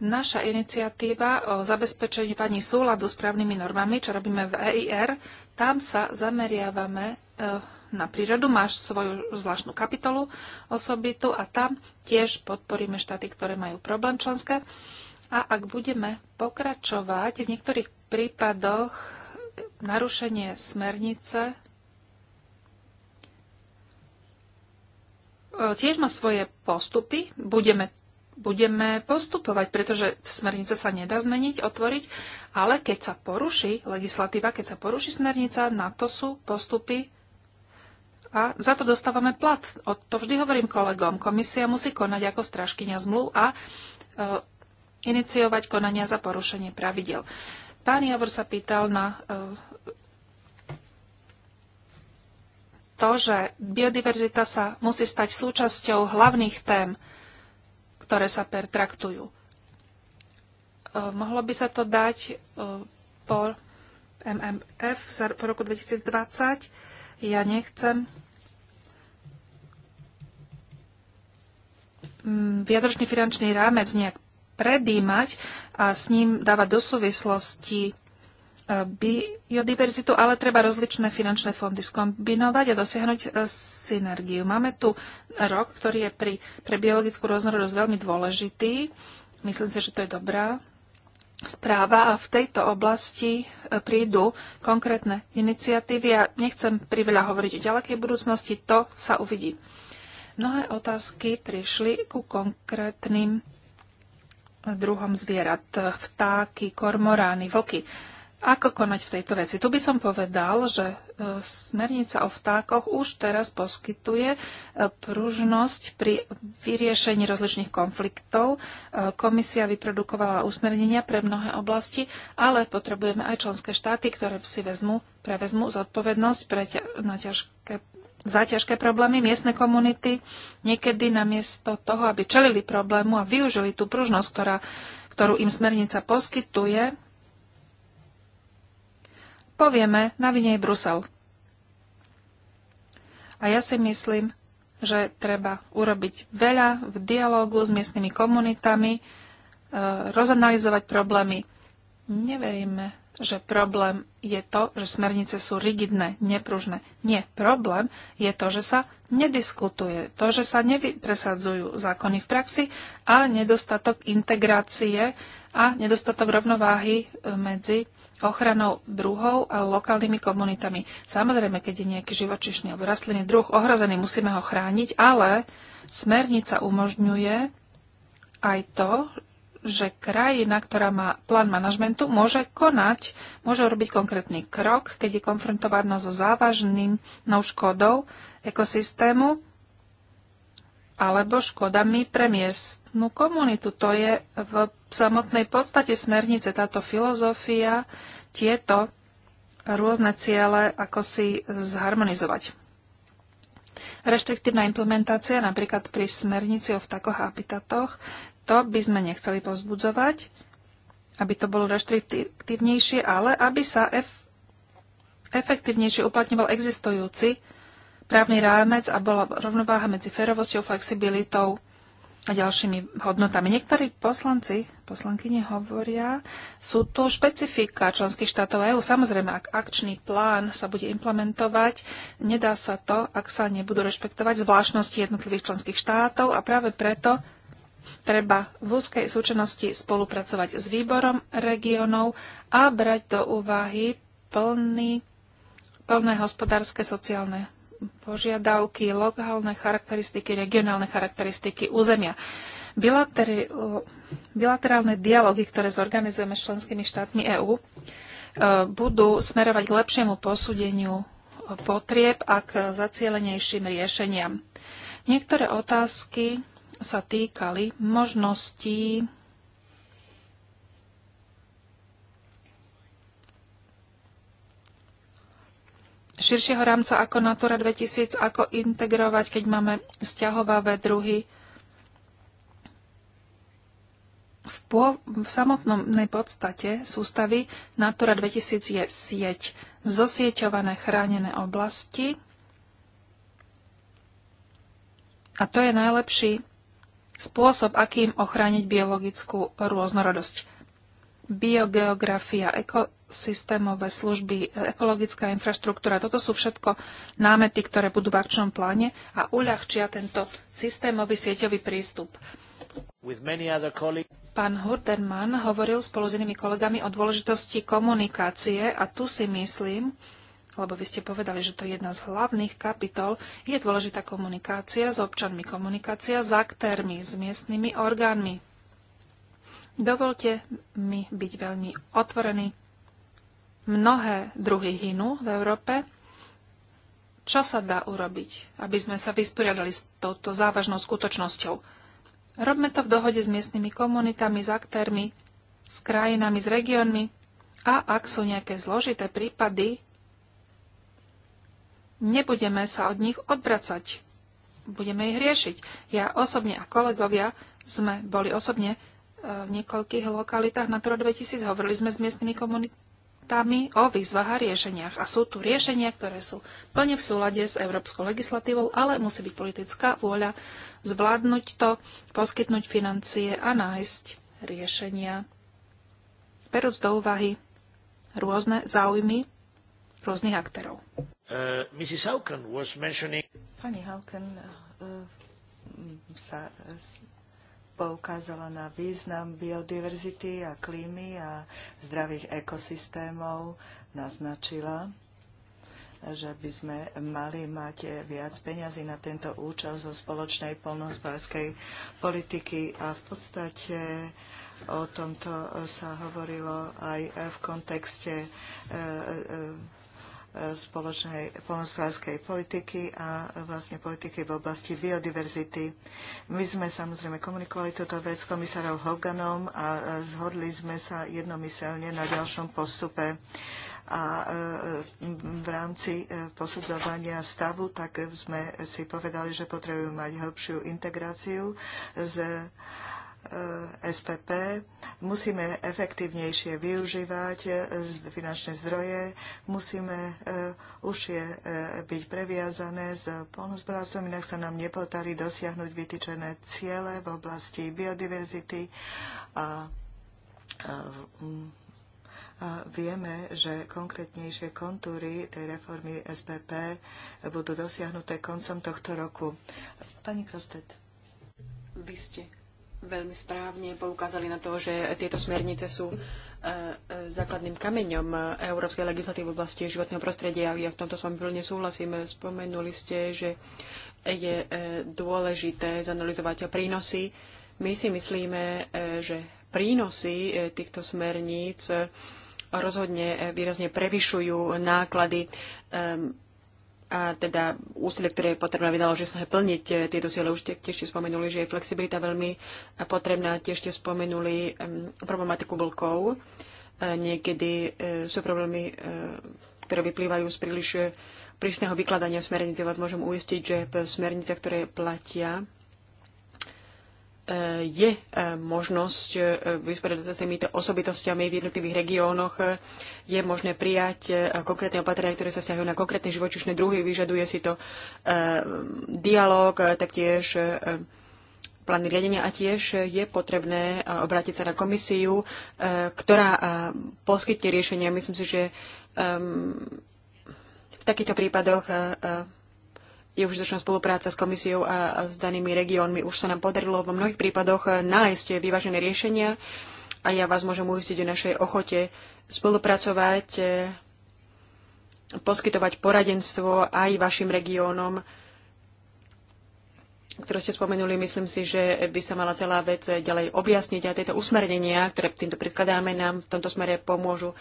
C: Naša iniciatíva o zabezpečení pani súladu s právnymi normami, čo robíme v EIR, tam sa zameriavame e, na prírodu, máš svoju zvláštnu kapitolu osobitu a tam tiež podporíme štáty, ktoré majú problém členské. A ak budeme pokračovať v niektorých prípadoch narušenie smernice e, tiež má svoje postupy. Budeme budeme postupovať, pretože smernica sa nedá zmeniť, otvoriť, ale keď sa poruší legislatíva, keď sa poruší smernica, na to sú postupy a za to dostávame plat. O to vždy hovorím kolegom. Komisia musí konať ako Straškyňa zmluv a e, iniciovať konania za porušenie pravidel. Pán Javor sa pýtal na e, to, že biodiverzita sa musí stať súčasťou hlavných tém, ktoré sa pertraktujú. E, mohlo by sa to dať e, po MMF po roku 2020 ja nechcem mm, viadročný finančný rámec nejak predýmať a s ním dávať do súvislosti e, biodiverzitu, ale treba rozličné finančné fondy skombinovať a dosiahnuť e, synergiu. Máme tu rok, ktorý je pri, pre biologickú rôznorodosť veľmi dôležitý. Myslím si, že to je dobrá správa a v tejto oblasti e, prídu konkrétne iniciatívy a ja nechcem priveľa hovoriť o ďalekej budúcnosti, to sa uvidí. Mnohé otázky prišli ku konkrétnym druhom zvierat. Vtáky, kormorány, vlky. Ako konať v tejto veci? Tu by som povedal, že e, smernica o vtákoch už teraz poskytuje e, pružnosť pri vyriešení rozličných konfliktov. E, komisia vyprodukovala usmernenia pre mnohé oblasti, ale potrebujeme aj členské štáty, ktoré si vezmu, prevezmu zodpovednosť pre ťa, na ťažké za ťažké problémy miestne komunity, niekedy namiesto toho, aby čelili problému a využili tú pružnosť, ktorá, ktorú im smernica poskytuje, povieme, na vine je Brusel. A ja si myslím, že treba urobiť veľa v dialógu s miestnymi komunitami, e, rozanalizovať problémy. Neveríme, že problém je to, že smernice sú rigidné, nepružné. Nie, problém je to, že sa nediskutuje, to, že sa nepresadzujú zákony v praxi a nedostatok integrácie a nedostatok rovnováhy e, medzi ochranou druhov a lokálnymi komunitami. Samozrejme, keď je nejaký živočišný alebo rastlinný druh ohrozený, musíme ho chrániť, ale smernica umožňuje aj to, že krajina, ktorá má plán manažmentu, môže konať, môže robiť konkrétny krok, keď je konfrontovaná so závažným no škodou ekosystému alebo škodami pre miestnu komunitu. To je v samotnej podstate smernice táto filozofia, tieto rôzne ciele, ako si zharmonizovať. Reštriktívna implementácia napríklad pri smernici o vtakoch a habitatoch, to by sme nechceli pozbudzovať, aby to bolo reštriktívnejšie, ale aby sa ef- efektívnejšie uplatňoval existujúci právny rámec a bola rovnováha medzi ferovosťou, flexibilitou a ďalšími hodnotami. Niektorí poslanci, poslankyne hovoria, sú tu špecifika členských štátov EÚ. Samozrejme, ak akčný plán sa bude implementovať, nedá sa to, ak sa nebudú rešpektovať zvláštnosti jednotlivých členských štátov a práve preto treba v úzkej súčinnosti spolupracovať s výborom regionov a brať do úvahy plný, plné hospodárske, sociálne požiadavky, lokálne charakteristiky, regionálne charakteristiky územia. Bilateri, bilaterálne dialógy, ktoré zorganizujeme s členskými štátmi EÚ, e, budú smerovať k lepšiemu posúdeniu potrieb a k zacielenejším riešeniam. Niektoré otázky sa týkali možností širšieho rámca ako Natura 2000, ako integrovať, keď máme vzťahovavé druhy v, po, v samotnej podstate sústavy Natura 2000 je sieť, zosieťované chránené oblasti. A to je najlepší spôsob, akým ochrániť biologickú rôznorodosť biogeografia, ekosystémové služby, ekologická infraštruktúra. Toto sú všetko námety, ktoré budú v akčnom pláne a uľahčia tento systémový sieťový prístup. Pán Hurdenman hovoril spolu s inými kolegami o dôležitosti komunikácie a tu si myslím, lebo vy ste povedali, že to je jedna z hlavných kapitol, je dôležitá komunikácia s občanmi, komunikácia s aktérmi, s miestnymi orgánmi, Dovolte mi byť veľmi otvorený. Mnohé druhy hynú v Európe. Čo sa dá urobiť, aby sme sa vysporiadali s touto závažnou skutočnosťou? Robme to v dohode s miestnymi komunitami, s aktérmi, s krajinami, s regiónmi a ak sú nejaké zložité prípady, nebudeme sa od nich odvracať. Budeme ich riešiť. Ja osobne a kolegovia sme boli osobne v niekoľkých lokalitách Natura 2000. Hovorili sme s miestnymi komunitami o výzvach a riešeniach. A sú tu riešenia, ktoré sú plne v súlade s európskou legislatívou, ale musí byť politická vôľa zvládnuť to, poskytnúť financie a nájsť riešenia. Perúc do úvahy rôzne záujmy rôznych aktérov.
A: Uh, Mrs. was mentioning... Pani Hauken uh, sa poukázala na význam biodiverzity a klímy a zdravých ekosystémov, naznačila, že by sme mali mať viac peňazí na tento účel zo spoločnej polnohospodárskej politiky a v podstate o tomto sa hovorilo aj v kontekste e, e, spoločnej poľnohospodárskej politiky a vlastne politiky v oblasti biodiverzity. My sme samozrejme komunikovali túto vec s komisárom Hoganom a zhodli sme sa jednomyselne na ďalšom postupe a e, v rámci e, posudzovania stavu, tak sme si povedali, že potrebujeme mať hĺbšiu integráciu s E, SPP, musíme efektívnejšie využívať e, finančné zdroje, musíme e, užšie byť previazané s polnospodárstvom, inak sa nám nepodarí dosiahnuť vytýčené ciele v oblasti biodiverzity a, a vieme, že konkrétnejšie kontúry tej reformy SPP budú dosiahnuté koncom tohto roku. Pani Krostet. Vy ste
B: veľmi správne poukázali na to, že tieto smernice sú e, e, základným kameňom európskej legislatívy v oblasti životného prostredia. Ja v tomto s vami plne súhlasím. Spomenuli ste, že je e, dôležité zanalizovať prínosy. My si myslíme, že prínosy týchto smerníc rozhodne výrazne prevyšujú náklady a teda úsilie, ktoré je potrebné vynaložiť snahe plniť eh, tieto ciele. Už tiež ste spomenuli, že je flexibilita veľmi eh, potrebná. Tiež ste spomenuli problematiku vlkov. Eh, niekedy sú problémy, ktoré vyplývajú z príliš prísneho vykladania smernice. Vás môžem uistiť, že v smernice, ktoré platia je e, možnosť e, vysporiadať sa s týmito osobitostiami v jednotlivých regiónoch, je možné prijať e, konkrétne opatrenia, ktoré sa stiahujú na konkrétne živočišné druhy, vyžaduje si to dialog, taktiež plány riadenia a tiež je potrebné obrátiť sa na komisiu, ktorá poskytne riešenia. Myslím si, že v takýchto prípadoch je užitočná spolupráca s komisiou a s danými regiónmi. Už sa nám podarilo vo mnohých prípadoch eh, nájsť vyvážené riešenia a ja vás môžem uistiť o našej ochote spolupracovať, eh, poskytovať poradenstvo aj vašim regiónom, ktoré ste spomenuli, myslím si, že by sa mala celá vec ďalej objasniť a tieto usmernenia, ktoré týmto predkladáme, nám v tomto smere pomôžu.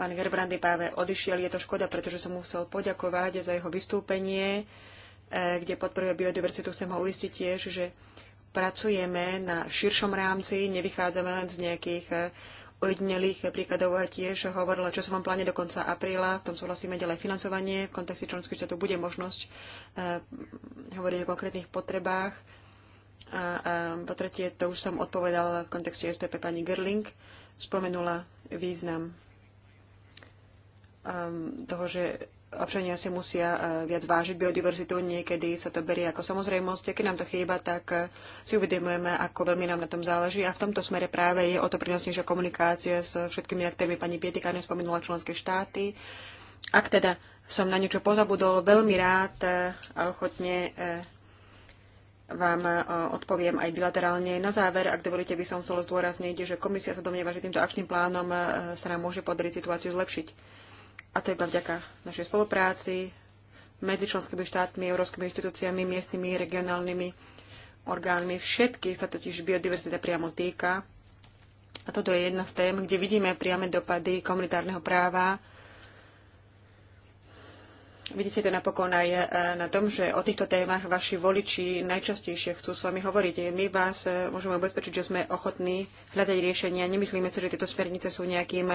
B: Pán Gerbrandy Páve odišiel, je to škoda, pretože som musel poďakovať za jeho vystúpenie. E, kde podporuje biodiverzitu. Chcem ho uistiť tiež, že pracujeme na širšom rámci, nevychádzame len z nejakých ojedinelých e, príkladov a tiež hovorila, čo som vám pláne do konca apríla, v tom súhlasíme ďalej financovanie, v kontexte členských štátov bude možnosť e, hovoriť o konkrétnych potrebách. A, a po tretie, to už som odpovedala v kontexte SPP pani Gerling, spomenula význam um, toho, že občania si musia e, viac vážiť biodiverzitu, niekedy sa to berie ako samozrejmosť. A keď nám to chýba, tak e, si uvedomujeme, ako veľmi nám na tom záleží. A v tomto smere práve je o to prínosnejšia komunikácia s všetkými aktérmi. Pani Pietikáne spomenula členské štáty. Ak teda som na niečo pozabudol, veľmi rád e, a ochotne vám odpoviem aj bilaterálne. Na záver, ak dovolíte, by som chcel zdôrazniť, že komisia sa domnieva, že týmto akčným plánom sa nám môže podariť situáciu zlepšiť a to iba vďaka našej spolupráci medzi členskými štátmi, európskymi inštitúciami, miestnymi, regionálnymi orgánmi. Všetky sa totiž biodiverzita priamo týka. A toto je jedna z tém, kde vidíme priame dopady komunitárneho práva. Vidíte to napokon aj e, na tom, že o týchto témach vaši voliči najčastejšie chcú s vami hovoriť. My vás e, môžeme ubezpečiť, že sme ochotní hľadať riešenia. Nemyslíme si, že tieto smernice sú nejakým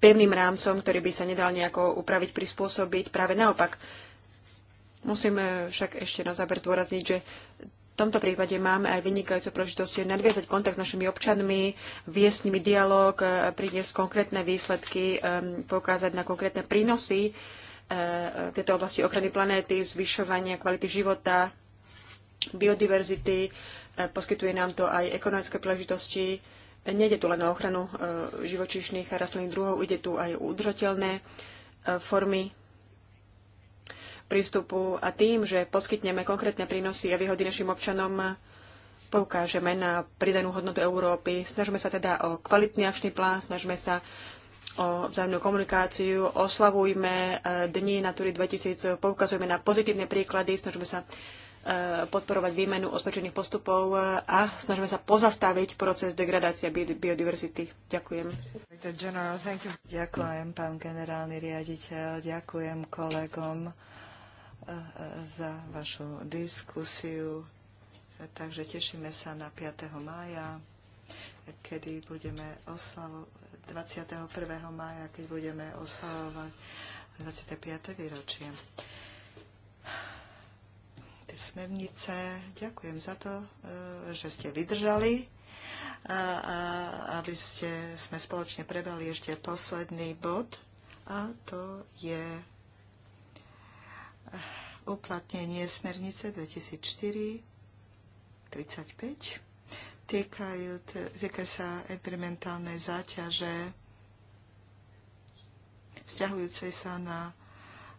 B: pevným rámcom, ktorý by sa nedal nejako upraviť, prispôsobiť. Práve naopak. Musíme eh, však ešte na záver dôrazniť, že v tomto prípade máme aj vynikajúcu prožitosť nadviazať kontakt s našimi občanmi, viesť s nimi dialog, eh, priniesť konkrétne výsledky, ehm, poukázať na konkrétne prínosy eh, tejto oblasti ochrany planéty, zvyšovania kvality života, biodiverzity. Poskytuje nám to aj ekonomické príležitosti, Nejde tu len o ochranu e, živočíšnych a rastlinných druhov, ide tu aj o udržateľné e, formy prístupu a tým, že poskytneme konkrétne prínosy a výhody našim občanom, poukážeme na pridanú hodnotu Európy. Snažme sa teda o kvalitný akčný plán, snažme sa o vzájomnú komunikáciu, oslavujme e, dni Natury 2000, poukazujeme na pozitívne príklady, snažme sa Eh, podporovať výmenu osvedčených postupov eh, a snažíme sa pozastaviť proces degradácia biodiverzity. Ďakujem.
A: Ďakujem, pán generálny riaditeľ, ďakujem kolegom eh, za vašu diskusiu. Takže tešíme sa na 5. mája, kedy budeme oslavovať 21. mája, keď budeme oslavovať 25. výročie smernice. Ďakujem za to, e, že ste vydržali e, a, a aby ste, sme spoločne prebrali ešte posledný bod a to je uplatnenie smernice 2004 35 týkajú, týka sa environmentálnej záťaže vzťahujúcej sa na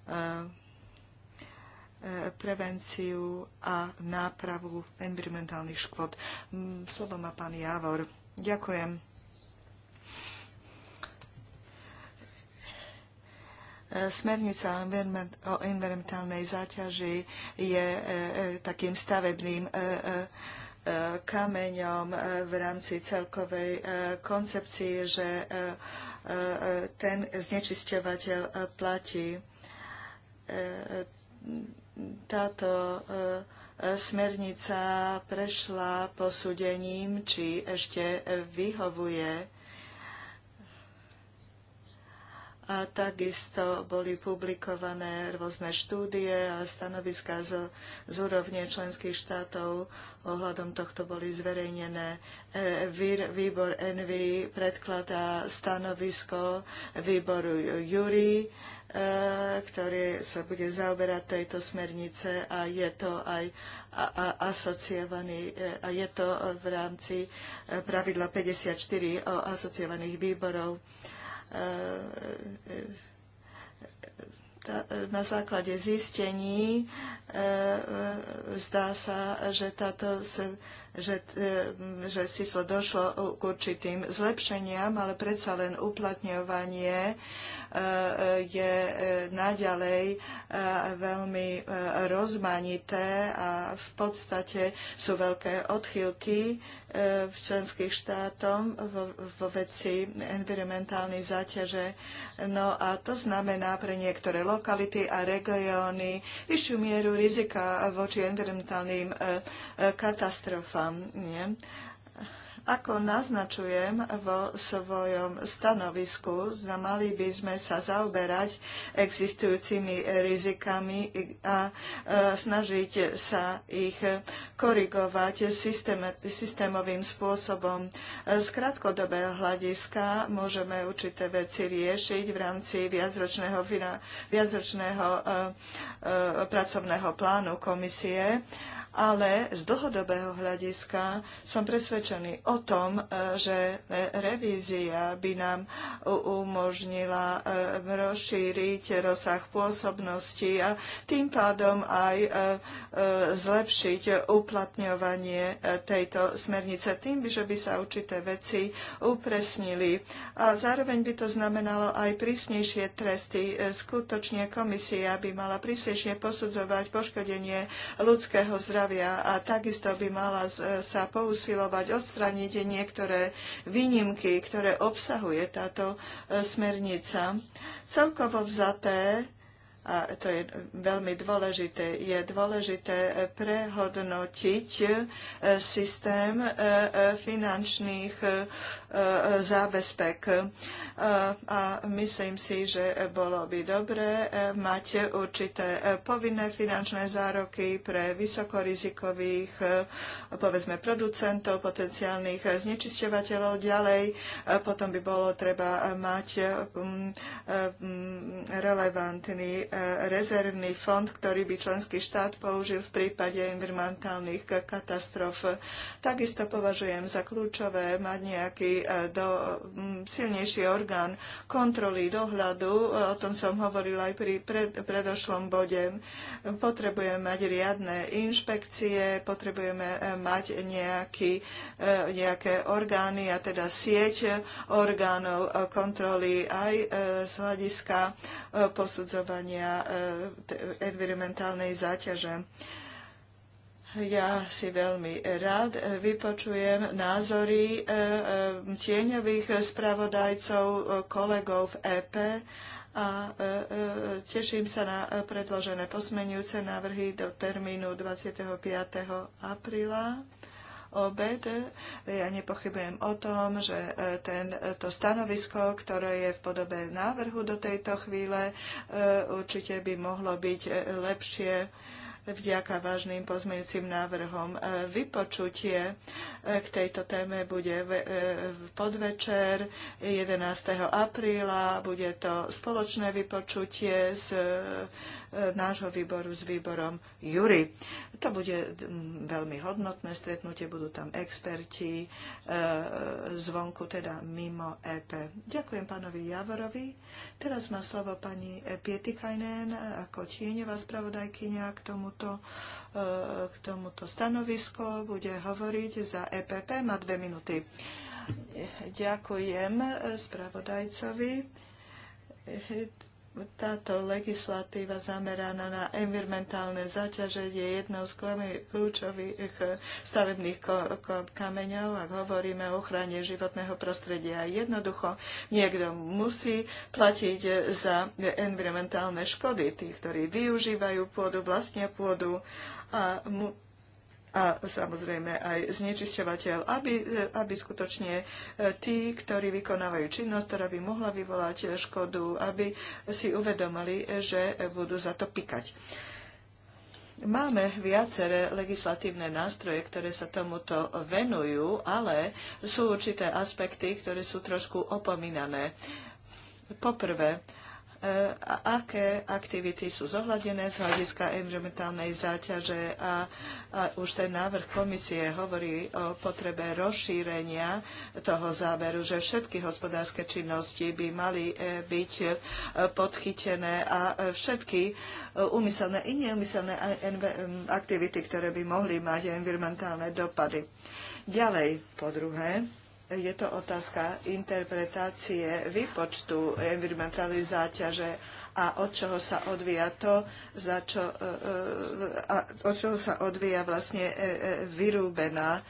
A: uh, prevenciu a nápravu environmentálnych škôd. Slovo má pán Javor. Ďakujem. Smernica o environmentálnej záťaži je e, e, takým stavebným e, kameňom v rámci celkovej koncepcie, že ten znečisťovateľ platí táto e, smernica prešla posúdením, či ešte vyhovuje a takisto boli publikované rôzne štúdie a stanoviská z, z úrovne členských štátov. Ohľadom tohto boli zverejnené. E, výbor NV predkladá stanovisko výboru Jury, e, ktorý sa bude zaoberať tejto smernice a je to aj asociovaný, e, a je to v rámci pravidla 54 o asociovaných výborov na základe zistení zdá sa, že, táto, že, že síce došlo k určitým zlepšeniam, ale predsa len uplatňovanie je e, naďalej e, veľmi e, rozmanité a v podstate sú veľké odchylky v členských štátom vo, vo veci environmentálnej záťaže. No a to znamená pre niektoré lokality a regióny vyššiu mieru rizika voči environmentálnym katastrofám. Nie? Ako naznačujem vo svojom stanovisku, mali by sme sa zaoberať existujúcimi rizikami a e, snažiť sa ich korigovať systémovým spôsobom. Z krátkodobého hľadiska môžeme určité veci riešiť v rámci viacročného, viacročného e, e, pracovného plánu komisie ale z dlhodobého hľadiska som presvedčený o tom, e, že e, revízia by nám umožnila e, rozšíriť rozsah pôsobnosti a tým pádom aj zlepšiť uplatňovanie tejto smernice tým, že by sa určité veci upresnili a zároveň by to znamenalo aj prísnejšie tresty. E, Skutočne komisia by mala prísnejšie posudzovať poškodenie ľudského zdravia a takisto by mala e, sa pousilovať odstraniť niektoré výnimky, ktoré obsahuje táto e, smernica. Celkovo vzaté a to je veľmi dôležité, je dôležité prehodnotiť systém finančných zábezpek. E, a myslím si, že bolo by dobré e, mať určité e, povinné finančné zároky pre vysokorizikových, povedzme, producentov, potenciálnych znečisťovateľov ďalej. Potom by bolo treba mať relevantný rezervný fond, ktorý by členský štát použil v prípade environmentálnych katastrof. Takisto považujem za kľúčové mať nejaký silnejší, do, silnejší orgán kontroly, dohľadu. E, o tom som hovorila aj pri pred, predošlom bode. Potrebujeme mať riadne inšpekcie, potrebujeme e, mať nejaký, e, nejaké orgány, a teda sieť orgánov kontroly aj z hľadiska posudzovania environmentálnej záťaže. Ja si veľmi rád e, vypočujem názory e, e, tieňových spravodajcov, kolegov v EP a teším sa na predložené posmenujúce návrhy do termínu 25. apríla obed. Ja nepochybujem o tom, že ten, to stanovisko, ktoré je v podobe návrhu do tejto chvíle, určite by mohlo byť lepšie vďaka vážnym pozmejúcim návrhom. E, vypočutie e, k tejto téme bude v e, podvečer 11. apríla. Bude to spoločné vypočutie z nášho výboru s výborom Jury. To bude mm, veľmi hodnotné stretnutie, budú tam experti e, zvonku, teda mimo EP. Ďakujem pánovi Javorovi. Teraz má slovo pani Pietikajnen ako tieňová spravodajkynia k tomuto, e, k tomuto stanovisko. Bude hovoriť za EPP, má dve minúty. Ďakujem spravodajcovi táto legislatíva zameraná na environmentálne zaťaženie je jednou z kľúčových eh, stavebných kameňov, ak hovoríme o ochrane životného prostredia. Jednoducho niekto musí platiť eh, za environmentálne škody, tí, ktorí využívajú pôdu, vlastne pôdu a mu, a samozrejme aj znečisťovateľ, aby, aby skutočne e, tí, ktorí vykonávajú činnosť, ktorá by mohla vyvolať škodu, aby si uvedomili, že budú za to pikať. Máme viaceré legislatívne nástroje, ktoré sa tomuto venujú, ale sú určité aspekty, ktoré sú trošku opomínané. Poprvé, E, a aké aktivity sú zohľadené z hľadiska environmentálnej záťaže a, a už ten návrh komisie hovorí o potrebe rozšírenia toho záberu, že všetky hospodárske činnosti by mali e, byť e, podchytené a všetky umyselné i neumyselné aktivity, ktoré by mohli mať environmentálne dopady. Ďalej, po druhé, je to otázka interpretácie výpočtu environmentálnej záťaže a od čoho sa odvíja to, za čo, e, e, a od čoho sa odvíja vlastne e, vyrúbená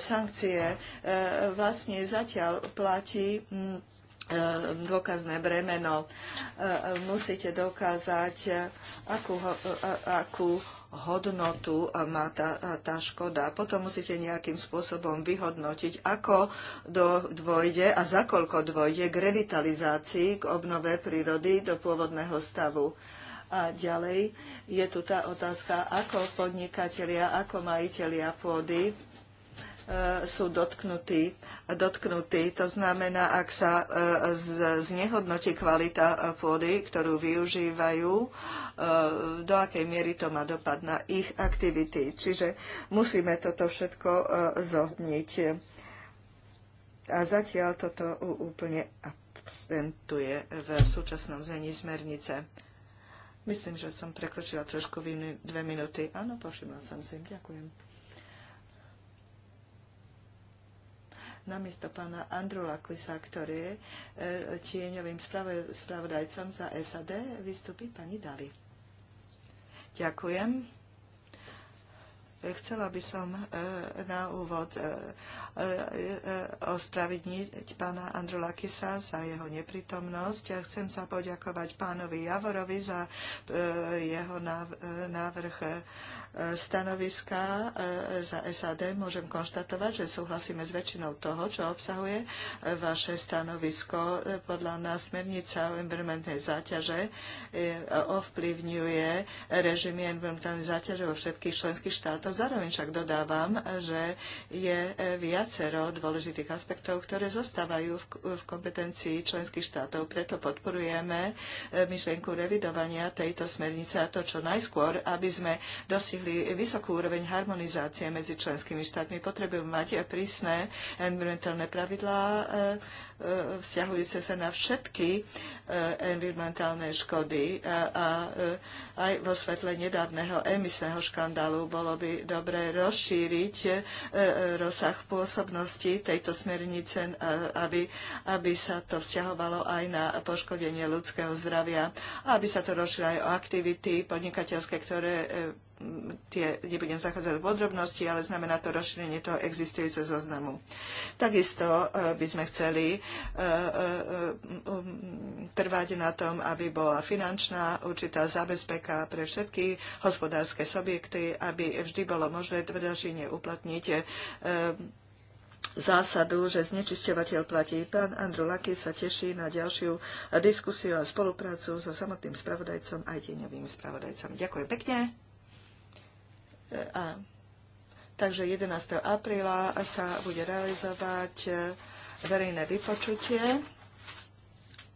A: sankcie. Vlastne zatiaľ platí mm, dôkazné bremeno. Musíte dokázať, akú, akú hodnotu e, má tá, e, tá škoda. Potom musíte nejakým spôsobom vyhodnotiť, ako do, dôjde a za koľko dôjde k revitalizácii, k obnove prírody do pôvodného stavu. A ďalej je tu tá otázka, ako podnikatelia, ako majitelia pôdy E, sú dotknutí, dotknutí. To znamená, ak sa e, znehodnotí kvalita e, pôdy, ktorú využívajú, do akej miery to má dopad na ich aktivity. Čiže musíme toto všetko zohniť. A zatiaľ toto úplne absentuje v súčasnom zení smernice. Myslím, že som prekročila trošku dve minúty. Áno, povšimla som si. Ďakujem. namiesto pána Andru Klisa, ktorý je e, tieňovým spravodajcom za SAD, vystupí pani Dali. Ďakujem. Chcela by som e, na úvod e, ospravedniť pána Andru Lakisa za jeho neprítomnosť. Chcem sa poďakovať pánovi Javorovi za jeho návrh stanoviska e, za SAD môžem konštatovať, že súhlasíme s väčšinou toho, čo obsahuje e, vaše stanovisko. E, podľa nás smernica o environmentnej záťaže ovplyvňuje režimy environmentálnej záťaže vo všetkých členských štátoch. Zároveň však dodávam, že je viacero dôležitých aspektov, ktoré zostávajú v kompetencii členských štátov. Preto podporujeme myšlienku revidovania tejto smernice a to čo najskôr, aby sme dosiahli dosiahli vysokú úroveň harmonizácie medzi členskými štátmi. Potrebujú mať prísne environmentálne pravidlá eh, eh, vzťahujúce sa na všetky eh, environmentálne škody a aj vo svetle nedávneho emisného škandálu bolo by dobre rozšíriť rozsah pôsobnosti tejto smernice, aby, aby sa to vzťahovalo aj na poškodenie ľudského zdravia a aby sa to rozšírilo aj o aktivity podnikateľské, ktoré tie nebudem zachádzať v podrobnosti, ale znamená to rozšírenie toho existujúceho zoznamu. Takisto e, by sme chceli e, e, um, trvať na tom, aby bola finančná určitá zabezpeka pre všetky hospodárske subjekty, aby vždy bolo možné tvrdožine uplatniť zásadu, že znečisťovateľ platí. Pán Andru Laky sa teší na ďalšiu diskusiu a spoluprácu so samotným spravodajcom aj tieňovým spravodajcom. Ďakujem pekne. A, takže 11. apríla sa bude realizovať e, verejné vypočutie,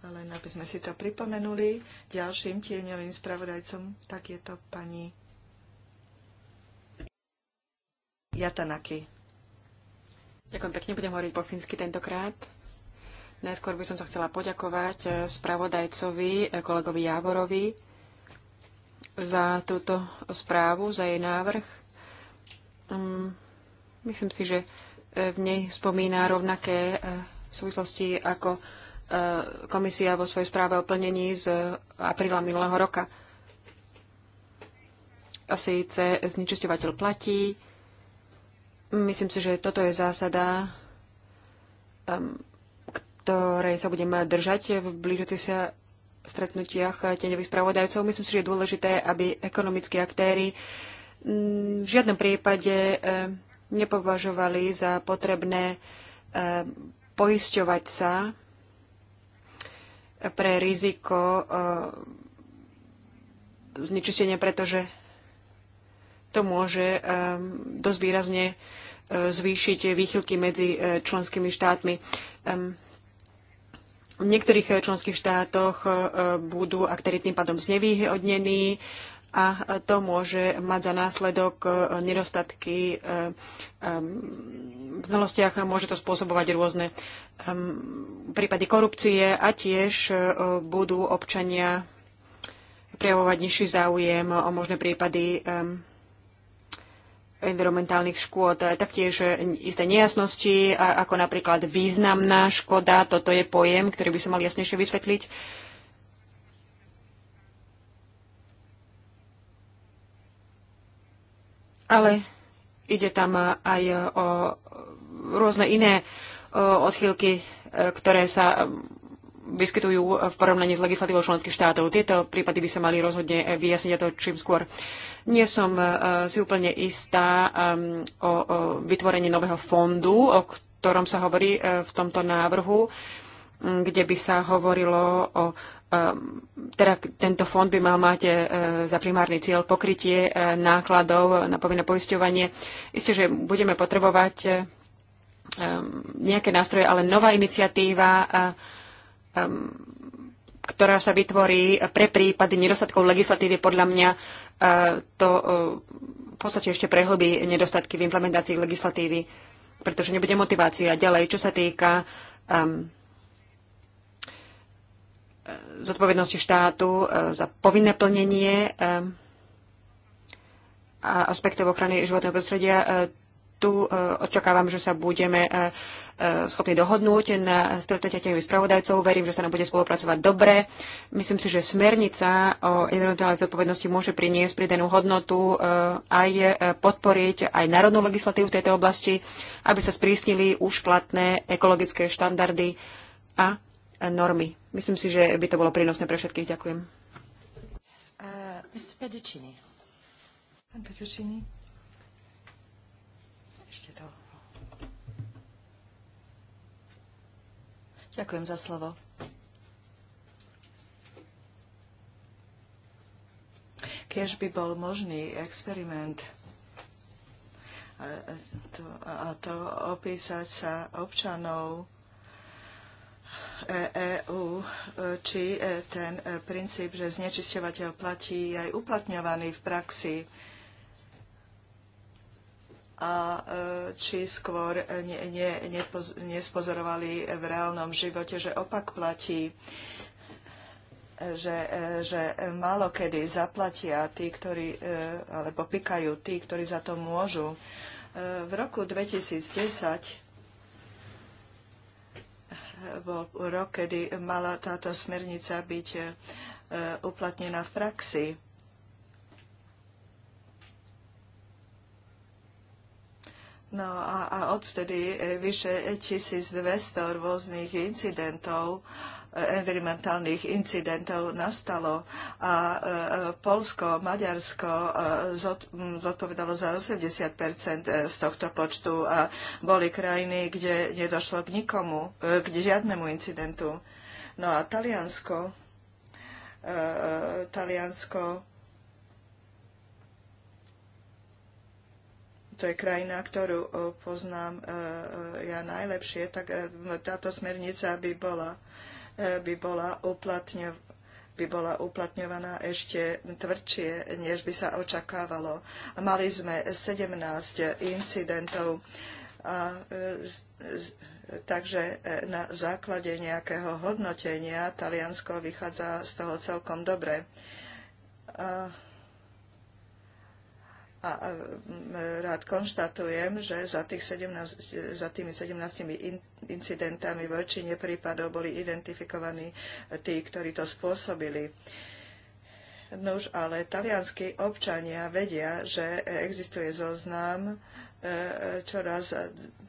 A: len aby sme si to pripomenuli. Ďalším tieňovým spravodajcom tak je to pani Jatanaki. Ďakujem pekne, budem hovoriť po fínsky
B: tentokrát. Najskôr by som sa chcela poďakovať e, spravodajcovi, e, kolegovi Jávorovi za túto správu, za jej návrh. Um, myslím si, že e, v nej spomína rovnaké e, súvislosti ako e, komisia vo svojej správe o plnení z apríla minulého roka. A síce znečisťovateľ platí. Myslím si, že toto je zásada, ktorej sa budeme držať v blížiacich sa stretnutiach tieňových spravodajcov. Myslím si, že je dôležité, aby ekonomickí aktéry mm, v žiadnom prípade e, nepovažovali za potrebné e, poisťovať sa pre riziko e, znečistenia, pretože to môže dosť výrazne zvýšiť výchylky medzi členskými štátmi v niektorých eh, členských štátoch eh, budú ktorí tým pádom znevýhodnení a eh, to môže mať za následok nedostatky v znalostiach a môže to spôsobovať rôzne prípady korupcie a tiež budú občania prejavovať nižší záujem o možné prípady environmentálnych škôd, taktiež e, isté nejasnosti, ako napríklad významná škoda, toto je pojem, ktorý by som mal jasnejšie vysvetliť. Ale ide tam e, aj e, o rôzne iné odchýlky, ktoré sa vyskytujú v porovnaní s legislatívou členských štátov. Tieto prípady by sa mali rozhodne vyjasniť a to čím skôr. Nie som e, si úplne istá o vytvorení nového fondu, o ktorom sa hovorí e, v tomto návrhu, kde by sa hovorilo o teda tento fond by mal mať e, za primárny cieľ pokrytie nákladov na povinné poisťovanie. Isté, že budeme potrebovať nejaké nástroje, ale nová iniciatíva ktorá sa vytvorí pre prípady nedostatkov legislatívy, podľa mňa e, to e, v podstate ešte prehlbí nedostatky v implementácii legislatívy, pretože nebude motivácia ďalej. Čo sa týka um, zodpovednosti štátu za povinné plnenie um, a aspektov ochrany životného prostredia, tu e, očakávam, že sa budeme e, e, schopní dohodnúť na stretnutiach spravodajcov. Verím, že sa nám bude spolupracovať dobre. Myslím si, že smernica o environmentálnej zodpovednosti môže priniesť pridanú hodnotu aj podporiť aj národnú legislatívu v tejto oblasti, aby sa sprísnili už platné ekologické štandardy a normy. Myslím si, že by to bolo prínosné pre všetkých. Ďakujem.
A: Uh, Mr. Pedicini. Pán Pedicini. Ďakujem za slovo. Keď by bol možný experiment a to opísať sa občanov EÚ, e či e, ten e, princíp, že znečisťovateľ platí, aj uplatňovaný v praxi a e, či skôr ne, ne, nepoz, nespozorovali v reálnom živote, že opak platí že, e, že málo kedy zaplatia tí, ktorí, e, alebo pikajú tí, ktorí za to môžu. V roku 2010 bol rok, kedy mala táto smernica byť uplatnená v praxi No a, a odvtedy e, vyše 1200 rôznych incidentov, e, environmentálnych incidentov nastalo a e, Polsko, Maďarsko zodpovedalo za 80 z tohto počtu a boli krajiny, kde nedošlo k nikomu, k žiadnemu incidentu. No a Taliansko, Taliansko to je krajina, ktorú poznám e, e, ja najlepšie, tak e, táto smernica by bola, by bola, uplatňovaná by bola uplatňovaná ešte tvrdšie, než by sa očakávalo. Mali sme 17 incidentov, a, takže na základe nejakého hodnotenia Taliansko vychádza z toho celkom dobre. A, a rád konštatujem, že za, tých 17, za tými 17 incidentami v väčšine prípadov boli identifikovaní tí, ktorí to spôsobili. No už, ale talianskí občania vedia, že existuje zoznam, e, čoraz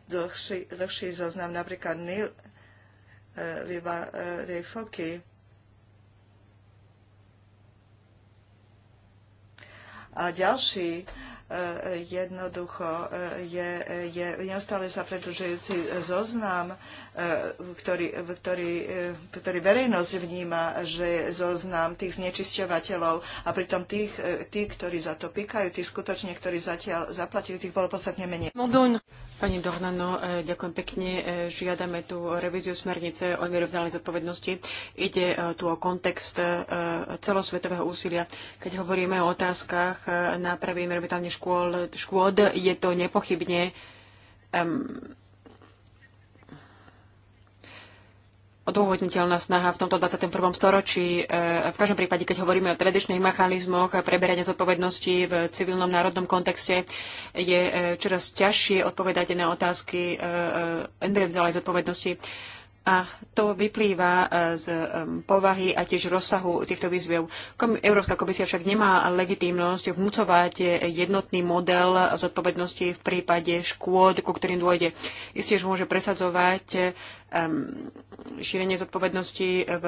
A: dlhší, dlhší zoznam, napríklad Nil, e, Liva e, Foky, a ďalší e, jednoducho e, je, je neustále sa predlžujúci zoznam ktorý, ktorý, ktorý verejnosť vníma, že zoznam tých znečisťovateľov a pritom tých, tí, ktorí za to pýkajú, tí skutočne, ktorí zatiaľ zaplatili, tých bolo podstatne menej.
B: Pani Dornano, e, ďakujem pekne. E, žiadame tu revíziu smernice o nerovnalej zodpovednosti. Ide e, tu o kontext celosvetového úsilia. Keď hovoríme o otázkach nápravy environmentálnych škôl, škôd, je to nepochybne um, odôvodniteľná snaha v tomto 21. storočí. E, v každom prípade, keď hovoríme o tradičných mechanizmoch preberania zodpovednosti v civilnom národnom kontexte, je e, čoraz ťažšie odpovedať na otázky e, individuálnej zodpovednosti a to vyplýva e, z povahy a tiež rozsahu týchto výzviev. Európska komisia však nemá legitímnosť vnúcovať jednotný model zodpovednosti v prípade škôd, ku ktorým dôjde. Istiež môže presadzovať šírenie zodpovednosti v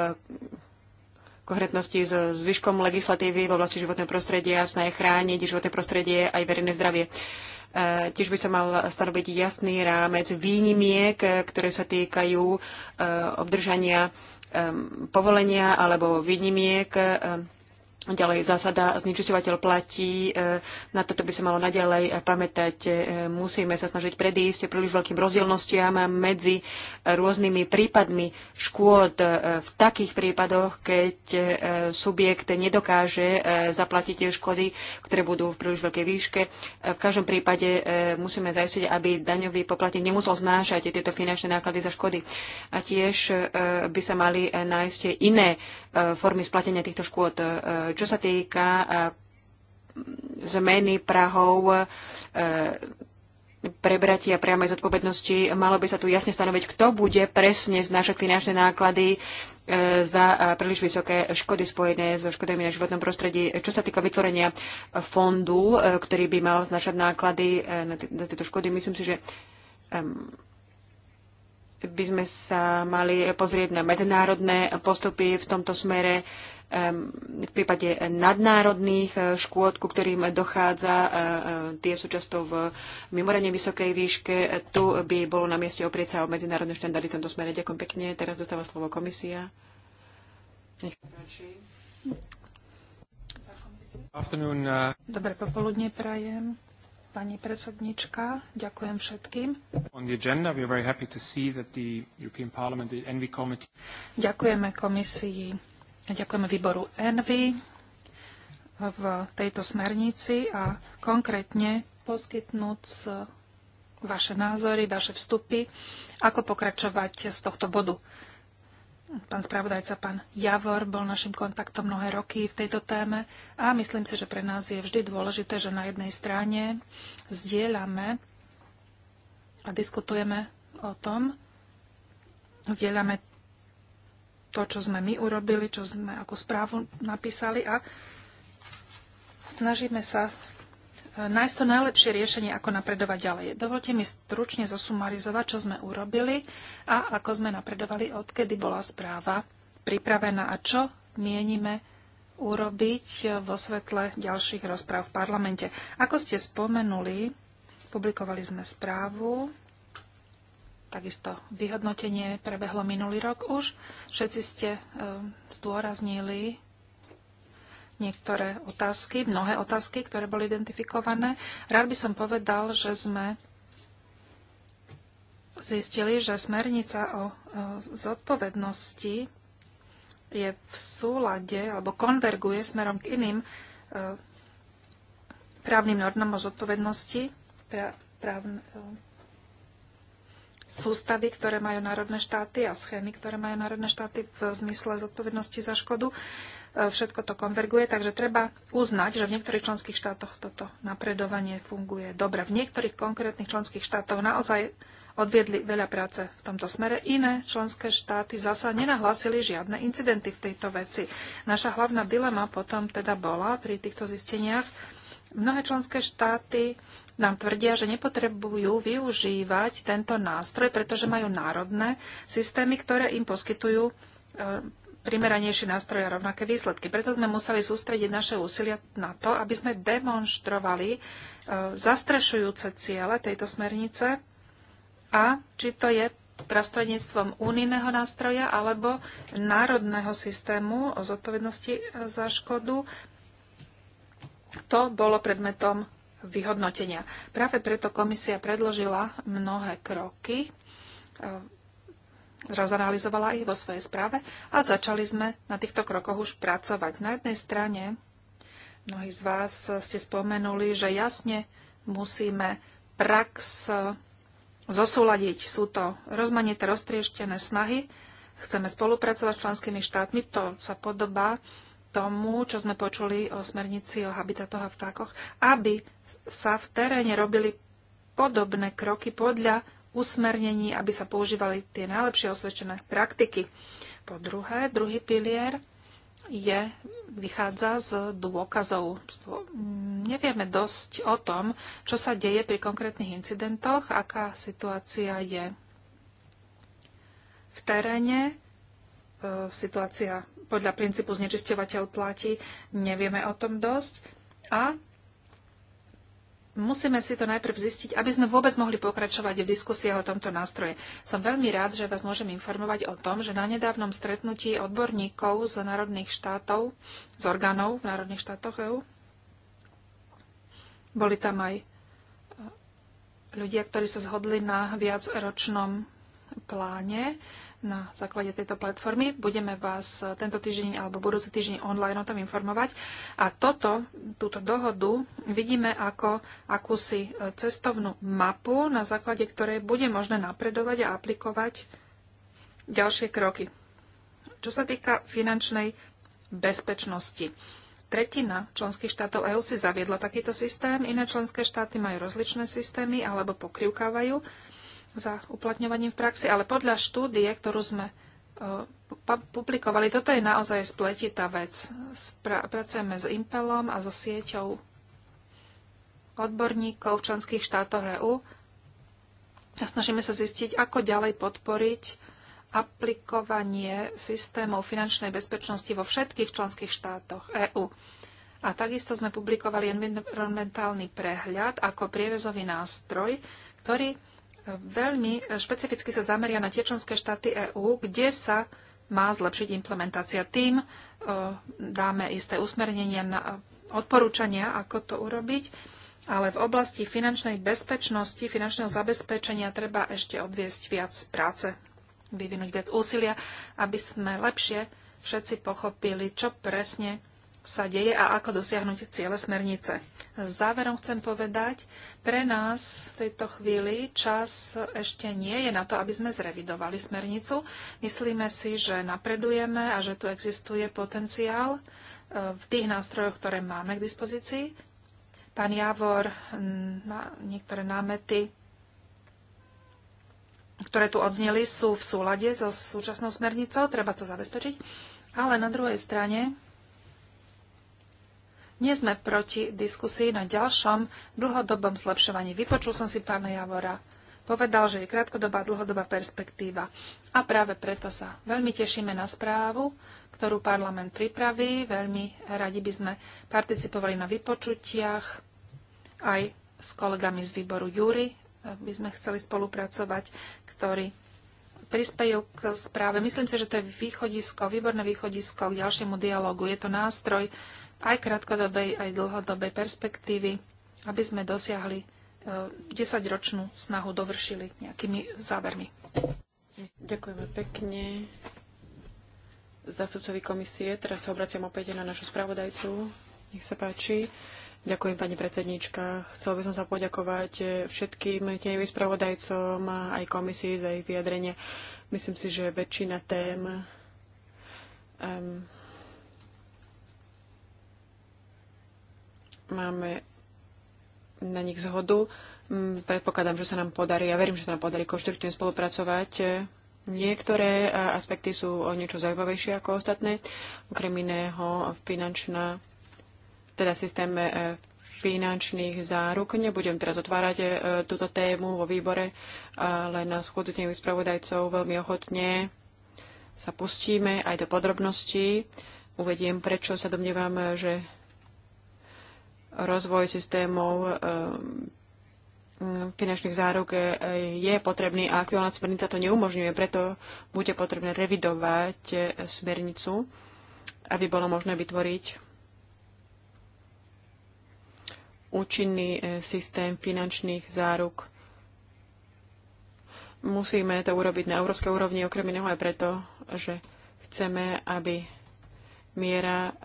B: konkrétnosti s zvyškom legislatívy v oblasti životného prostredia, snahe chrániť životné prostredie aj verejné zdravie. Eh, tiež by sa mal stanoviť jasný rámec výnimiek, eh, ktoré sa týkajú eh, obdržania povolenia alebo výnimiek Ďalej zásada znečisťovateľ platí. E, na toto by sa malo naďalej pamätať. E, musíme sa snažiť predísť príliš veľkým rozdielnostiam medzi rôznymi prípadmi škôd e, v takých prípadoch, keď subjekt nedokáže zaplatiť tie škody, ktoré budú v príliš veľkej výške. V každom prípade musíme zajistiť, aby daňový poplatník nemusel znášať tieto finančné náklady za škody. A tiež by sa mali nájsť iné formy splatenia týchto škôd čo sa týka eh, zmeny Prahov, eh, prebratia priamej zodpovednosti. Malo by sa tu jasne stanoviť, kto bude presne znášať finančné náklady eh, za príliš vysoké škody spojené so škodami na životnom prostredí. Čo sa týka vytvorenia fondu, ktorý by mal znašať náklady na tieto škody, myslím si, že by sme sa mali pozrieť na medzinárodné postupy v tomto smere v prípade nadnárodných eh, škôd, ku ktorým dochádza, eh, eh, tie sú často v mimoriadne vysokej výške. Tu by bolo na mieste oprieť sa o medzinárodné štandardy v tomto smere. Ďakujem pekne. Teraz dostáva slovo komisia. Dobre popoludne prajem
C: pani predsednička. Ďakujem všetkým. Ďakujeme komisii Ďakujeme výboru Envy v tejto smernici a konkrétne poskytnúť vaše názory, vaše vstupy, ako pokračovať z tohto bodu. Pán spravodajca, pán Javor, bol našim kontaktom mnohé roky v tejto téme a myslím si, že pre nás je vždy dôležité, že na jednej strane zdieľame a diskutujeme o tom, zdieľame to, čo sme my urobili, čo sme ako správu napísali a snažíme sa e, nájsť to najlepšie riešenie, ako napredovať ďalej. Dovolte mi stručne zosumarizovať, čo sme urobili a ako sme napredovali, odkedy bola správa pripravená a čo mienime urobiť e, vo svetle ďalších rozpráv v parlamente. Ako ste spomenuli, publikovali sme správu Takisto vyhodnotenie prebehlo minulý rok už. Všetci ste e, zdôraznili niektoré otázky, mnohé otázky, ktoré boli identifikované. Rád by som povedal, že sme zistili, že smernica o e, zodpovednosti je v súlade alebo konverguje smerom k iným e, právnym normám o zodpovednosti, práv, sústavy, ktoré majú národné štáty a schémy, ktoré majú národné štáty v zmysle zodpovednosti za škodu. E, všetko to konverguje, takže treba uznať, že v niektorých členských štátoch toto napredovanie funguje dobre. V niektorých konkrétnych členských štátoch naozaj odviedli veľa práce v tomto smere. Iné členské štáty zasa nenahlásili žiadne incidenty v tejto veci. Naša hlavná dilema potom teda bola pri týchto zisteniach. Mnohé členské štáty nám tvrdia, že nepotrebujú využívať tento nástroj, pretože majú národné systémy, ktoré im poskytujú e, primeranejšie nástroje a rovnaké výsledky. Preto sme museli sústrediť naše úsilia na to, aby sme demonstrovali e, zastrešujúce ciele tejto smernice a či to je prostredníctvom unijného nástroja alebo národného systému o zodpovednosti za škodu. To bolo predmetom vyhodnotenia. Práve preto komisia predložila mnohé kroky, e, rozanalizovala ich vo svojej správe a začali sme na týchto krokoch už pracovať. Na jednej strane, mnohí z vás ste spomenuli, že jasne musíme prax zosúľadiť. Sú to rozmanité, roztrieštené snahy. Chceme spolupracovať s členskými štátmi, to sa podobá tomu, čo sme počuli o smernici o habitatoch a vtákoch, aby sa v teréne robili podobné kroky podľa usmernení, aby sa používali tie najlepšie osvedčené praktiky. Po druhé, druhý pilier je, vychádza z dôkazov. Nevieme dosť o tom, čo sa deje pri konkrétnych incidentoch, aká situácia je v teréne, E, situácia podľa princípu znečisťovateľ platí, nevieme o tom dosť. A musíme si to najprv zistiť, aby sme vôbec mohli pokračovať v diskusie o tomto nástroje. Som veľmi rád, že vás môžem informovať o tom, že na nedávnom stretnutí odborníkov z národných štátov, z orgánov v národných štátoch EU, boli tam aj e, ľudia, ktorí sa zhodli na viacročnom pláne na základe tejto platformy. Budeme vás tento týždeň alebo budúci týždeň online o tom informovať. A toto, túto dohodu vidíme ako akúsi e, cestovnú mapu, na základe ktorej bude možné napredovať a aplikovať ďalšie kroky. Čo sa týka finančnej bezpečnosti. Tretina členských štátov EÚ si zaviedla takýto systém, iné členské štáty majú rozličné systémy alebo pokrivkávajú za uplatňovaním v praxi, ale podľa štúdie, ktorú sme e, publikovali, toto je naozaj spletitá vec. Pracujeme s Impelom a so sieťou odborníkov v členských štátoch EÚ a snažíme sa zistiť, ako ďalej podporiť aplikovanie systémov finančnej bezpečnosti vo všetkých členských štátoch EÚ. A takisto sme publikovali environmentálny prehľad ako prierezový nástroj, ktorý veľmi špecificky sa zameria na tie členské štáty EÚ, kde sa má zlepšiť implementácia. Tým e, dáme isté usmernenia na odporúčania, ako to urobiť, ale v oblasti finančnej bezpečnosti, finančného zabezpečenia treba ešte obviesť viac práce, vyvinúť viac úsilia, aby sme lepšie všetci pochopili, čo presne sa deje a ako dosiahnuť ciele smernice. Záverom chcem povedať, pre nás v tejto chvíli čas ešte nie je na to, aby sme zrevidovali smernicu. Myslíme si, že napredujeme a že tu existuje potenciál e, v tých nástrojoch, ktoré máme k dispozícii. Pán Javor, na niektoré námety, ktoré tu odzneli, sú v súlade so súčasnou smernicou, treba to zabezpečiť. Ale na druhej strane nie sme proti diskusii na ďalšom dlhodobom zlepšovaní. Vypočul som si pána Javora. Povedal, že je krátkodobá, dlhodobá perspektíva. A práve preto sa veľmi tešíme na správu, ktorú parlament pripraví. Veľmi radi by sme participovali na vypočutiach. Aj s kolegami z výboru Júry eh, by sme chceli spolupracovať, ktorí prispejú k správe. Myslím si, že to je východisko, výborné východisko k ďalšiemu dialogu. Je to nástroj, aj krátkodobej, aj dlhodobej perspektívy, aby sme dosiahli 10-ročnú eh, snahu dovršili nejakými závermi. Ďakujeme
B: pekne. zastupcovi komisie, teraz sa obraciam opäť na našu spravodajcu. Nech sa páči. Ďakujem, pani predsednička. Chcel by som sa poďakovať eh, všetkým tieňovým spravodajcom a aj komisii za ich vyjadrenie. Myslím si, že väčšina tém um, Máme na nich zhodu. Mm, predpokladám, že sa nám podarí, ja verím, že sa nám podarí konštruktívne spolupracovať. Niektoré aspekty sú o niečo zaujímavejšie ako ostatné. Okrem iného finančná, teda systém e, finančných záruk. Nebudem teraz otvárať e, túto tému vo výbore, ale na schôdzi spravodajcov veľmi ochotne sa pustíme aj do podrobností. Uvediem, prečo sa domnievam, že rozvoj systémov eh, finančných záruk eh, je potrebný a aktuálna smernica to neumožňuje, preto bude potrebné revidovať eh, smernicu, aby bolo možné vytvoriť účinný systém finančných záruk. Musíme to urobiť na európskej úrovni, okrem iného aj preto, že chceme, aby miera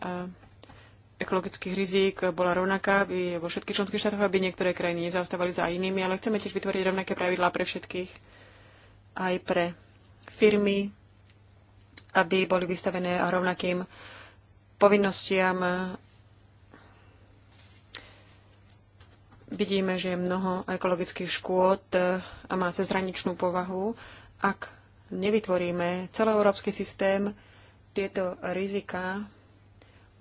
B: ekologických rizík bola rovnaká aby vo všetkých členských štátoch, aby niektoré krajiny nezaostávali za inými, ale chceme tiež vytvoriť rovnaké pravidlá pre všetkých, aj pre firmy, aby boli vystavené rovnakým povinnostiam. Vidíme, že je mnoho ekologických škôd a eh, má cezhraničnú povahu. Ak nevytvoríme celoeurópsky systém, tieto rizika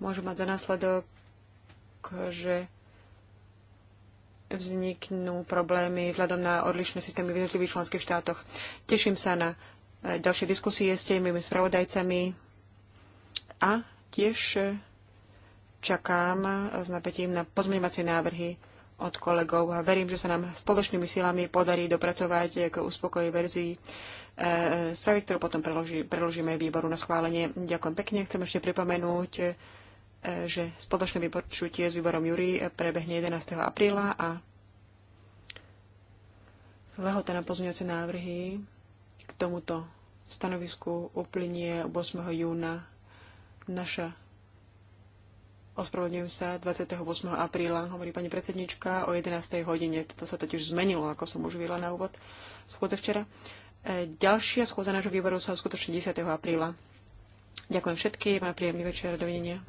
B: môžu mať za následok, že vzniknú problémy vzhľadom na odlišné systémy v jednotlivých členských štátoch. Teším sa na eh, ďalšie diskusie s tými spravodajcami a tiež eh, čakám eh, s napätím na pozmeňovacie návrhy od kolegov a verím, že sa nám spoločnými silami podarí dopracovať k uspokojí verzii správy, ktorú potom preložíme výboru na schválenie. Ďakujem pekne. Chcem ešte pripomenúť, že spoločné vypočutie s výborom Jury prebehne 11. apríla a lehota na pozmeňovacie návrhy k tomuto stanovisku uplynie 8. júna. Naša Ospravedlňujem sa, 28. apríla, hovorí pani predsednička, o 11. hodine. Toto sa totiž zmenilo, ako som už vyla na úvod schôdze včera. E, ďalšia schôdza nášho výboru sa uskutoční 10. apríla. Ďakujem všetkým a príjemný večer. Dovidenia.